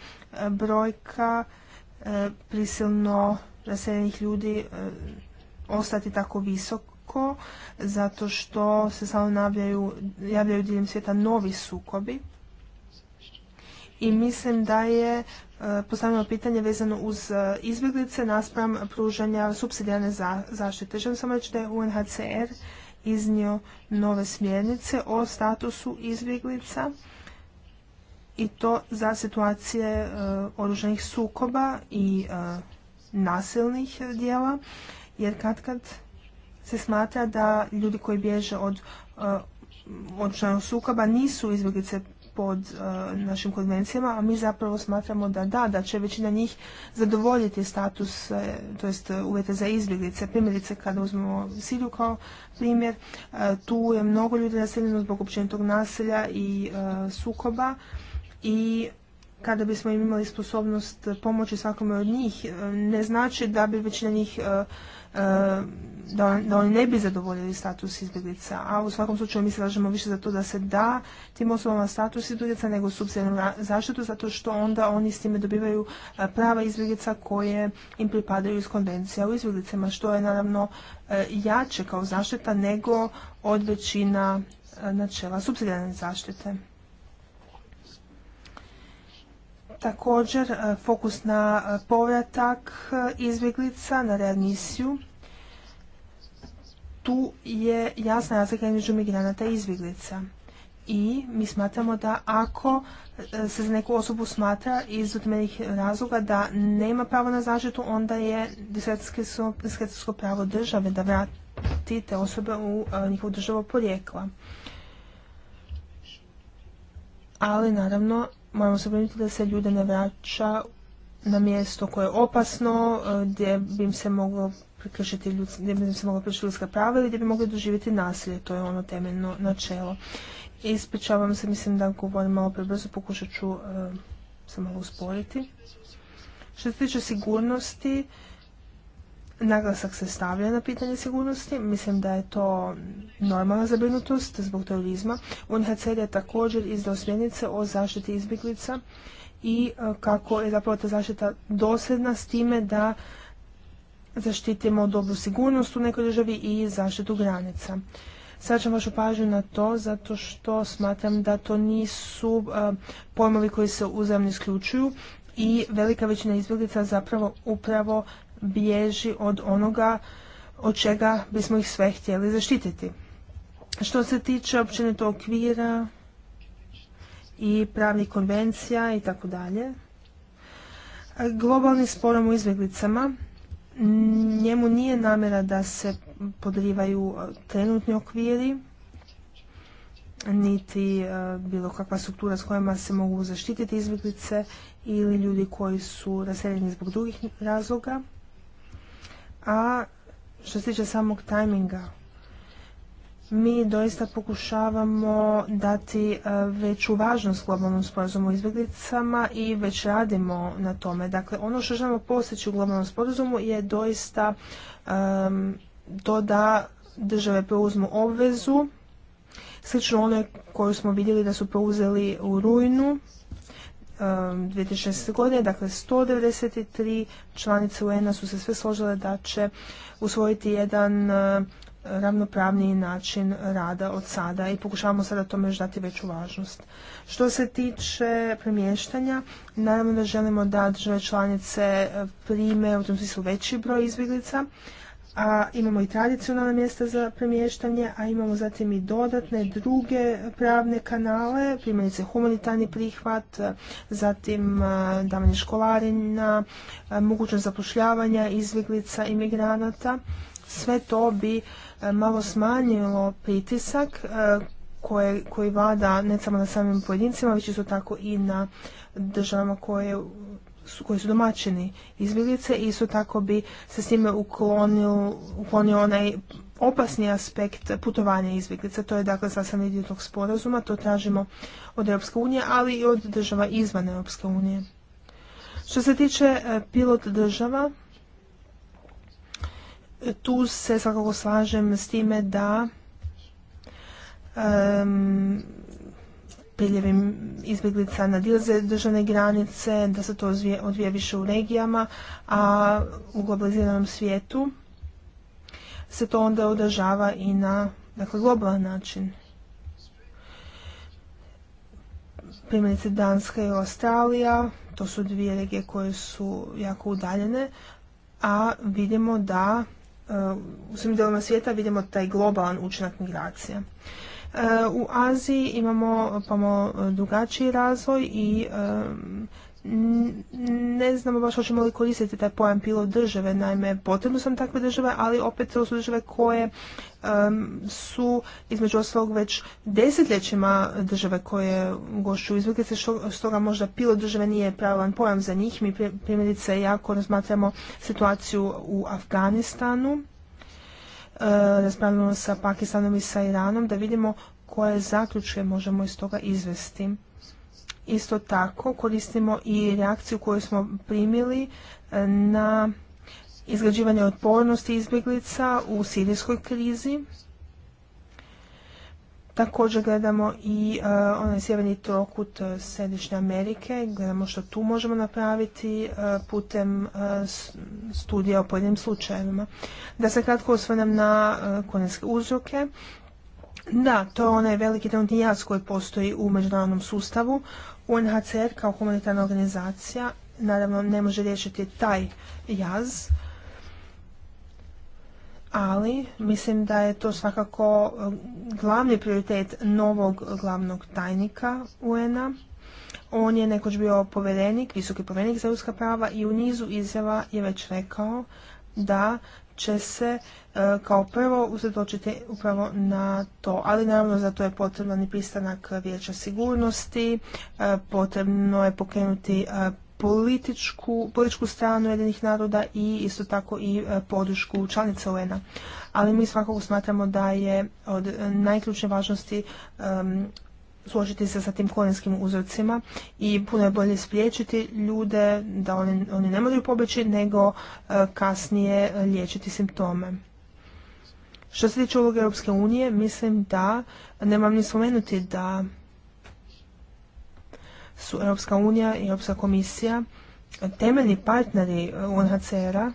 brojka e, prisilno raseljenih ljudi ostati tako visoko zato što se samo javljaju diljem svijeta novi sukobi i mislim da je E, postavljamo pitanje vezano uz e, izbjeglice naspram pružanja subsidijalne zaštite. Želim samo reći da je UNHCR iznio nove smjernice o statusu izbjeglica i to za situacije e, oružanih oruženih sukoba i nasilnih dijela, jer kad se smatra da ljudi koji bježe od e, oruženog sukoba nisu izbjeglice pod e, našim konvencijama, a mi zapravo smatramo da da, da će većina njih zadovoljiti status, e, to jest e, uvjete za izbjeglice. Primjerice, kada uzmemo Siriju kao primjer, tu je mnogo ljudi naseljeno zbog općenitog naselja i sukoba i kada bismo im imali sposobnost pomoći svakome od njih, ne znači da bi većina njih da, oni ne bi zadovoljili status izbjeglica, a u svakom slučaju mi se zalažemo više za to da se da tim osobama status izbjeglica nego subsidijarnu zaštitu, zato što onda oni s time dobivaju prava izbjeglica koje im pripadaju iz konvencija o izbjeglicama, što je naravno e, jače kao zaštita nego od većina e, načela subsidijarne zaštite. Također, e, fokus na povratak izbjeglica, na readmisiju tu je jasna razlika između migranata i izbjeglica. I mi smatramo da ako e, se za neku osobu smatra iz odmenih razloga da nema pravo na zaštitu, onda je diskrecijsko pravo države da vrati te osobe u e, njihovu državu porijekla. Ali naravno moramo se da se ljude ne vraća na mjesto koje je opasno, e, gdje bi im se moglo prekršiti ljudska, gdje bi se mogli prekršiti ljudska prava ili gdje bi mogli doživjeti nasilje. To je ono temeljno načelo. Ispričavam se, mislim da govorim malo prebrzo, pokušat ću eh, se malo usporiti. Što se tiče sigurnosti, Naglasak se stavlja na pitanje sigurnosti. Mislim da je to normalna zabrinutost zbog terorizma. UNHCR je također izdao smjernice o zaštiti izbjeglica i eh, kako je zapravo ta zaštita dosljedna s time da zaštitimo dobru sigurnost u nekoj državi i zaštitu granica. ću vašu pažnju na to zato što smatram da to nisu e, pojmovi koji se uzemno isključuju i velika većina izbjeglica zapravo upravo bježi od onoga od čega bismo ih sve htjeli zaštititi. Što se tiče općenito okvira i pravnih konvencija i tako dalje, globalni sporom u izbjeglicama njemu nije namjera da se podrivaju e, trenutni okviri, niti e, bilo kakva struktura s kojima se mogu zaštititi izbjeglice ili ljudi koji su raseljeni zbog drugih razloga. A što se tiče samog tajminga mi doista pokušavamo dati e, veću važnost globalnom sporazumu o izbjeglicama i već radimo na tome. Dakle, ono što želimo postići u globalnom sporazumu je doista to da države preuzmu obvezu, slično one koju smo vidjeli da su preuzeli u rujnu 2016. godine, dakle 193 članice UN-a su se sve složile da će usvojiti jedan ravnopravniji način rada od sada i pokušavamo sada tome još dati veću važnost. Što se tiče premještanja, naravno da želimo da države članice prime u tom smislu veći broj izbjeglica, a imamo i tradicionalna mjesta za premještanje, a imamo zatim i dodatne druge pravne kanale, primjerice humanitarni prihvat, zatim davanje školarina, mogućnost zapošljavanja izbjeglica i migranata. Sve to bi malo smanjilo pritisak e, koji vada ne samo na samim pojedincima, već isto tako i na državama koje su, koji su domaćini izbjeglice i isto tako bi se s njime uklonio, onaj opasni aspekt putovanja izbjeglica. To je dakle sastavni vidio tog sporazuma, to tražimo od Europske unije, ali i od država izvan Europske unije. Što se tiče e, pilot država, tu se svakako slažem s time da priljevim priljevi izbjeglica nadilaze državne granice, da se to odvija više u regijama, a u globaliziranom svijetu se to onda održava i na dakle, globalan način. Primjerice Danska i Australija, to su dvije regije koje su jako udaljene, a vidimo da u svim dijelovima svijeta vidimo taj globalan učinak migracije. E, u Aziji imamo drugačiji razvoj i ne znamo baš hoćemo li koristiti taj pojam pilot države, naime potrebno sam takve države, ali opet to su države koje su između ostalog već desetljećima države koje gošću izbjeglice, stoga možda pilot države nije pravilan pojam za njih. Mi primjerice jako razmatramo situaciju u Afganistanu, e, sa Pakistanom i sa Iranom da vidimo koje zaključke možemo iz toga izvesti Isto tako koristimo i reakciju koju smo primili e, na izgrađivanje otpornosti izbjeglica u sirijskoj krizi. Također gledamo i e, onaj sjeverni trokut e, Središnje Amerike, gledamo što tu možemo napraviti putem studija o pojedinim slučajevima. Da se kratko osvrnem na konjenske uzroke. Da, to je onaj veliki trenutni jaz koji postoji u međunarodnom sustavu UNHCR kao humanitarna organizacija naravno ne može riješiti taj jaz, ali mislim da je to svakako eh, glavni prioritet novog glavnog tajnika UN-a. On je nekoć bio povjerenik, visoki povjerenik za ljudska prava i u nizu izjava je već rekao da će se E, kao prvo usredočiti upravo na to. Ali naravno za to je potreban i pristanak vijeća sigurnosti, e, potrebno je pokrenuti e, političku, političku stranu jedinih naroda i isto tako i podršku članica UN-a. Ali mi svakako smatramo da je od najključne važnosti složiti se sa tim korijenskim uzorcima i puno je bolje spriječiti ljude da oni, ne moraju pobjeći nego kasnije liječiti simptome. Što se tiče uloge Europske unije, mislim da nemam ni spomenuti da su Europska unija i Europska komisija temeljni partneri eh, UNHCR-a,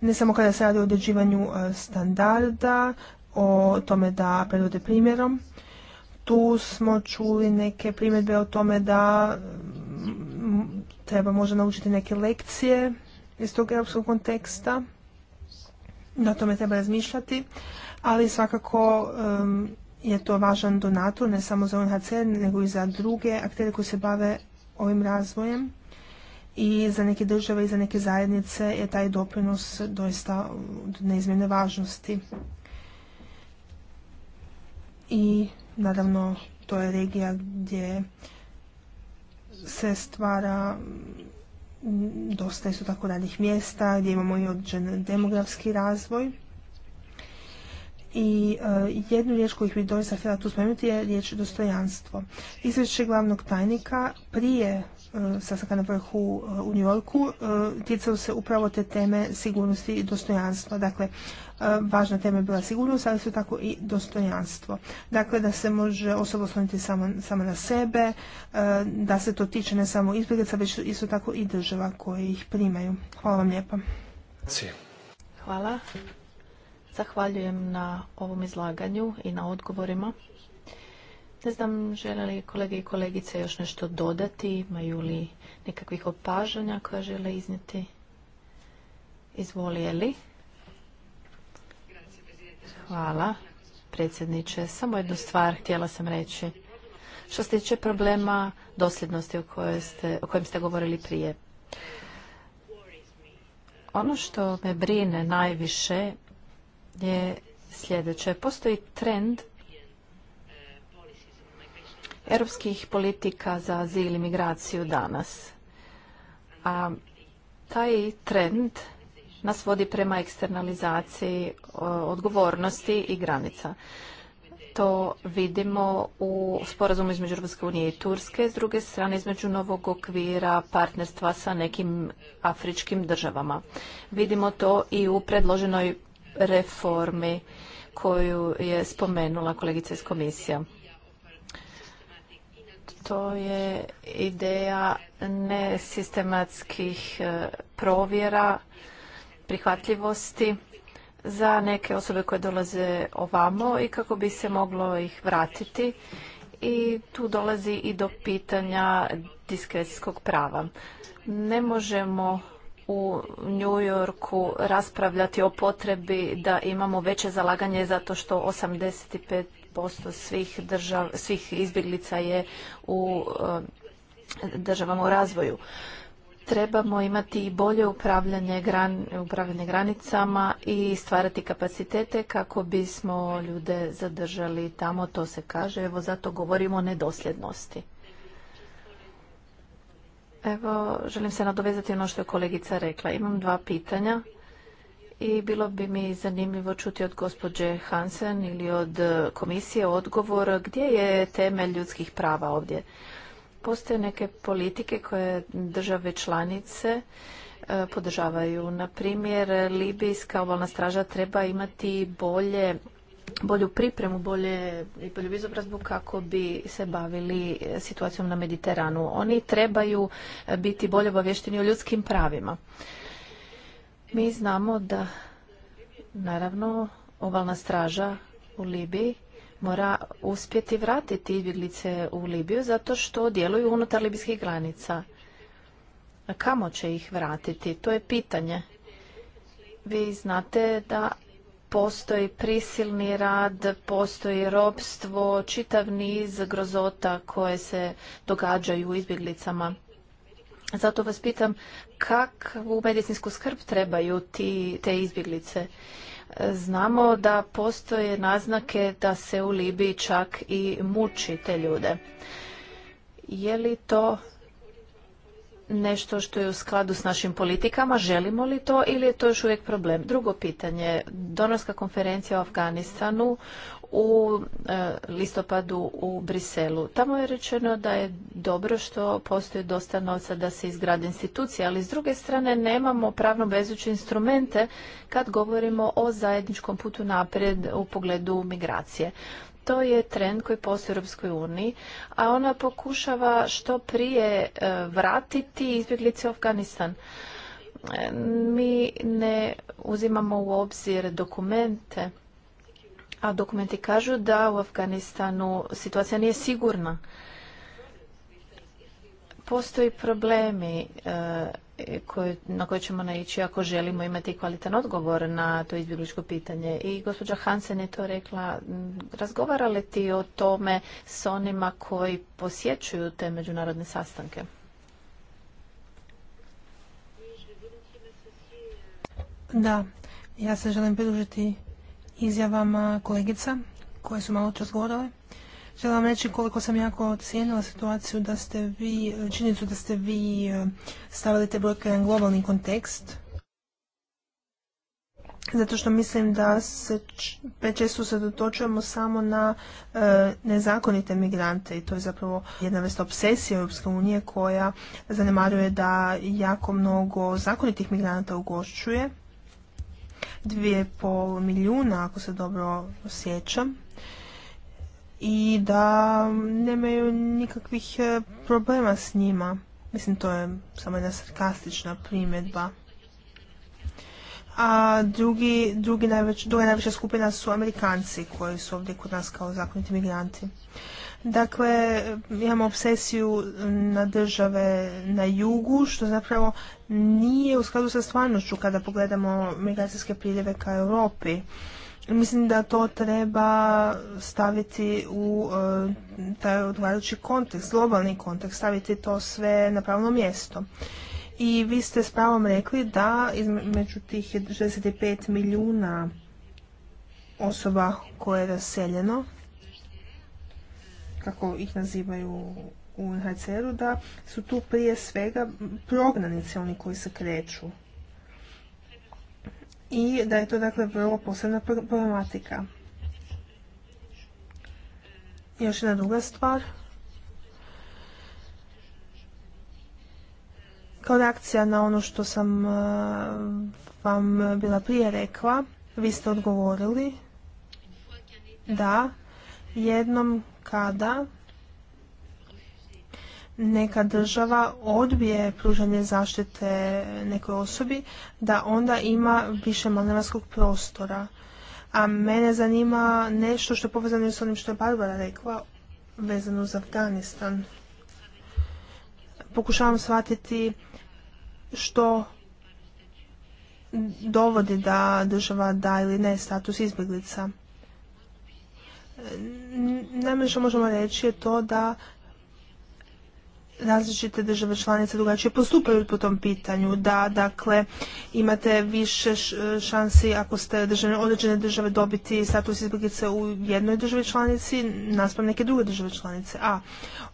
ne samo kada se radi o određivanju eh, standarda, o tome da predvode primjerom. Tu smo čuli neke primjedbe o tome da mm, treba možda naučiti neke lekcije iz tog europskog konteksta na tome treba razmišljati, ali svakako je to važan donator, ne samo za UNHCR, nego i za druge aktere koji se bave ovim razvojem i za neke države i za neke zajednice je taj doprinos doista neizmjene važnosti. I naravno to je regija gdje se stvara dosta isto tako radnih mjesta, gdje imamo i određen demografski razvoj. I e, jednu riječ koju bih doista htjela tu spomenuti je riječ dostojanstvo. Izvješće glavnog tajnika prije e, sastanka na vrhu e, u New Yorku ticalo se upravo te teme sigurnosti i dostojanstva. Dakle, E, važna tema je bila sigurnost, ali su tako i dostojanstvo. Dakle, da se može osoba osloniti samo na sebe, e, da se to tiče ne samo izbjeglica, već isto tako i država koje ih primaju. Hvala vam lijepa. Hvala. Zahvaljujem na ovom izlaganju i na odgovorima. Ne znam, žele li kolege i kolegice još nešto dodati, imaju li nekakvih opažanja koja žele iznijeti? Izvoli, li? Hvala, predsjedniče. Samo jednu stvar htjela sam reći. Što se tiče problema dosljednosti o, o kojem ste govorili prije. Ono što me brine najviše je sljedeće. Postoji trend europskih politika za azil i migraciju danas. A taj trend nas vodi prema eksternalizaciji e, odgovornosti i granica. To vidimo u sporazumu između Europske unije i Turske, s druge strane između novog okvira partnerstva sa nekim afričkim državama. Vidimo to i u predloženoj reformi koju je spomenula kolegica iz komisija. To je ideja nesistematskih e, provjera prihvatljivosti za neke osobe koje dolaze ovamo i kako bi se moglo ih vratiti i tu dolazi i do pitanja diskrecijskog prava. Ne možemo u New Yorku raspravljati o potrebi da imamo veće zalaganje zato što 85% svih, držav, svih izbjeglica je u eh, državama u razvoju trebamo imati i bolje upravljanje, gran, upravljanje granicama i stvarati kapacitete kako bismo ljude zadržali tamo, to se kaže, evo zato govorimo o nedosljednosti. Evo, želim se nadovezati ono što je kolegica rekla. Imam dva pitanja i bilo bi mi zanimljivo čuti od gospođe Hansen ili od komisije odgovor gdje je temelj ljudskih prava ovdje postoje neke politike koje države članice e, podržavaju. Na primjer, Libijska obalna straža treba imati bolje bolju pripremu, bolje i bolju izobrazbu kako bi se bavili situacijom na Mediteranu. Oni trebaju biti bolje obavješteni o ljudskim pravima. Mi znamo da naravno obalna straža u Libiji mora uspjeti vratiti izbjeglice u Libiju zato što djeluju unutar libijskih granica. A kamo će ih vratiti? To je pitanje. Vi znate da postoji prisilni rad, postoji robstvo, čitav niz grozota koje se događaju u izbjeglicama. Zato vas pitam kakvu medicinsku skrb trebaju ti, te izbjeglice Znamo da postoje naznake da se u Libiji čak i muči te ljude. Je li to nešto što je u skladu s našim politikama, želimo li to ili je to još uvijek problem? Drugo pitanje, donorska konferencija u Afganistanu u e, listopadu u Briselu. Tamo je rečeno da je dobro što postoji dosta novca da se izgrade institucije, ali s druge strane nemamo pravno bezuće instrumente kad govorimo o zajedničkom putu naprijed u pogledu migracije to je trend koji postoji u Europskoj uniji, a ona pokušava što prije e, vratiti izbjeglice u Afganistan. E, mi ne uzimamo u obzir dokumente a dokumenti kažu da u Afganistanu situacija nije sigurna. Postoji problemi eh, na koje ćemo naići ako želimo imati kvalitan odgovor na to izbjegličko pitanje. I gospođa Hansen je to rekla, mm, razgovara li ti o tome s onima koji posjećuju te međunarodne sastanke? Da, ja se želim pridružiti izjavama kolegica koje su malo čas govorile. Želim vam reći koliko sam jako ocijenila situaciju da ste vi, činjenicu da ste vi eh, stavili te brojke na globalni kontekst. Zato što mislim da se prečesto se samo na eh, nezakonite migrante i to je zapravo jedna vrsta obsesije Europske unije koja zanemaruje da jako mnogo zakonitih migranata ugošćuje 2,5 milijuna, ako se dobro osjećam, i da nemaju nikakvih e, problema s njima. Mislim, to je samo jedna sarkastična primjedba. A drugi, drugi najveć, druga najveća skupina su Amerikanci koji su ovdje kod nas kao zakoniti migranti. Dakle, imamo obsesiju na države na jugu, što zapravo nije u skladu sa stvarnošću kada pogledamo migracijske priljeve ka Europi. Mislim da to treba staviti u e, taj odgovarajući kontekst, globalni kontekst, staviti to sve na pravno mjesto. I vi ste s pravom rekli da između tih 65 milijuna osoba koje je raseljeno, kako ih nazivaju UNHCR-u da su tu prije svega prognanice oni koji se kreću. I da je to dakle vrlo posebna problematika. Još jedna druga stvar. Kao reakcija na ono što sam eh, vam bila prije rekla, vi ste odgovorili da jednom kada neka država odbije pružanje zaštite nekoj osobi, da onda ima više malinarskog prostora. A mene zanima nešto što je povezano s onim što je Barbara rekla, vezano uz Afganistan. Pokušavam shvatiti što dovodi da država da ili ne status izbjeglica. Najmanje što možemo reći je to da različite države članice drugačije postupaju po tom pitanju, da dakle imate više šansi ako ste državne, određene države dobiti status izbjeglice u jednoj državi članici naspram neke druge države članice. A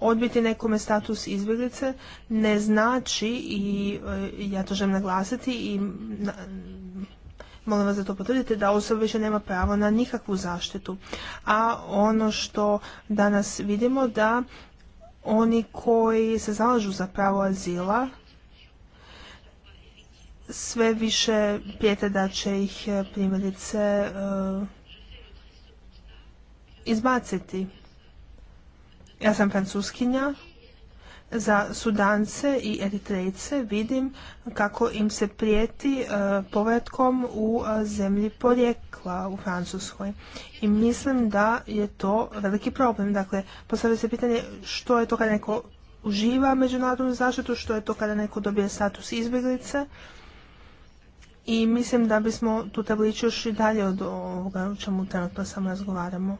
odbiti nekome status izbjeglice ne znači i e, ja to želim naglasiti i na, molim vas da to potvrdite, da osoba više nema pravo na nikakvu zaštitu. A ono što danas vidimo da oni koji se zalažu za pravo azila sve više prijete da će ih e, primjerice e, izbaciti. Ja sam francuskinja za Sudance i Eritrejce vidim kako im se prijeti e, povratkom u e, zemlji porijekla u Francuskoj. I mislim da je to veliki problem. Dakle, postavlja se pitanje što je to kada neko uživa međunarodnu zaštitu, što je to kada neko dobije status izbjeglice. I mislim da bismo tu tabliću još i dalje od ovoga o čemu trenutno samo razgovaramo.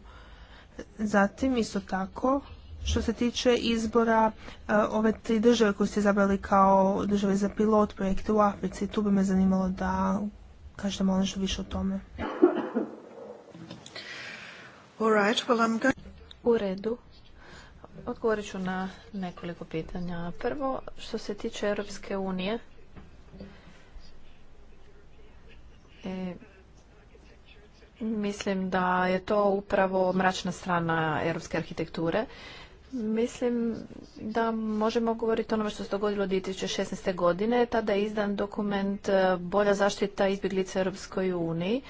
Zatim, isto tako, što se tiče izbora e, ove tri države koje ste izabrali kao države za pilot projekte u Africi, tu bi me zanimalo da kažete malo nešto više o tome. U redu. Odgovorit ću na nekoliko pitanja. Prvo, što se tiče Europske unije, e, Mislim da je to upravo mračna strana europske arhitekture. Mislim da možemo govoriti o onome što se dogodilo 2016. godine. Tada je izdan dokument e, Bolja zaštita izbjeglica Europskoj uniji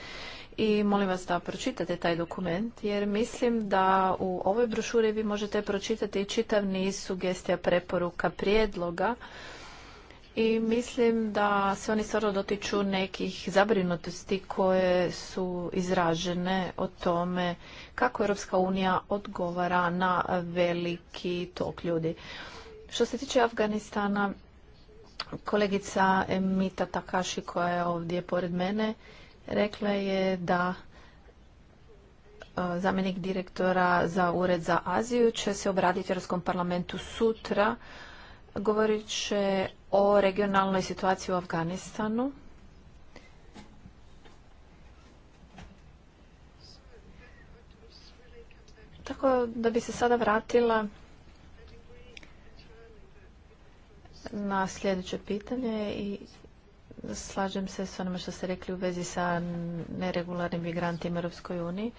i molim vas da pročitate taj dokument jer mislim da u ovoj brošuri vi možete pročitati čitav niz sugestija, preporuka, prijedloga i mislim da se oni stvarno dotiču nekih zabrinutosti koje su izražene o tome kako Europska unija odgovara na veliki tok ljudi. Što se tiče Afganistana, kolegica Emita Takashi koja je ovdje pored mene rekla je da e, zamjenik direktora za Ured za Aziju će se obratiti Europskom parlamentu sutra govorit će o regionalnoj situaciji u Afganistanu. Tako da bi se sada vratila na sljedeće pitanje i slažem se s onome što ste rekli u vezi sa neregularnim migrantima u Europskoj uniji.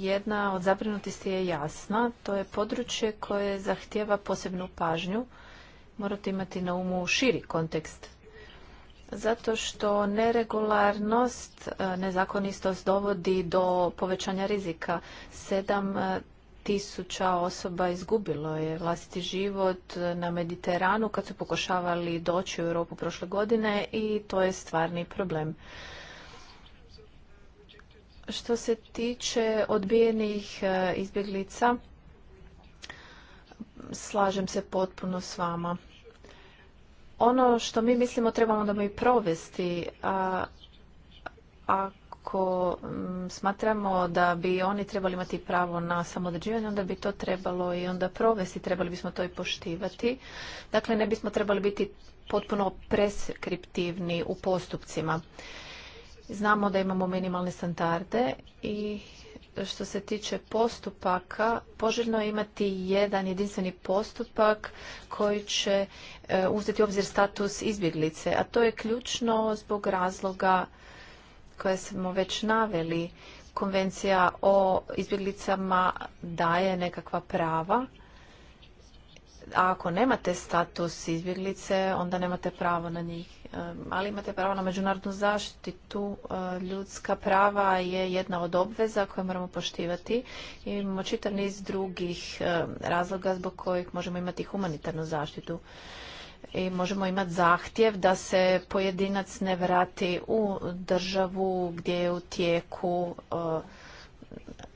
Jedna od zabrinutosti je jasna, to je područje koje zahtjeva posebnu pažnju. Morate imati na umu širi kontekst. Zato što neregularnost, e, nezakonistost dovodi do povećanja rizika. Sedam e, tisuća osoba izgubilo je vlastiti život e, na Mediteranu kad su pokušavali doći u Europu prošle godine i to je stvarni problem. Što se tiče odbijenih e, izbjeglica, slažem se potpuno s vama. Ono što mi mislimo trebamo da mi provesti, a, ako smatramo da bi oni trebali imati pravo na samodređivanje, onda bi to trebalo i onda provesti, trebali bismo to i poštivati. Dakle, ne bismo trebali biti potpuno preskriptivni u postupcima. Znamo da imamo minimalne standarde i što se tiče postupaka, poželjno je imati jedan jedinstveni postupak koji će e, uzeti u obzir status izbjeglice, a to je ključno zbog razloga koje smo već naveli. Konvencija o izbjeglicama daje nekakva prava, a ako nemate status izbjeglice, onda nemate pravo na njih ali imate pravo na međunarodnu zaštitu. Ljudska prava je jedna od obveza koje moramo poštivati. I imamo čitav niz drugih razloga zbog kojih možemo imati humanitarnu zaštitu. I možemo imati zahtjev da se pojedinac ne vrati u državu gdje je u tijeku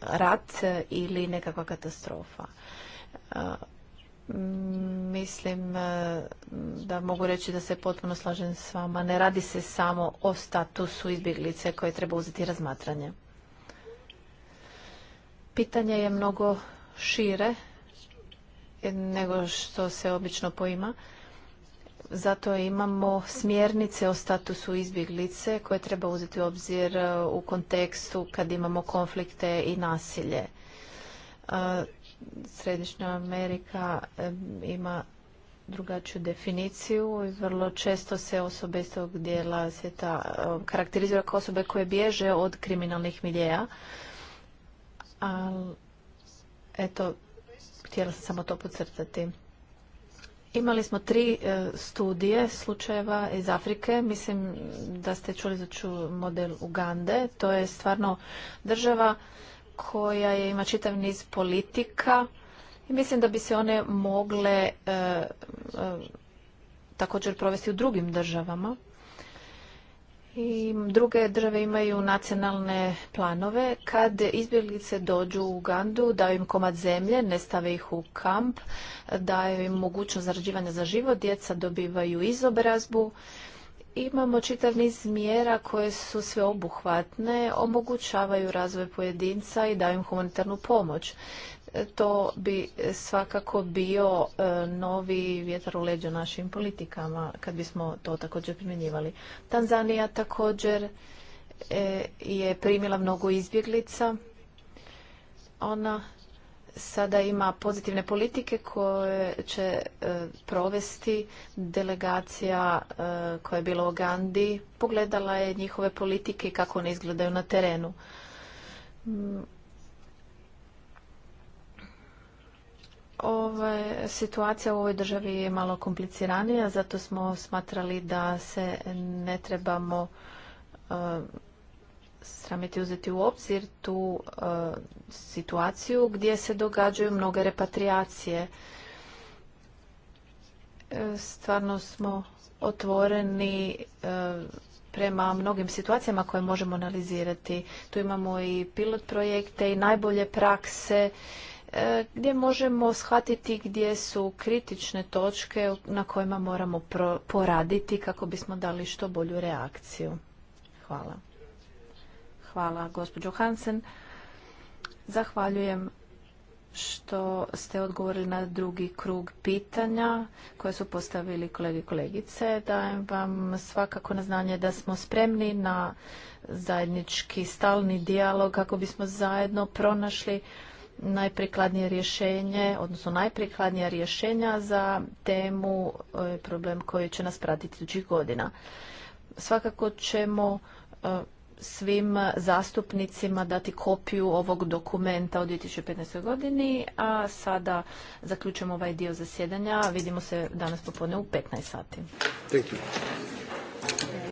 rat ili nekakva katastrofa Mm, mislim e, da mogu reći da se potpuno slažem s vama. Ne radi se samo o statusu izbjeglice koje treba uzeti razmatranje. Pitanje je mnogo šire nego što se obično poima. Zato imamo smjernice o statusu izbjeglice koje treba uzeti u obzir e, u kontekstu kad imamo konflikte i nasilje e, Središnja Amerika ima drugačiju definiciju i vrlo često se osobe iz tog dijela svijeta karakterizira kao osobe koje bježe od kriminalnih milijeja. Ali, eto, htjela sam samo to pocrtati. Imali smo tri e, studije slučajeva iz Afrike. Mislim da ste čuli za model Ugande. To je stvarno država koja je, ima čitav niz politika i mislim da bi se one mogle e, e, također provesti u drugim državama. I druge države imaju nacionalne planove. Kad izbjeglice dođu u Ugandu, daju im komad zemlje, ne stave ih u kamp, daju im mogućnost zarađivanja za život, djeca dobivaju izobrazbu, Imamo čitav niz mjera koje su sveobuhvatne, omogućavaju razvoj pojedinca i daju im humanitarnu pomoć. E, to bi svakako bio e, novi vjetar u leđu našim politikama kad bismo to također primjenjivali. Tanzanija također e, je primila mnogo izbjeglica. Ona sada ima pozitivne politike koje će e, provesti delegacija e, koja je bila u Gandhi. Pogledala je njihove politike i kako one izgledaju na terenu. Mm. Ova situacija u ovoj državi je malo kompliciranija, zato smo smatrali da se ne trebamo e, sramiti uzeti u obzir tu e, situaciju gdje se događaju mnoge repatriacije. E, stvarno smo otvoreni e, prema mnogim situacijama koje možemo analizirati. Tu imamo i pilot projekte i najbolje prakse gdje možemo shvatiti gdje su kritične točke na kojima moramo poraditi kako bismo dali što bolju reakciju. Hvala. Hvala gospođo Hansen. Zahvaljujem što ste odgovorili na drugi krug pitanja koje su postavili kolegi i kolegice. Dajem vam svakako na znanje da smo spremni na zajednički stalni dijalog kako bismo zajedno pronašli najprikladnije rješenje, odnosno najprikladnija rješenja za temu e, problem koji će nas pratiti tuđih godina. Svakako ćemo e, svim zastupnicima dati kopiju ovog dokumenta od 2015. godini, a sada zaključujemo ovaj dio zasjedanja. Vidimo se danas popodne u 15 sati.